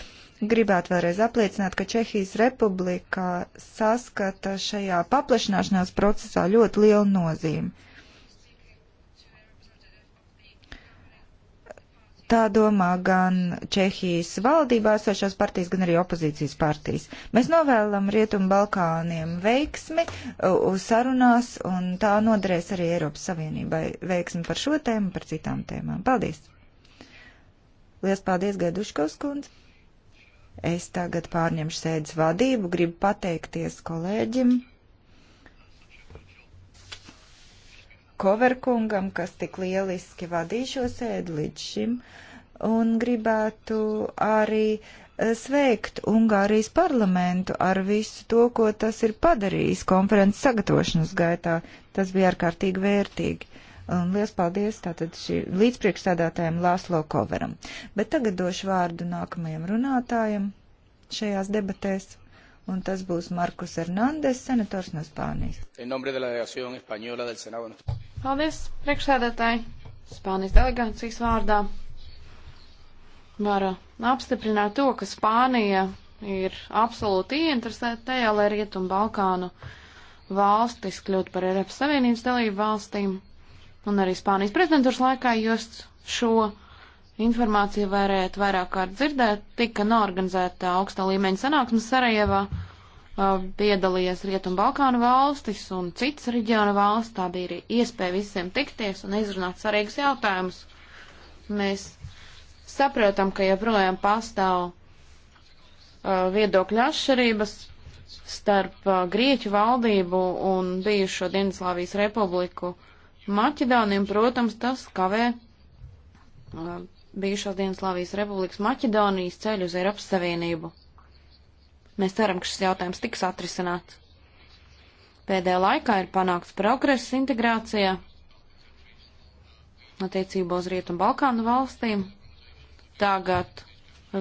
Gribētu vēlreiz apliecināt, ka Čehijas republika saskata šajā paplašināšanās procesā ļoti lielu nozīmi. Tā domā gan Čehijas valdībā esošās partijas, gan arī opozīcijas partijas. Mēs novēlam Rietumu Balkāniem veiksmi uz sarunās, un tā noderēs arī Eiropas Savienībai veiksmi par šo tēmu, par citām tēmām. Paldies! Lielas paldies, Gaiduškovs kundze! Es tagad pārņemšu sēdes vadību, gribu pateikties kolēģim Koverkungam, kas tik lieliski vadīja šo sēdi līdz šim, un gribētu arī eh, sveikt Ungārijas parlamentu ar visu to, ko tas ir padarījis konferences sagatavošanas gaitā. Tas bija ārkārtīgi vērtīgi. Un liels paldies tātad šī līdzpriekšstādātājiem Lāslo Koveram. Bet tagad došu vārdu nākamajam runātājam šajās debatēs. Un tas būs Markus Hernandez, senators no Spānijas. Paldies, priekšsēdētāji! Spānijas delegācijas vārdā var apstiprināt to, ka Spānija ir absolūti ieinteresēta tajā, lai Rietumu Balkānu valstis kļūtu par Eiropas Savienības dalību valstīm un arī Spānijas prezidentūras laikā jūs šo informāciju varētu vairāk kārt dzirdēt, tika norganizēta augsta līmeņa sanāksmes Sarajevā, piedalījās Rietumu Balkānu valstis un citas reģiona valsts, tā bija arī iespēja visiem tikties un izrunāt svarīgus jautājumus. Mēs saprotam, ka joprojām pastāv viedokļu atšķirības starp Grieķu valdību un bijušo Dienaslāvijas republiku. Uh, Maķedāniem, protams, tas kavē uh, bijušās Dienaslāvijas republikas Maķedānijas ceļu uz Eiropas Savienību. Mēs ceram, ka šis jautājums tiks atrisināts. Pēdējā laikā ir panākts progress integrācijā attiecībā uz Rietu un Balkānu valstīm. Tagad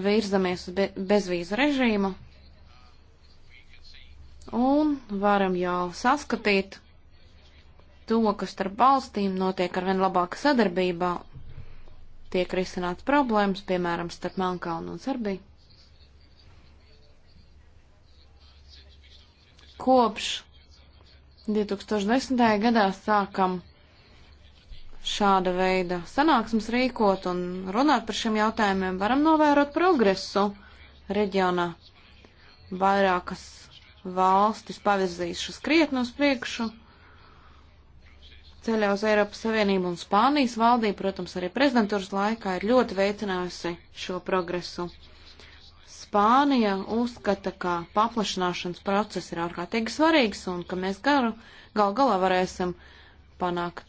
virzamies uz be bezvīzu režīmu un varam jau saskatīt, to, ka starp valstīm notiek arvien labāka sadarbība, tiek risināts problēmas, piemēram, starp Melnkalnu un Serbiju. Kopš 2010. gadā sākam šāda veida sanāksmes rīkot un runāt par šiem jautājumiem, varam novērot progresu reģionā. Vairākas valstis pavirzīs uz krietni uz priekšu ceļā uz Eiropas Savienību un Spānijas valdība, protams, arī prezidentūras laikā ir ļoti veicinājusi šo progresu. Spānija uzskata, ka paplašināšanas process ir ārkārtīgi svarīgs un ka mēs garu gal galā varēsim panākt.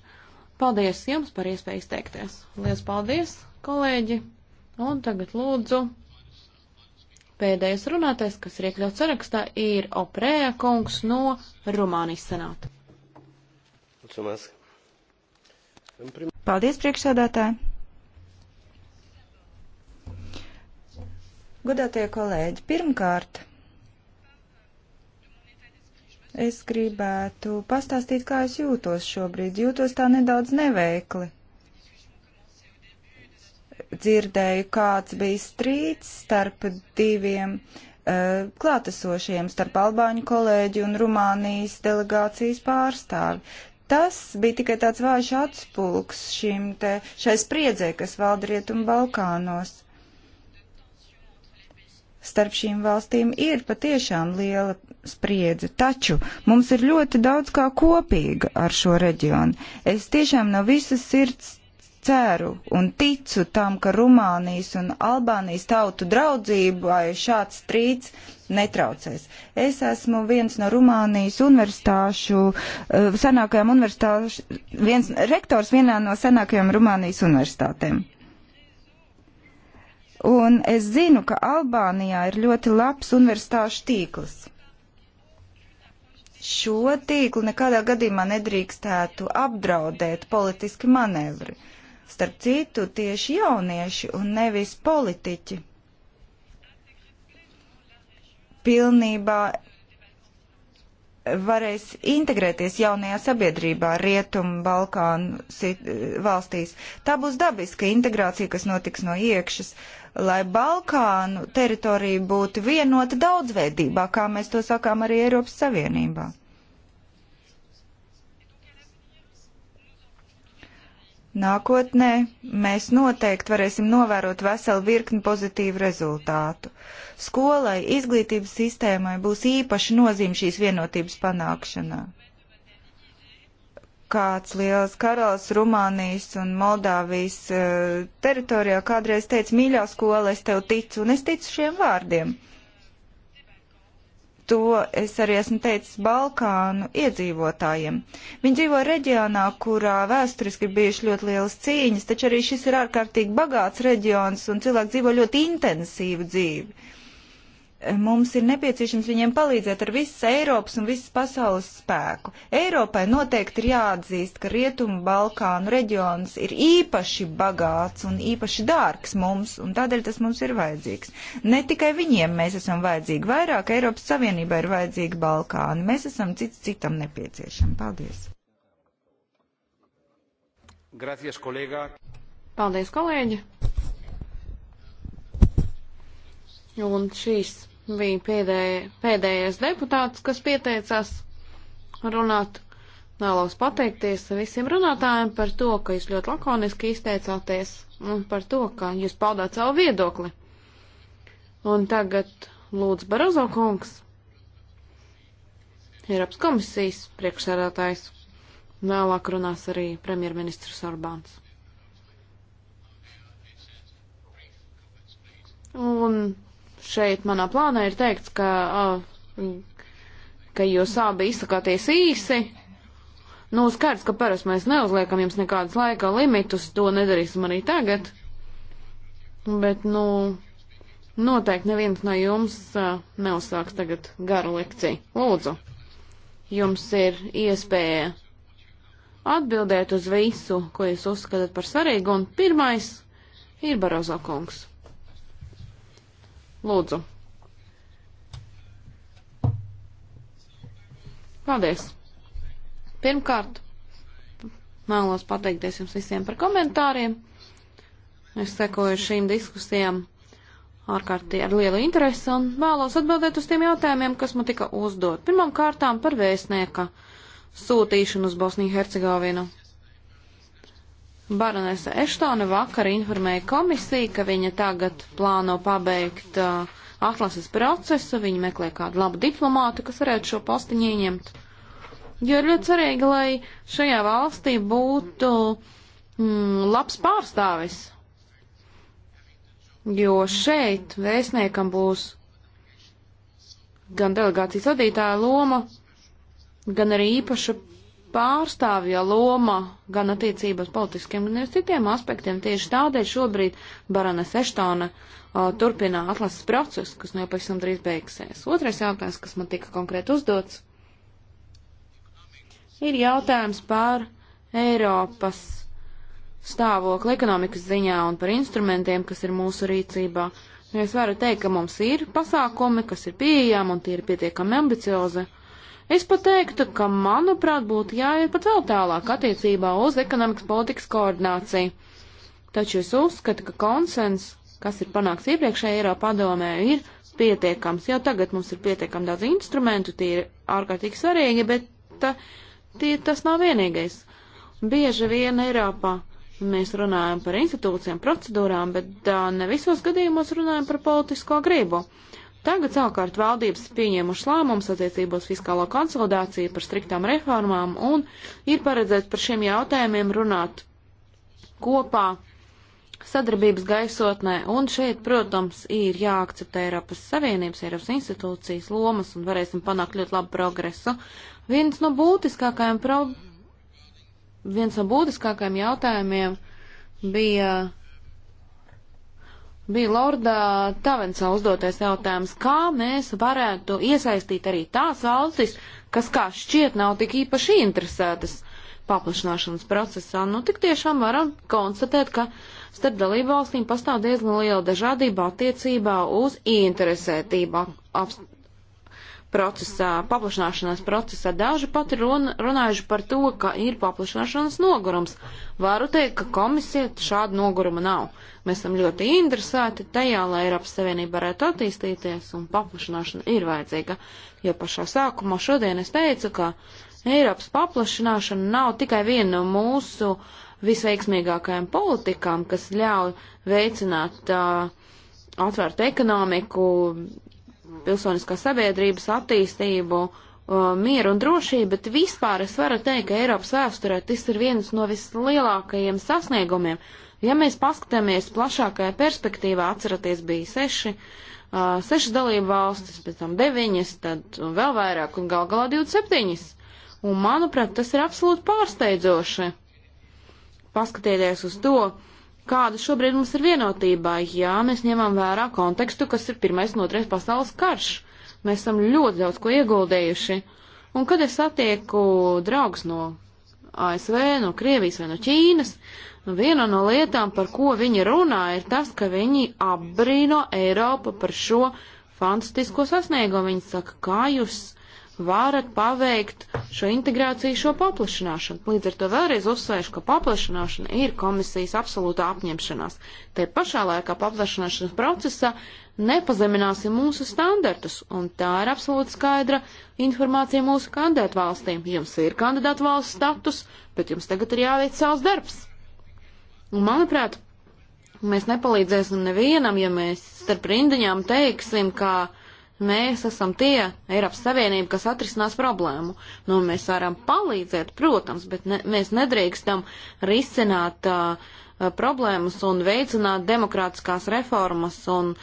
Paldies jums par iespēju izteikties. Lielas paldies, kolēģi! Un tagad lūdzu pēdējais runātais, kas ir iekļauts sarakstā, ir Oprēja kungs no Rumānijas senāta. Mulțumesc. Paldies, priekšsādātāji! Godātie kolēģi, pirmkārt, es gribētu pastāstīt, kā es jūtos šobrīd. Jūtos tā nedaudz neveikli. Dzirdēju, kāds bija strīds starp diviem uh, klātesošiem, starp Albāņu kolēģi un Rumānijas delegācijas pārstāvi. Tas bija tikai tāds vājš atspulks šim te, šai spriedzē, kas valda Rietumu Balkānos starp šīm valstīm ir patiešām liela spriedze, taču mums ir ļoti daudz kā kopīga ar šo reģionu. Es tiešām no visas sirds ceru un ticu tam, ka Rumānijas un Albānijas tautu draudzībai šāds strīds netraucēs. Es esmu viens no Rumānijas universitāšu, eh, senākajām universitāšu, viens rektors vienā no senākajām Rumānijas universitātēm. Un es zinu, ka Albānijā ir ļoti labs universitāšu tīkls. Šo tīklu nekādā gadījumā nedrīkstētu apdraudēt politiski manevri. Uh, starp citu tieši jaunieši un nevis politiķi pilnībā varēs integrēties jaunajā sabiedrībā Rietumu, Balkānu valstīs. Tā būs dabiska integrācija, kas notiks no iekšas, lai Balkānu teritorija būtu vienota daudzveidībā, kā mēs to sakām arī Eiropas Savienībā. Nākotnē mēs noteikti varēsim novērot veselu virkni pozitīvu rezultātu. Skolai, izglītības sistēmai būs īpaši nozīme šīs vienotības panākšanā kāds liels karalis Rumānijas un Moldāvijas uh, teritorijā kādreiz teica, mīļā skola, es tev ticu, un es ticu šiem vārdiem. To es arī esmu teicis Balkānu iedzīvotājiem. Viņi dzīvo reģionā, kurā vēsturiski ir bijuši ļoti lielas cīņas, taču arī šis ir ārkārtīgi bagāts reģions un cilvēki dzīvo ļoti intensīvu dzīvi. Mums ir nepieciešams viņiem palīdzēt ar visas Eiropas un visas pasaules spēku. Eiropai noteikti ir jāatzīst, ka Rietumu Balkānu reģions ir īpaši bagāts un īpaši dārgs mums, un tādēļ tas mums ir vajadzīgs. Ne tikai viņiem mēs esam vajadzīgi, vairāk Eiropas Savienībai ir vajadzīgi Balkāni. Mēs esam cits citam nepieciešami. Paldies! Gracias, kolēģi! Paldies, kolēģi! Un šīs bija pēdēj, pēdējais deputāts, kas pieteicās runāt. Vēlos pateikties visiem runātājiem par to, ka jūs ļoti lakoniski izteicāties un par to, ka jūs paudāt savu viedokli. Un tagad lūdzu Barozo kungs, Eiropas komisijas priekšsēdētājs, vēlāk runās arī premjerministrs Orbāns. Un šeit manā plānā ir teikts, ka, ka jūs abi izsakāties īsi. Nu, skaidrs, ka parasti mēs neuzliekam jums nekādas laika limitus, to nedarīsim arī tagad. Bet, nu, noteikti neviens no jums neuzsāks tagad garu lekciju. Lūdzu, jums ir iespēja atbildēt uz visu, ko jūs uzskatāt par svarīgu, un pirmais ir Barozo kungs. Lūdzu. Paldies. Pirmkārt, vēlos pateikties jums visiem par komentāriem. Es sekoju šīm diskusijām ārkārtīgi ar lielu interesi un vēlos atbildēt uz tiem jautājumiem, kas man tika uzdot. Pirmām kārtām par vēstnieka sūtīšanu uz Bosniju Hercegovinu. Baronese Eštone vakar informēja komisiju, ka viņa tagad plāno pabeigt uh, atlases procesu, viņa meklē kādu labu diplomātu, kas varētu šo postiņu ieņemt. Jo ir ļoti svarīgi, lai šajā valstī būtu mm, labs pārstāvis, jo šeit vēstniekam būs gan delegācijas vadītāja loma, gan arī īpaša pārstāvja loma gan attiecībās politiskiem, gan arī citiem aspektiem. Tieši tādēļ šobrīd Barana Seštona uh, turpina atlases procesu, kas nu jau pavisam drīz beigsies. Otrais jautājums, kas man tika konkrēti uzdots, ir jautājums par Eiropas stāvokli ekonomikas ziņā un par instrumentiem, kas ir mūsu rīcībā. Nu, es varu teikt, ka mums ir pasākumi, kas ir pieejami un tie ir pietiekami ambiciozi. Uh, Es pat teiktu, ka, manuprāt, būtu jāiet pat vēl tālāk attiecībā uz ekonomikas politikas koordināciju. Taču es uzskatu, ka konsens, kas ir panāks iepriekšējā Eiropā padomē, ir pietiekams. Jau tagad mums ir pietiekami daudz instrumentu, tie ir ārkārtīgi svarīgi, bet ta, tie, tas nav vienīgais. Bieži vien Eiropā mēs runājam par institūcijām, procedūrām, bet uh, ne visos gadījumos runājam par politisko gribu. Uh, Tagad savukārt valdības pieņēmuši lēmumus attiecībos fiskālo konsolidāciju par striktām reformām un ir paredzēts par šiem jautājumiem runāt kopā sadarbības gaisotnē. Un šeit, protams, ir jāakceptē Eiropas Savienības, Eiropas institūcijas lomas un varēsim panākt ļoti labu progresu. Viens no būtiskākajiem, pro... Viens no būtiskākajiem jautājumiem bija bija Lorda Tavensā uzdotais jautājums, kā mēs varētu iesaistīt arī tās valstis, kas kā šķiet nav tik īpaši interesētas paplašināšanas procesā. Nu, tik tiešām varam konstatēt, ka starp dalību valstīm pastāv diezgan liela dažādība attiecībā uz interesētību ap, procesā, paplašināšanās procesā. Daži pat ir run, runājuši par to, ka ir paplašināšanās nogurums. Varu teikt, ka komisija šāda noguruma nav. Mēs esam ļoti interesēti tajā, lai Eiropas Savienība varētu attīstīties, un paplašināšana ir vajadzīga. Jo pašā sākumā šodien es teicu, ka Eiropas paplašināšana nav tikai viena no mūsu visveiksmīgākajām politikām, kas ļauj veicināt uh, atvērtu ekonomiku, pilsoniskās sabiedrības attīstību, uh, mieru un drošību, bet vispār es varu teikt, ka Eiropas vēsturē tas ir viens no vislielākajiem sasniegumiem. Ja mēs paskatāmies plašākajā perspektīvā, atceraties, bija seši, uh, seši dalību valstis, pēc tam deviņas, tad vēl vairāk un gal galā 27. Un, manuprāt, tas ir absolūti pārsteidzoši. Paskatieties uz to, uh, kāda šobrīd mums ir vienotībā. Jā, mēs ņemam vērā kontekstu, kas ir pirmais un otrais pasaules karš. Mēs esam ļoti daudz ko ieguldējuši. Un kad es satieku draugus no ASV, no Krievijas vai no Ķīnas, nu, viena no lietām, par ko viņi runā, ir tas, ka viņi apbrīno Eiropu par šo fantastisko sasniegumu. Viņi saka, kā jūs varat paveikt šo integrāciju, šo paplašināšanu. Līdz ar to vēlreiz uzsvēršu, ka paplašināšana ir komisijas absolūta apņemšanās. Te pašā laikā paplašināšanas procesā nepazemināsim mūsu standartus, un tā ir absolūti skaidra informācija mūsu kandidātu valstīm. Jums ir kandidātu valsts status, bet jums tagad ir jāveic savs darbs. Un, manuprāt, mēs nepalīdzēsim nevienam, ja mēs starp rindiņām teiksim, ka Mēs esam tie Eiropas Savienība, kas atrisinās problēmu. Nu, mēs varam palīdzēt, protams, bet ne, mēs nedrīkstam risināt uh, problēmas un veicināt demokrātiskās reformas un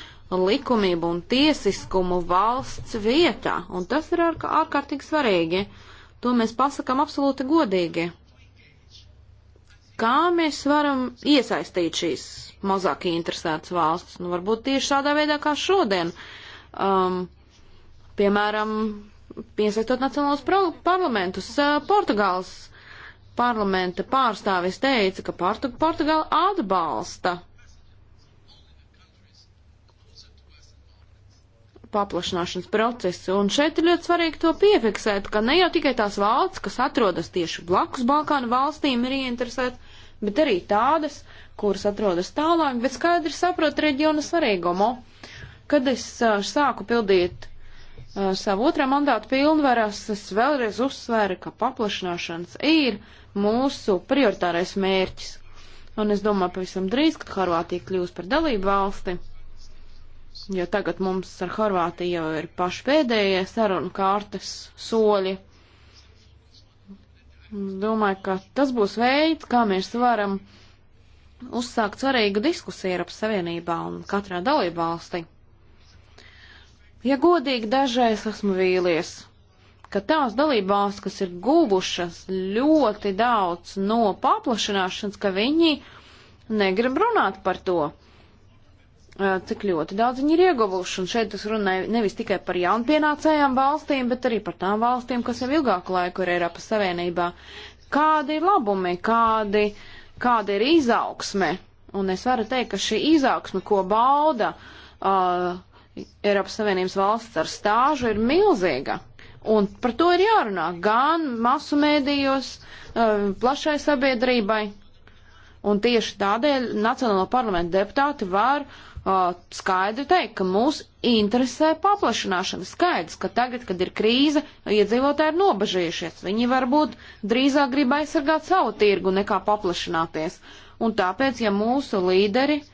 likumību un tiesiskumu valsts vietā. Un tas ir ārkārtīgi svarīgi. To mēs pasakam absolūti godīgi. Kā mēs varam iesaistīt šīs mazāk interesētas valsts? Nu, varbūt tieši tādā veidā kā šodien. Uh, um, piemēram, piesaistot nacionālos parlamentus. Uh, Portugāls parlamenta pārstāvis teica, ka Portu Portugāla atbalsta paplašināšanas procesu. Un šeit ir ļoti svarīgi to piefiksēt, ka ne jau tikai tās valsts, kas atrodas tieši blakus Balkānu valstīm, ir ieinteresētas, bet arī tādas, kuras atrodas tālāk, bet skaidri saprot reģiona svarīgumu. Uh, Kad es uh, sāku pildīt uh, savu otrā mandātu pilnvaras, es vēlreiz uzsvēru, ka paplašināšanas ir mūsu prioritārais mērķis. Un es domāju, pavisam drīz, kad Horvātija kļūs par dalību valsti, jo tagad mums ar Horvātiju jau ir paši pēdējie sarunu kārtas soļi. Domāju, ka tas būs veids, kā mēs varam uzsākt svarīgu diskusiju Eiropas Savienībā un katrā dalībvalstī. Ja godīgi dažreiz esmu vīlies, ka tās dalībās, kas ir guvušas ļoti daudz no paplašināšanas, ka viņi negrib runāt par to, cik ļoti daudz viņi ir ieguvuši. Un šeit es runāju nevis tikai par jaunpienācējām valstīm, bet arī par tām valstīm, kas jau ilgāku laiku ir Eiropas Savienībā. Kādi ir labumi, kādi, kāda ir izaugsme? Un es varu teikt, ka šī izaugsme, ko bauda uh, Eiropas Savienības valsts ar stāžu ir milzīga. Un par to ir jārunā gan masu mēdījos, eh, plašai sabiedrībai. Un tieši tādēļ Nacionālo parlamentu deputāti var eh, skaidri teikt, ka mūs interesē paplašināšana. Skaidrs, ka tagad, kad ir krīze, iedzīvotāji ir nobežījušies. Viņi varbūt drīzāk grib aizsargāt savu tirgu nekā paplašināties. Un tāpēc, ja mūsu līderi uh,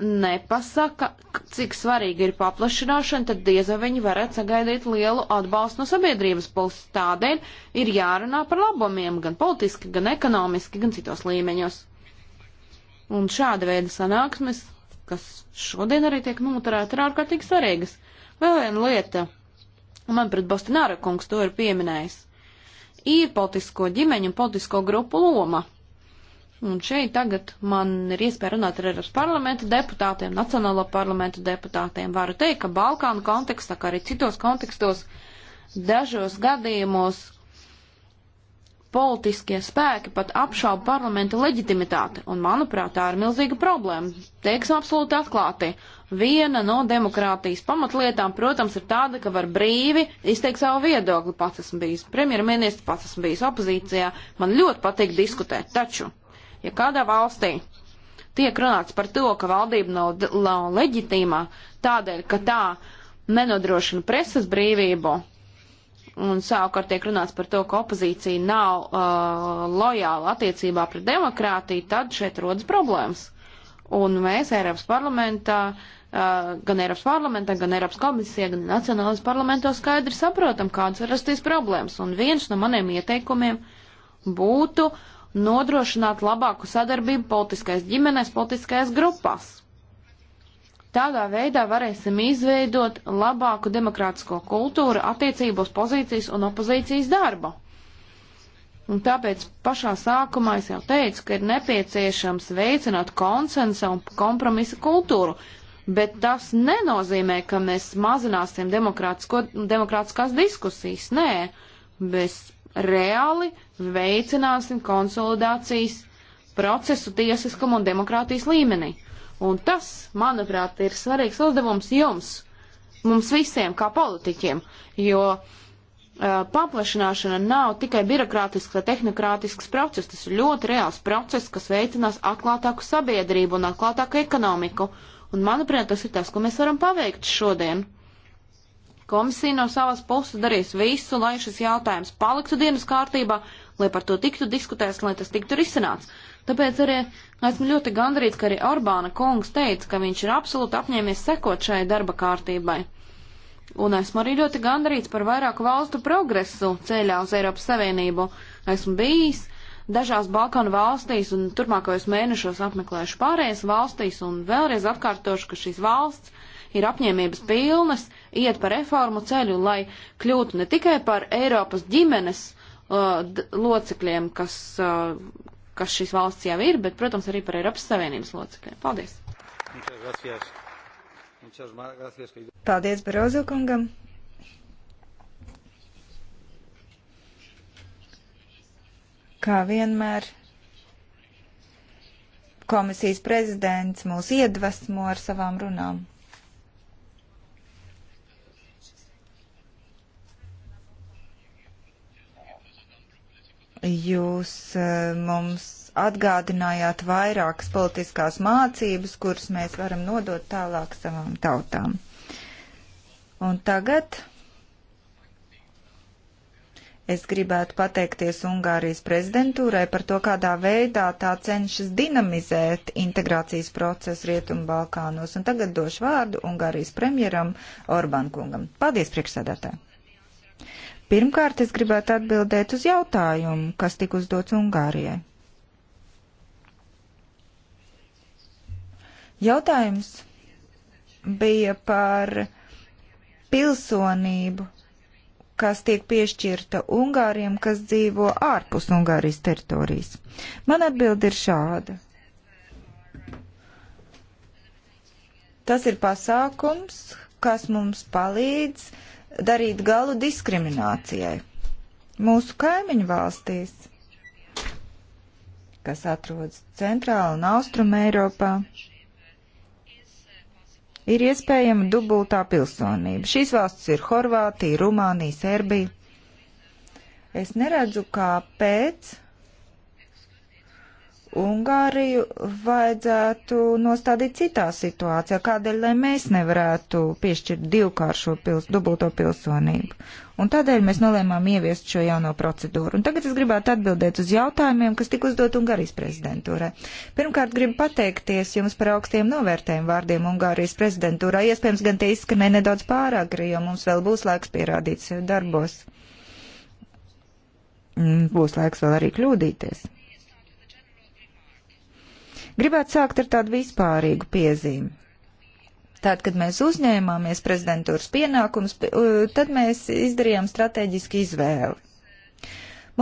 nepasaka, cik svarīgi ir paplašināšana, tad diez vai viņi varētu sagaidīt lielu atbalstu no sabiedrības puses. Tādēļ ir jārunā par labumiem gan politiski, gan ekonomiski, gan citos līmeņos. Un šāda veida sanāksmes, kas šodien arī tiek noturēta, ir ārkārtīgi svarīgas. Vēl viena lieta, un man pret Bostonāra kungs to ir pieminējis, ir politisko ģimeņu un politisko grupu loma. Un šeit tagad man ir iespēja runāt ar Eiropas parlamenta deputātiem, Nacionālo parlamentu deputātiem. Varu teikt, ka Balkānu kontekstā, kā arī citos kontekstos, dažos gadījumos politiskie spēki pat apšauba parlamenta leģitimitāti. Un, manuprāt, tā ir milzīga problēma. Teiksim absolūti atklāti. Viena no demokrātijas pamatlietām, protams, ir tāda, ka var brīvi izteikt savu viedokli. Pats esmu bijis premjerministrs, pats esmu bijis opozīcijā. Man ļoti patīk diskutēt. Taču Ja kādā valstī tiek runāts par to, ka valdība nav, nav leģitīmā tādēļ, ka tā nenodrošina presas brīvību, un savukārt tiek runāts par to, ka opozīcija nav uh, lojāla attiecībā pret demokrātiju, tad šeit rodas problēmas. Un mēs Eiropas parlamentā, uh, gan Eiropas parlamentā, gan Eiropas komisijā, gan Nacionālais parlamentos skaidri saprotam, kādas var rasties problēmas. Un viens no maniem ieteikumiem būtu uh, nodrošināt labāku sadarbību politiskais ģimenēs, politiskais grupās. Tādā veidā varēsim izveidot labāku demokrātisko kultūru attiecībos pozīcijas un opozīcijas darba. Un tāpēc pašā sākumā es jau teicu, ka ir nepieciešams veicināt konsensa un kompromisa kultūru, bet tas nenozīmē, ka mēs mazināsim demokrātiskās diskusijas. Nē, mēs reāli veicināsim konsolidācijas procesu tiesiskuma un demokrātijas līmenī. Un tas, manuprāt, ir svarīgs uzdevums jums, mums visiem kā politiķiem, jo uh, paplašināšana nav tikai birokrātisks vai tehnokrātisks process, tas ir ļoti reāls process, kas veicinās atklātāku sabiedrību un atklātāku ekonomiku. Un, manuprāt, tas ir tas, ko mēs varam paveikt šodien. Komisija no savas puses darīs visu, lai šis jautājums paliktu dienas kārtībā, lai par to tiktu diskutēts, lai tas tiktu risināts. Tāpēc arī esmu ļoti gandrīz, ka arī Orbāna kungs teica, ka viņš ir absolūti apņēmies sekot šai darba kārtībai. Un esmu arī ļoti gandrīz par vairāku valstu progresu ceļā uz Eiropas Savienību. Esmu bijis dažās Balkanu valstīs un turpmākajos mēnešos apmeklēšu pārējās valstīs un vēlreiz atkārtošu, ka šīs valsts ir apņēmības pilnas iet pa reformu ceļu, lai kļūtu ne tikai par Eiropas ģimenes uh, locekļiem, kas, uh, kas šīs valsts jau ir, bet, protams, arī par Eiropas Savienības locekļiem. Paldies! Paldies Barozu kungam! Kā vienmēr komisijas prezidents mūs iedvesmo ar savām runām. Jūs eh, mums atgādinājāt vairākas politiskās mācības, kuras mēs varam nodot tālāk savām tautām. Un tagad es gribētu pateikties Ungārijas prezidentūrai par to, kādā veidā tā cenšas dinamizēt integrācijas procesu Rietumu Balkānos. Un tagad došu vārdu Ungārijas premjeram Orbán kungam. Paldies, priekšsēdētāji! Pirmkārt, es gribētu atbildēt uz jautājumu, kas tika uzdots Ungārijai. Jautājums bija par pilsonību, kas tiek piešķirta Ungāriem, kas dzīvo ārpus Ungārijas teritorijas. Man atbildi ir šāda. Tas ir pasākums, kas mums palīdz uh, darīt galu diskriminācijai. Mūsu kaimiņu valstīs, kas atrodas centrāla un austruma Eiropā, ir iespējama dubultā pilsonība. Šīs valstis ir Horvātija, Rumānija, Serbija. Es neredzu, kāpēc Ungāriju vajadzētu nostādīt citā situācijā, kādēļ, lai mēs nevarētu piešķirt divkāršo pils, dubulto pilsonību. Un tādēļ mēs nolēmām ieviest šo jauno procedūru. Un tagad es gribētu atbildēt uz jautājumiem, kas tika uzdot Ungārijas prezidentūrai. Pirmkārt, gribu pateikties jums par augstiem novērtējumu vārdiem Ungārijas prezidentūrā. Iespējams, gan tie izskanē nedaudz pārāk, jo mums vēl būs laiks pierādīt sevi darbos. Mm, būs laiks vēl arī kļūdīties. Gribētu sākt ar tādu vispārīgu piezīmi. Tātad, kad mēs uzņēmāmies prezidentūras pienākums, tad mēs izdarījām strateģisku izvēli.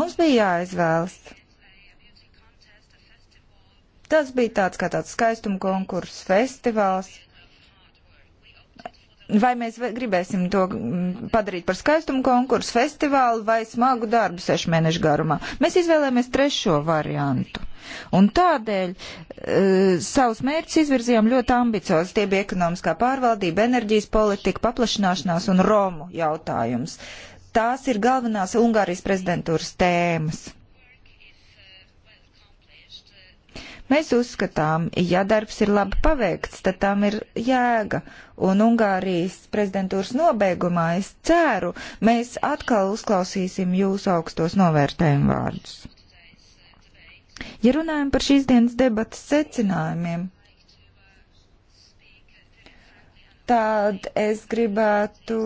Mums bija jāizvēlas. Tas bija tāds kā tāds skaistuma konkurss, festivāls, vai mēs gribēsim to mm, padarīt par skaistumu konkursu, festivālu vai smagu darbu sešu mēnešu garumā. Mēs izvēlējāmies trešo variantu. Un tādēļ e, savus mērķus izvirzījām ļoti ambiciozi. Tie bija ekonomiskā pārvaldība, enerģijas politika, paplašināšanās un Romu jautājums. Tās ir galvenās Ungārijas prezidentūras tēmas. Mēs uzskatām, ja darbs ir labi paveikts, tad tam ir jēga. Un Ungārijas prezidentūras nobeigumā es ceru, mēs atkal uzklausīsim jūsu augstos novērtējumu vārdus. Ja runājam par šīs dienas debatas secinājumiem, tad es gribētu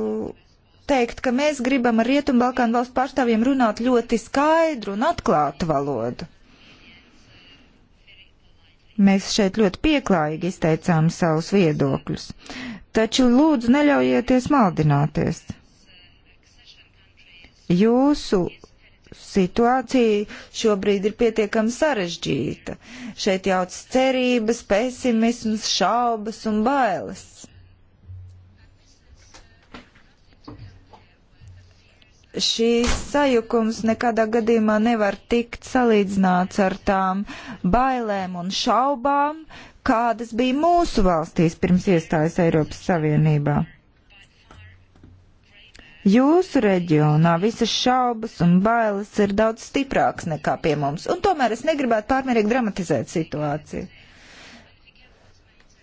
teikt, ka mēs gribam ar Rietumbalkānu valstu pārstāvjiem runāt ļoti skaidru un atklātu valodu. Mēs šeit ļoti pieklājīgi izteicām savus viedokļus. Taču lūdzu neļaujieties maldināties. Jūsu situācija šobrīd ir pietiekami sarežģīta. Šeit jauc cerības, pesimisms, šaubas un bailes. šīs sajukums nekādā gadījumā nevar tikt salīdzināts ar tām bailēm un šaubām, kādas bija mūsu valstīs pirms iestājas Eiropas Savienībā. Jūsu reģionā visas šaubas un bailes ir daudz stiprākas nekā pie mums, un tomēr es negribētu pārmērīgi dramatizēt situāciju.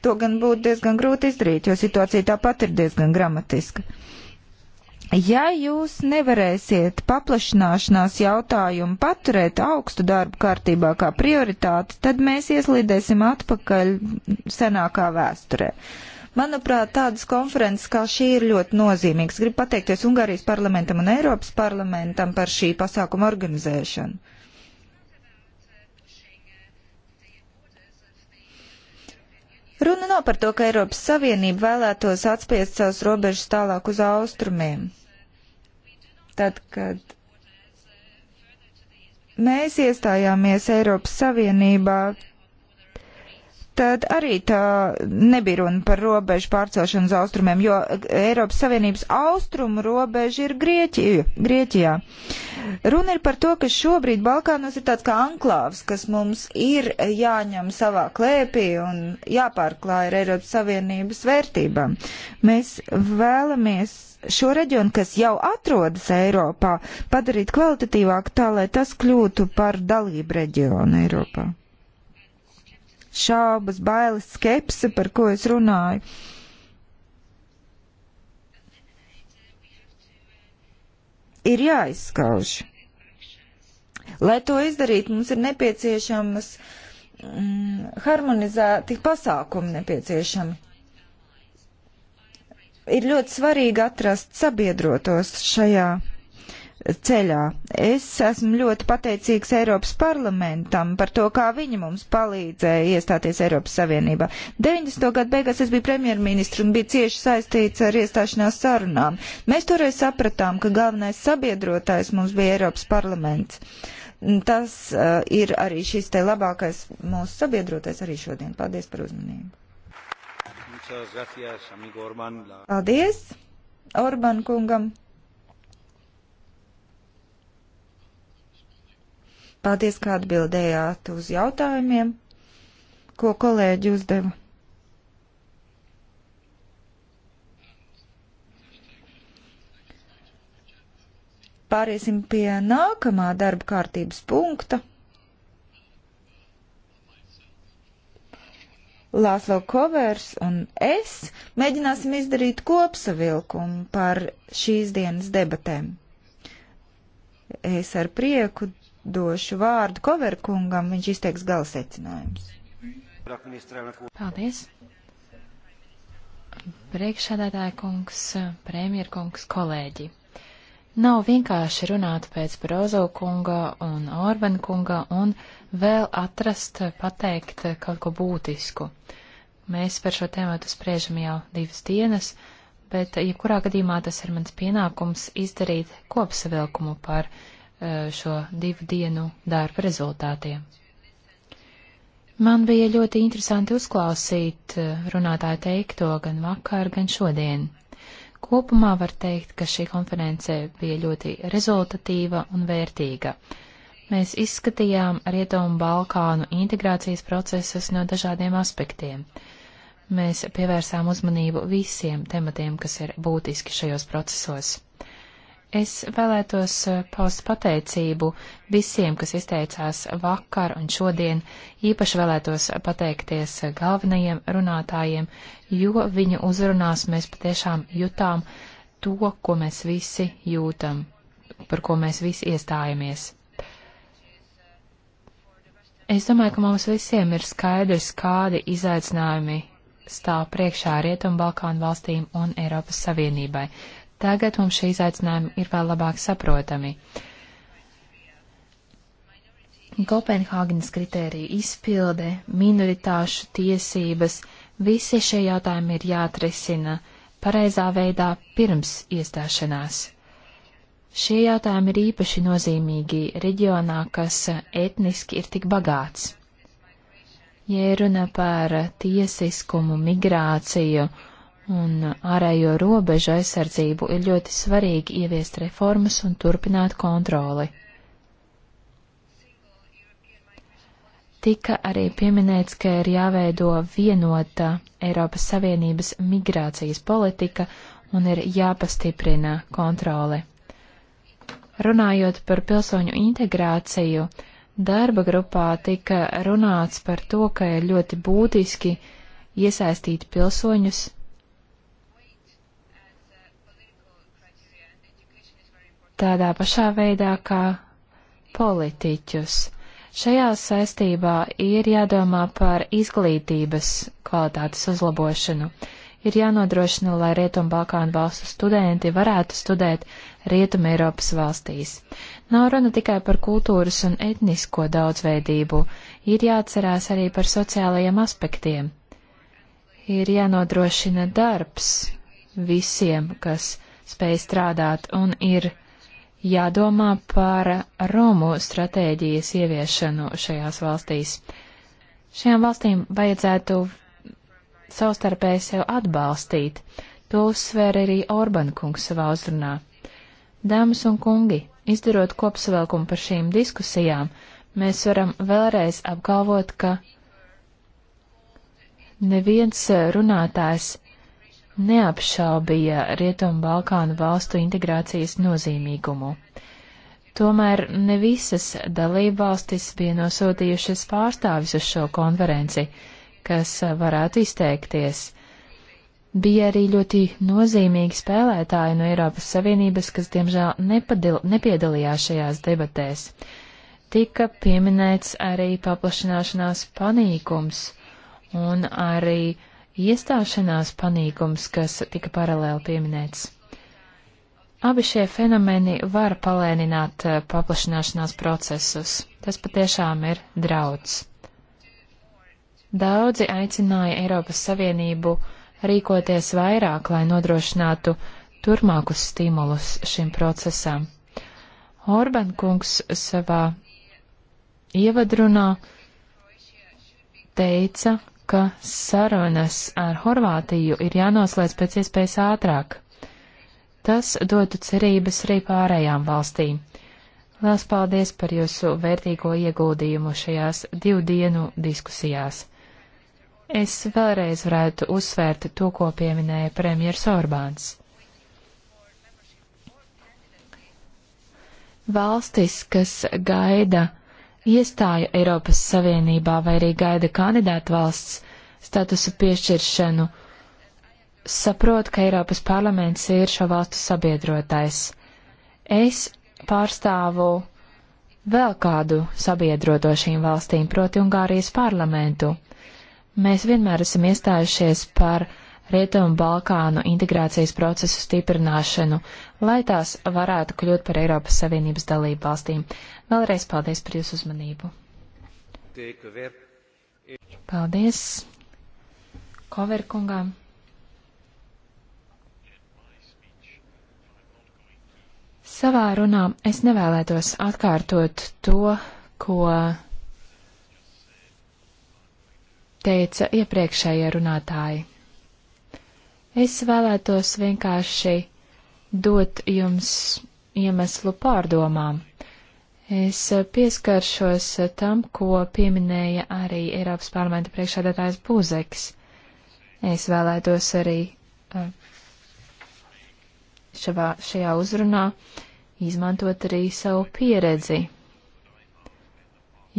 To gan būtu diezgan grūti izdarīt, jo situācija tāpat ir diezgan dramatiska. Ja jūs nevarēsiet paplašināšanās jautājumu paturēt augstu darbu kārtībā kā prioritāti, tad mēs ieslīdēsim atpakaļ senākā vēsturē. Manuprāt, tādas konferences kā šī ir ļoti nozīmīgas. Gribu pateikties Ungārijas parlamentam un Eiropas parlamentam par šī pasākuma organizēšanu. Runa nav par to, ka Eiropas Savienība vēlētos atspiest savus robežus tālāk uz austrumiem. Tad, kad mēs iestājāmies Eiropas Savienībā, tad arī tā nebija runa par robežu pārcelšanu uz austrumiem, jo Eiropas Savienības austrumu robeža ir Grieķija, Grieķijā. Runa ir par to, ka šobrīd Balkānos ir tāds kā anklāvs, kas mums ir jāņem savā klēpī un jāpārklāj ar Eiropas Savienības vērtībām. Mēs vēlamies šo reģionu, kas jau atrodas Eiropā, padarīt kvalitatīvāku tā, lai tas kļūtu par dalību reģionu Eiropā šaubas, bailes, skepse, par ko es runāju. Ir jāizskauž. Lai to izdarītu, mums ir nepieciešamas mm, harmonizēti pasākumi nepieciešami. Ir ļoti svarīgi atrast sabiedrotos šajā ceļā. Es esmu ļoti pateicīgs Eiropas parlamentam par to, kā viņi mums palīdzēja iestāties Eiropas Savienībā. 90. gadu beigās es biju premjerministrs un biju cieši saistīts ar iestāšanās sarunām. Mēs toreiz sapratām, ka galvenais sabiedrotājs mums bija Eiropas parlaments. Tas uh, ir arī šis te labākais mūsu sabiedrotais arī šodien. Paldies par uzmanību. Paldies Orban kungam. Paldies, kā atbildējāt uz jautājumiem, ko kolēģi uzdeva. Pāriesim pie nākamā darba kārtības punkta. Lāslo Kovers un es mēģināsim izdarīt kopsavilkumu par šīs dienas debatēm. Es ar prieku došu vārdu Koverkungam, viņš izteiks gala secinājumus. Paldies. Priekšsēdētāja kungs, premjerkungs, kolēģi. Nav vienkārši runāt pēc Brozo kunga un Orbán kunga un vēl atrast, pateikt kaut ko būtisku. Mēs par šo tēmu spriežam jau divas dienas, bet jebkurā gadījumā tas ir mans pienākums izdarīt kopsavilkumu par uh, Eh, šo divu dienu darba rezultātiem. Man bija ļoti interesanti uzklausīt eh, runātāju teikto gan vakar, gan šodien. Kopumā var teikt, ka šī konference bija ļoti rezultatīva un vērtīga. Mēs izskatījām Rietumu Balkānu integrācijas procesus no dažādiem aspektiem. Mēs pievērsām uzmanību visiem tematiem, kas ir būtiski šajos procesos. Es vēlētos eh, paust pateicību visiem, kas izteicās vakar un šodien. Īpaši vēlētos pateikties galvenajiem runātājiem, jo viņu uzrunās mēs patiešām jutām to, ko mēs visi jūtam, par ko mēs visi iestājamies. Es domāju, ka mums visiem ir skaidrs, kādi izaicinājumi stāv priekšā Rietumbalkānu valstīm un Eiropas Savienībai. Tagad mums šie izaicinājumi ir vēl labāk saprotami. Kopenhāgenes kritērija izpilde, minoritāšu tiesības, visi šie jautājumi ir jāatrisina pareizā veidā pirms iestāšanās. Šie jautājumi ir īpaši nozīmīgi reģionā, kas etniski ir tik bagāts. Ja runa par tiesiskumu, migrāciju un ārējo robežu aizsardzību ir ļoti svarīgi ieviest reformas un turpināt kontroli. Tika arī pieminēts, ka ir jāveido vienota Eiropas Savienības migrācijas politika un ir jāpastiprina kontrole. Runājot par pilsoņu integrāciju, darba grupā tika runāts par to, ka ir ļoti būtiski iesaistīt pilsoņus tādā pašā veidā kā politiķus. Šajā saistībā ir jādomā par izglītības kvalitātes uzlabošanu. Ir jānodrošina, lai Rietumbalkānu valstu studenti varētu studēt Rietuma Eiropas valstīs. Nav runa tikai par kultūras un etnisko daudzveidību, ir jāatcerās arī par sociālajiem aspektiem. Ir jānodrošina darbs visiem, kas spēj strādāt un ir jādomā par Romu stratēģijas ieviešanu šajās valstīs. Šajām valstīm vajadzētu savstarpēji sev atbalstīt. To uzsvēra arī Orbán kungs savā uzrunā. Dāmas un kungi, izdarot kopsavilkumu par šīm diskusijām, mēs varam vēlreiz apgalvot, ka neviens runātājs neapšaubīja Rietumu Balkānu valstu integrācijas nozīmīgumu. Tomēr ne visas dalībvalstis bija nosūtījušas pārstāvis uz šo konferenci, kas varētu izteikties. Bija arī ļoti nozīmīgi spēlētāji no Eiropas Savienības, kas diemžēl nepadil, nepiedalījās šajās debatēs. Tika pieminēts arī paplašināšanās panīkums un arī uh, iestāšanās panīgums, kas tika paralēli pieminēts. Abi šie fenomeni var palēnināt eh, paplašināšanās procesus. Tas patiešām ir drauds. Daudzi aicināja Eiropas Savienību rīkoties vairāk, lai nodrošinātu turmākus stimulus šim procesam. Orban kungs savā ievadrunā teica, ka sarunas ar Horvātiju ir jānoslēdz pēc iespējas ātrāk. Tas dotu cerības arī pārējām valstīm. Lielas paldies par jūsu vērtīgo ieguldījumu šajās divu dienu diskusijās. Es vēlreiz varētu uzsvērt to, ko pieminēja premjers Orbāns. Valstis, kas gaida iestāju Eiropas Savienībā vai arī gaida kandidātu valsts statusu piešķiršanu, saprot, ka Eiropas parlaments ir šo valstu sabiedrotais. Es pārstāvu vēl kādu sabiedroto šīm valstīm, proti Ungārijas parlamentu. Mēs vienmēr esam iestājušies par Rietumu Balkānu integrācijas procesu stiprināšanu, lai tās varētu kļūt par Eiropas Savienības dalību valstīm. Vēlreiz paldies par jūsu uzmanību. Paldies Koverkungām. Savā runā es nevēlētos atkārtot to, ko teica iepriekšējie runātāji. Es vēlētos vienkārši dot jums iemeslu pārdomām. Es pieskaršos tam, ko pieminēja arī Eiropas parlamenta priekšādātājs Buzeks. Es vēlētos arī eh, šavā, šajā uzrunā izmantot arī savu pieredzi.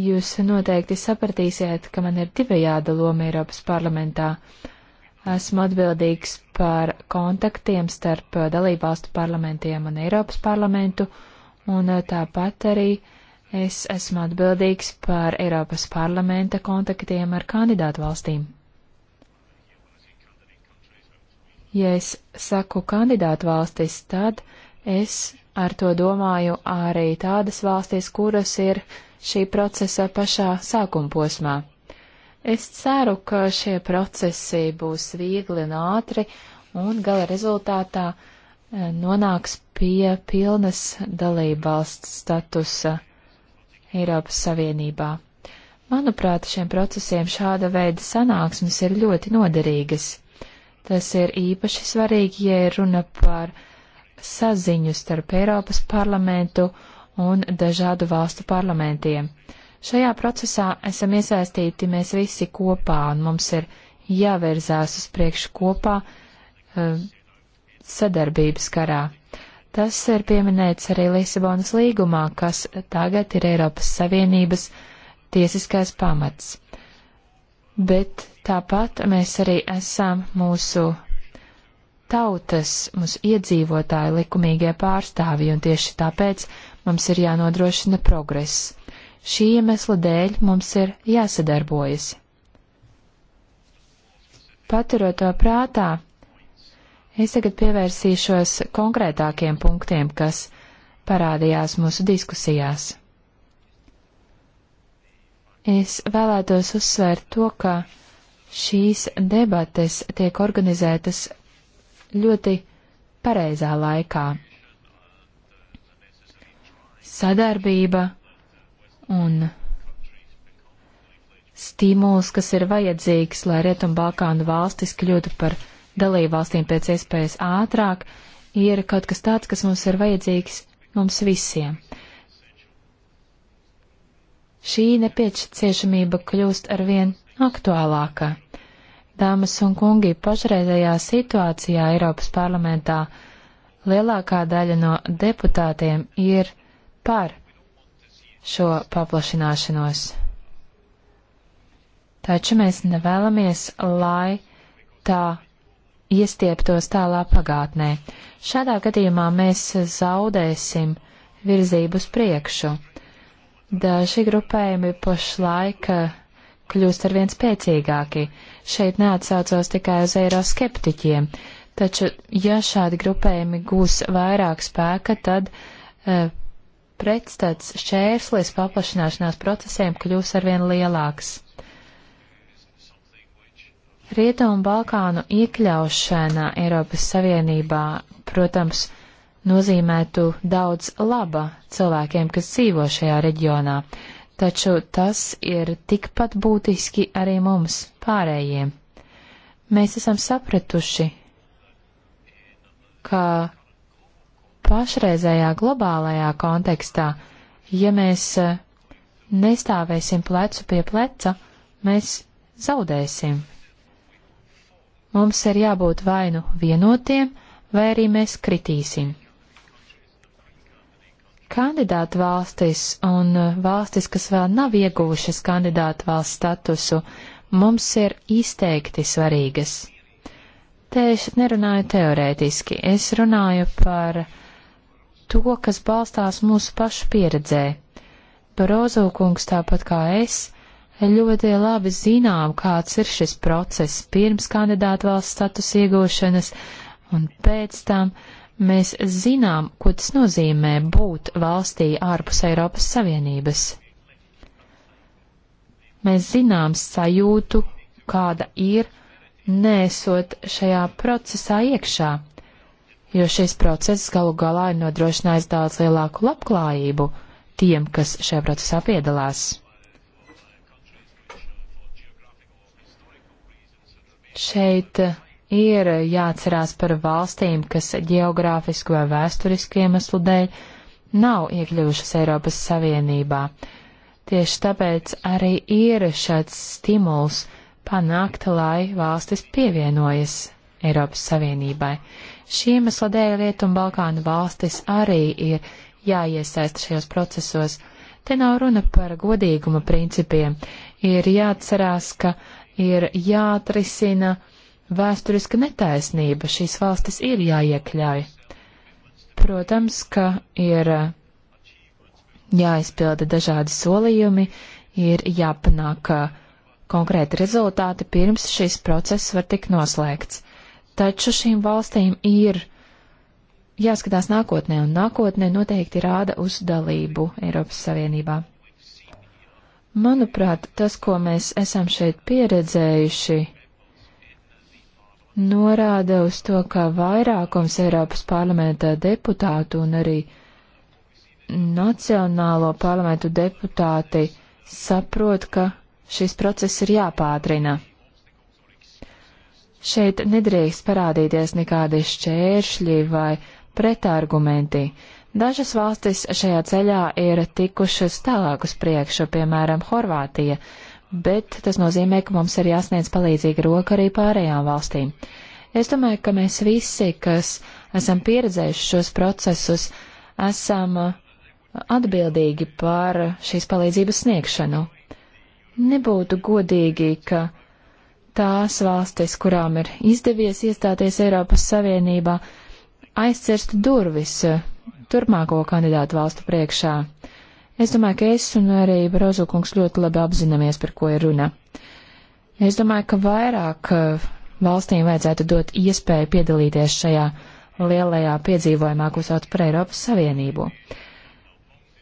Jūs noteikti sapratīsiet, ka man ir divējāda loma Eiropas parlamentā. Uh, Esmu atbildīgs par kontaktiem starp eh, dalībvalstu parlamentiem un Eiropas parlamentu, un eh, tāpat arī es esmu atbildīgs par Eiropas parlamenta kontaktiem ar kandidātu valstīm. Ja es saku kandidātu valstis, tad es ar to domāju arī tādas valstis, kuras ir šī procesa pašā sākuma posmā. Es ceru, ka šie procesi būs viegli un ātri, un gala rezultātā e, nonāks pie pilnas dalībvalsts statusa Eiropas Savienībā. Manuprāt, šiem procesiem šāda veida sanāksmes ir ļoti noderīgas. Tas ir īpaši svarīgi, ja ir runa par saziņu starp Eiropas parlamentu un dažādu valstu parlamentiem. Uh, Šajā procesā esam iesaistīti mēs visi kopā, un mums ir jāvērzās uz priekšu kopā uh, sadarbības karā. Tas ir pieminēts arī Lisabonas līgumā, kas tagad ir Eiropas Savienības tiesiskais pamats. Bet tāpat mēs arī esam mūsu tautas, mūsu iedzīvotāju likumīgie pārstāvji, un tieši tāpēc mums ir jānodrošina progress. Šī iemesla dēļ mums ir jāsadarbojas. Paturot to prātā, es tagad pievērsīšos konkrētākiem punktiem, kas parādījās mūsu diskusijās. Es vēlētos uzsvērt to, ka šīs debates tiek organizētas ļoti pareizā laikā. Sadarbība un stimuls, kas ir vajadzīgs, lai Rietumbalkānu valstis kļūtu par dalībvalstīm pēc iespējas ātrāk, ir kaut kas tāds, kas mums ir vajadzīgs mums visiem. Šī nepieciešamība kļūst arvien aktuālāka. Dāmas un kungi, pašreizējā situācijā Eiropas parlamentā lielākā daļa no deputātiem ir par šo paplašināšanos. Taču mēs nevēlamies, lai tā iestieptos tālā pagātnē. Šādā gadījumā mēs zaudēsim virzību uz priekšu. Daži grupējumi pašlaik eh, kļūst arvien spēcīgāki. Šeit neatsaucos tikai uz eiroskeptiķiem, taču ja šādi grupējumi gūs vairāk spēka, tad e, pretstats šķērslis paplašināšanās procesiem kļūs arvien lielāks. Rietumu Balkānu iekļaušana Eiropas Savienībā, protams, nozīmētu daudz laba cilvēkiem, kas dzīvo šajā reģionā, taču tas ir tikpat būtiski arī mums, pārējiem. Mēs esam sapratuši, ka pašreizējā globālajā kontekstā, ja mēs e, nestāvēsim plecu pie pleca, mēs zaudēsim. Mums ir jābūt vainu vienotiem, vai arī mēs kritīsim. Kandidātu valstis un e, valstis, kas vēl nav iegūšas kandidātu valsts statusu, mums ir izteikti svarīgas. Te es nerunāju teorētiski, es runāju par uh, to, kas balstās mūsu pašu pieredzē. Barozo kungs, tāpat kā es, ļoti labi zinām, kāds ir šis process pirms kandidāta valsts status iegūšanas, un pēc tam mēs zinām, ko tas nozīmē būt valstī ārpus Eiropas Savienības. Mēs zinām sajūtu, kāda ir, nesot šajā procesā iekšā jo šis process galu galā ir nodrošinājis daudz lielāku labklājību tiem, kas šajā procesā piedalās. Šeit ir jāatcerās par valstīm, kas geogrāfisku vai vēsturisku iemeslu dēļ nav iekļuvušas Eiropas Savienībā. Tieši tāpēc arī ir šāds stimuls panākt, lai valstis pievienojas Eiropas Savienībai. Šī iemesla dēļ Rietumu Balkānu valstis arī ir jāiesaista šajos procesos. Te nav runa par godīguma principiem. Ir jāatcerās, ka ir jāatrisina vēsturiska netaisnība. Šīs valstis ir jāiekļauj. Protams, ka ir jāizpilda dažādi solījumi, ir jāpanāk konkrēti rezultāti pirms šis process var tikt noslēgts taču šīm valstīm ir jāskatās nākotnē, un nākotnē noteikti rāda uz dalību Eiropas Savienībā. Manuprāt, tas, ko mēs esam šeit pieredzējuši, norāda uz to, ka vairākums Eiropas parlamenta deputātu un arī Nacionālo parlamentu deputāti saprot, ka šis process ir jāpātrina. Šeit nedrīkst parādīties nekādi šķēršļi vai pretargumenti. Dažas valstis šajā ceļā ir tikušas tālāk uz priekšu, piemēram, Horvātija, bet tas nozīmē, ka mums ir jāsniedz palīdzīga roka arī pārējām valstīm. Es domāju, ka mēs visi, kas esam pieredzējuši šos procesus, esam atbildīgi par šīs palīdzības sniegšanu. Nebūtu godīgi, ka tās valstis, kurām ir izdevies iestāties Eiropas Savienībā, aizcirst durvis eh, turpmāko kandidātu valstu priekšā. Es domāju, ka es un arī Brozokungs ļoti labi apzināmies, par ko ir runa. Es domāju, ka vairāk eh, valstīm vajadzētu dot iespēju piedalīties šajā lielajā piedzīvojumā, ko sauc par Eiropas Savienību.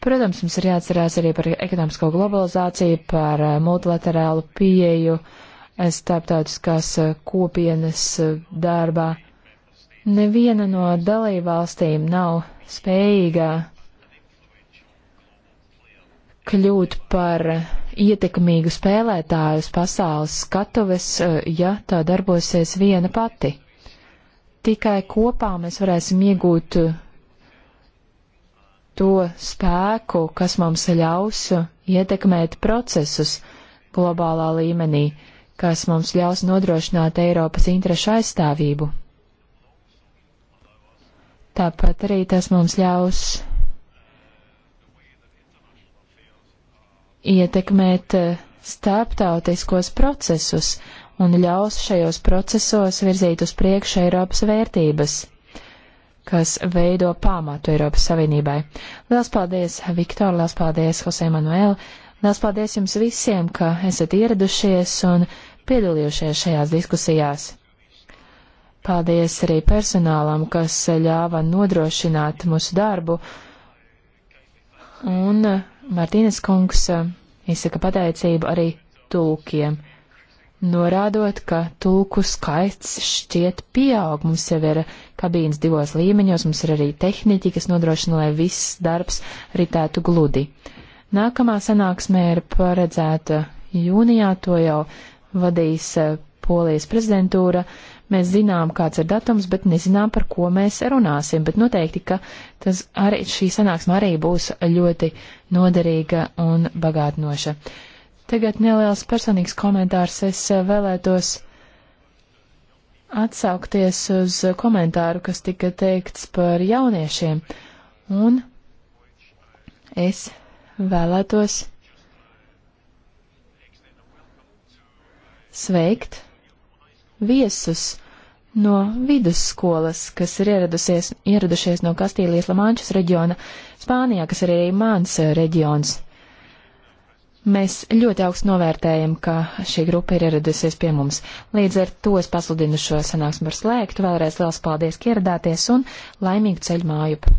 Protams, mums ir jāatcerās arī par ekonomisko globalizāciju, par eh, multilaterālu pieeju, uh, starptautiskās eh, kopienas eh, darbā. Neviena no dalībvalstīm nav spējīga kļūt par eh, ietekmīgu spēlētāju uz pasaules skatuves, ja tā darbosies viena pati. Tikai kopā mēs varēsim iegūt to spēku, kas mums ļaus ietekmēt procesus globālā līmenī kas mums ļaus nodrošināt Eiropas interešu aizstāvību. Tāpat arī tas mums ļaus ietekmēt eh, starptautiskos procesus un ļaus šajos procesos virzīt uz priekšu Eiropas vērtības, kas veido pamatu Eiropas Savienībai. Lielas paldies, Viktor, lielas paldies, Jose Manuēl! Lielas paldies jums visiem, ka esat ieradušies un piedalījušies šajās diskusijās. Paldies arī personālam, kas ļāva nodrošināt mūsu darbu. Un Martīnes kungs izsaka pateicību arī tulkiem norādot, ka tulku skaits šķiet pieaug. Mums jau ir kabīnes divos līmeņos, mums ir arī tehniķi, kas nodrošina, lai viss darbs ritētu gludi. Nākamā sanāksmē ir paredzēta jūnijā, to jau vadīs eh, Polijas prezidentūra. Mēs zinām, kāds ir datums, bet nezinām, par ko mēs runāsim, bet noteikti, ka tas arī, šī sanāksme arī būs ļoti noderīga un bagātinoša. Tagad neliels personīgs komentārs. Es eh, vēlētos atsaukties uz komentāru, kas tika teikts par jauniešiem, un es vēlētos sveikt viesus no vidusskolas, kas ir ieradušies no Kastīlijas Lamāņas reģiona Spānijā, kas ir arī mans eh, reģions. Mēs ļoti augstu novērtējam, ka šī grupa ir ieradusies pie mums. Līdz ar to es pasludinu šo sanāksmu par slēgtu. Vēlreiz liels paldies, ka ieradāties un laimīgu ceļu mājup!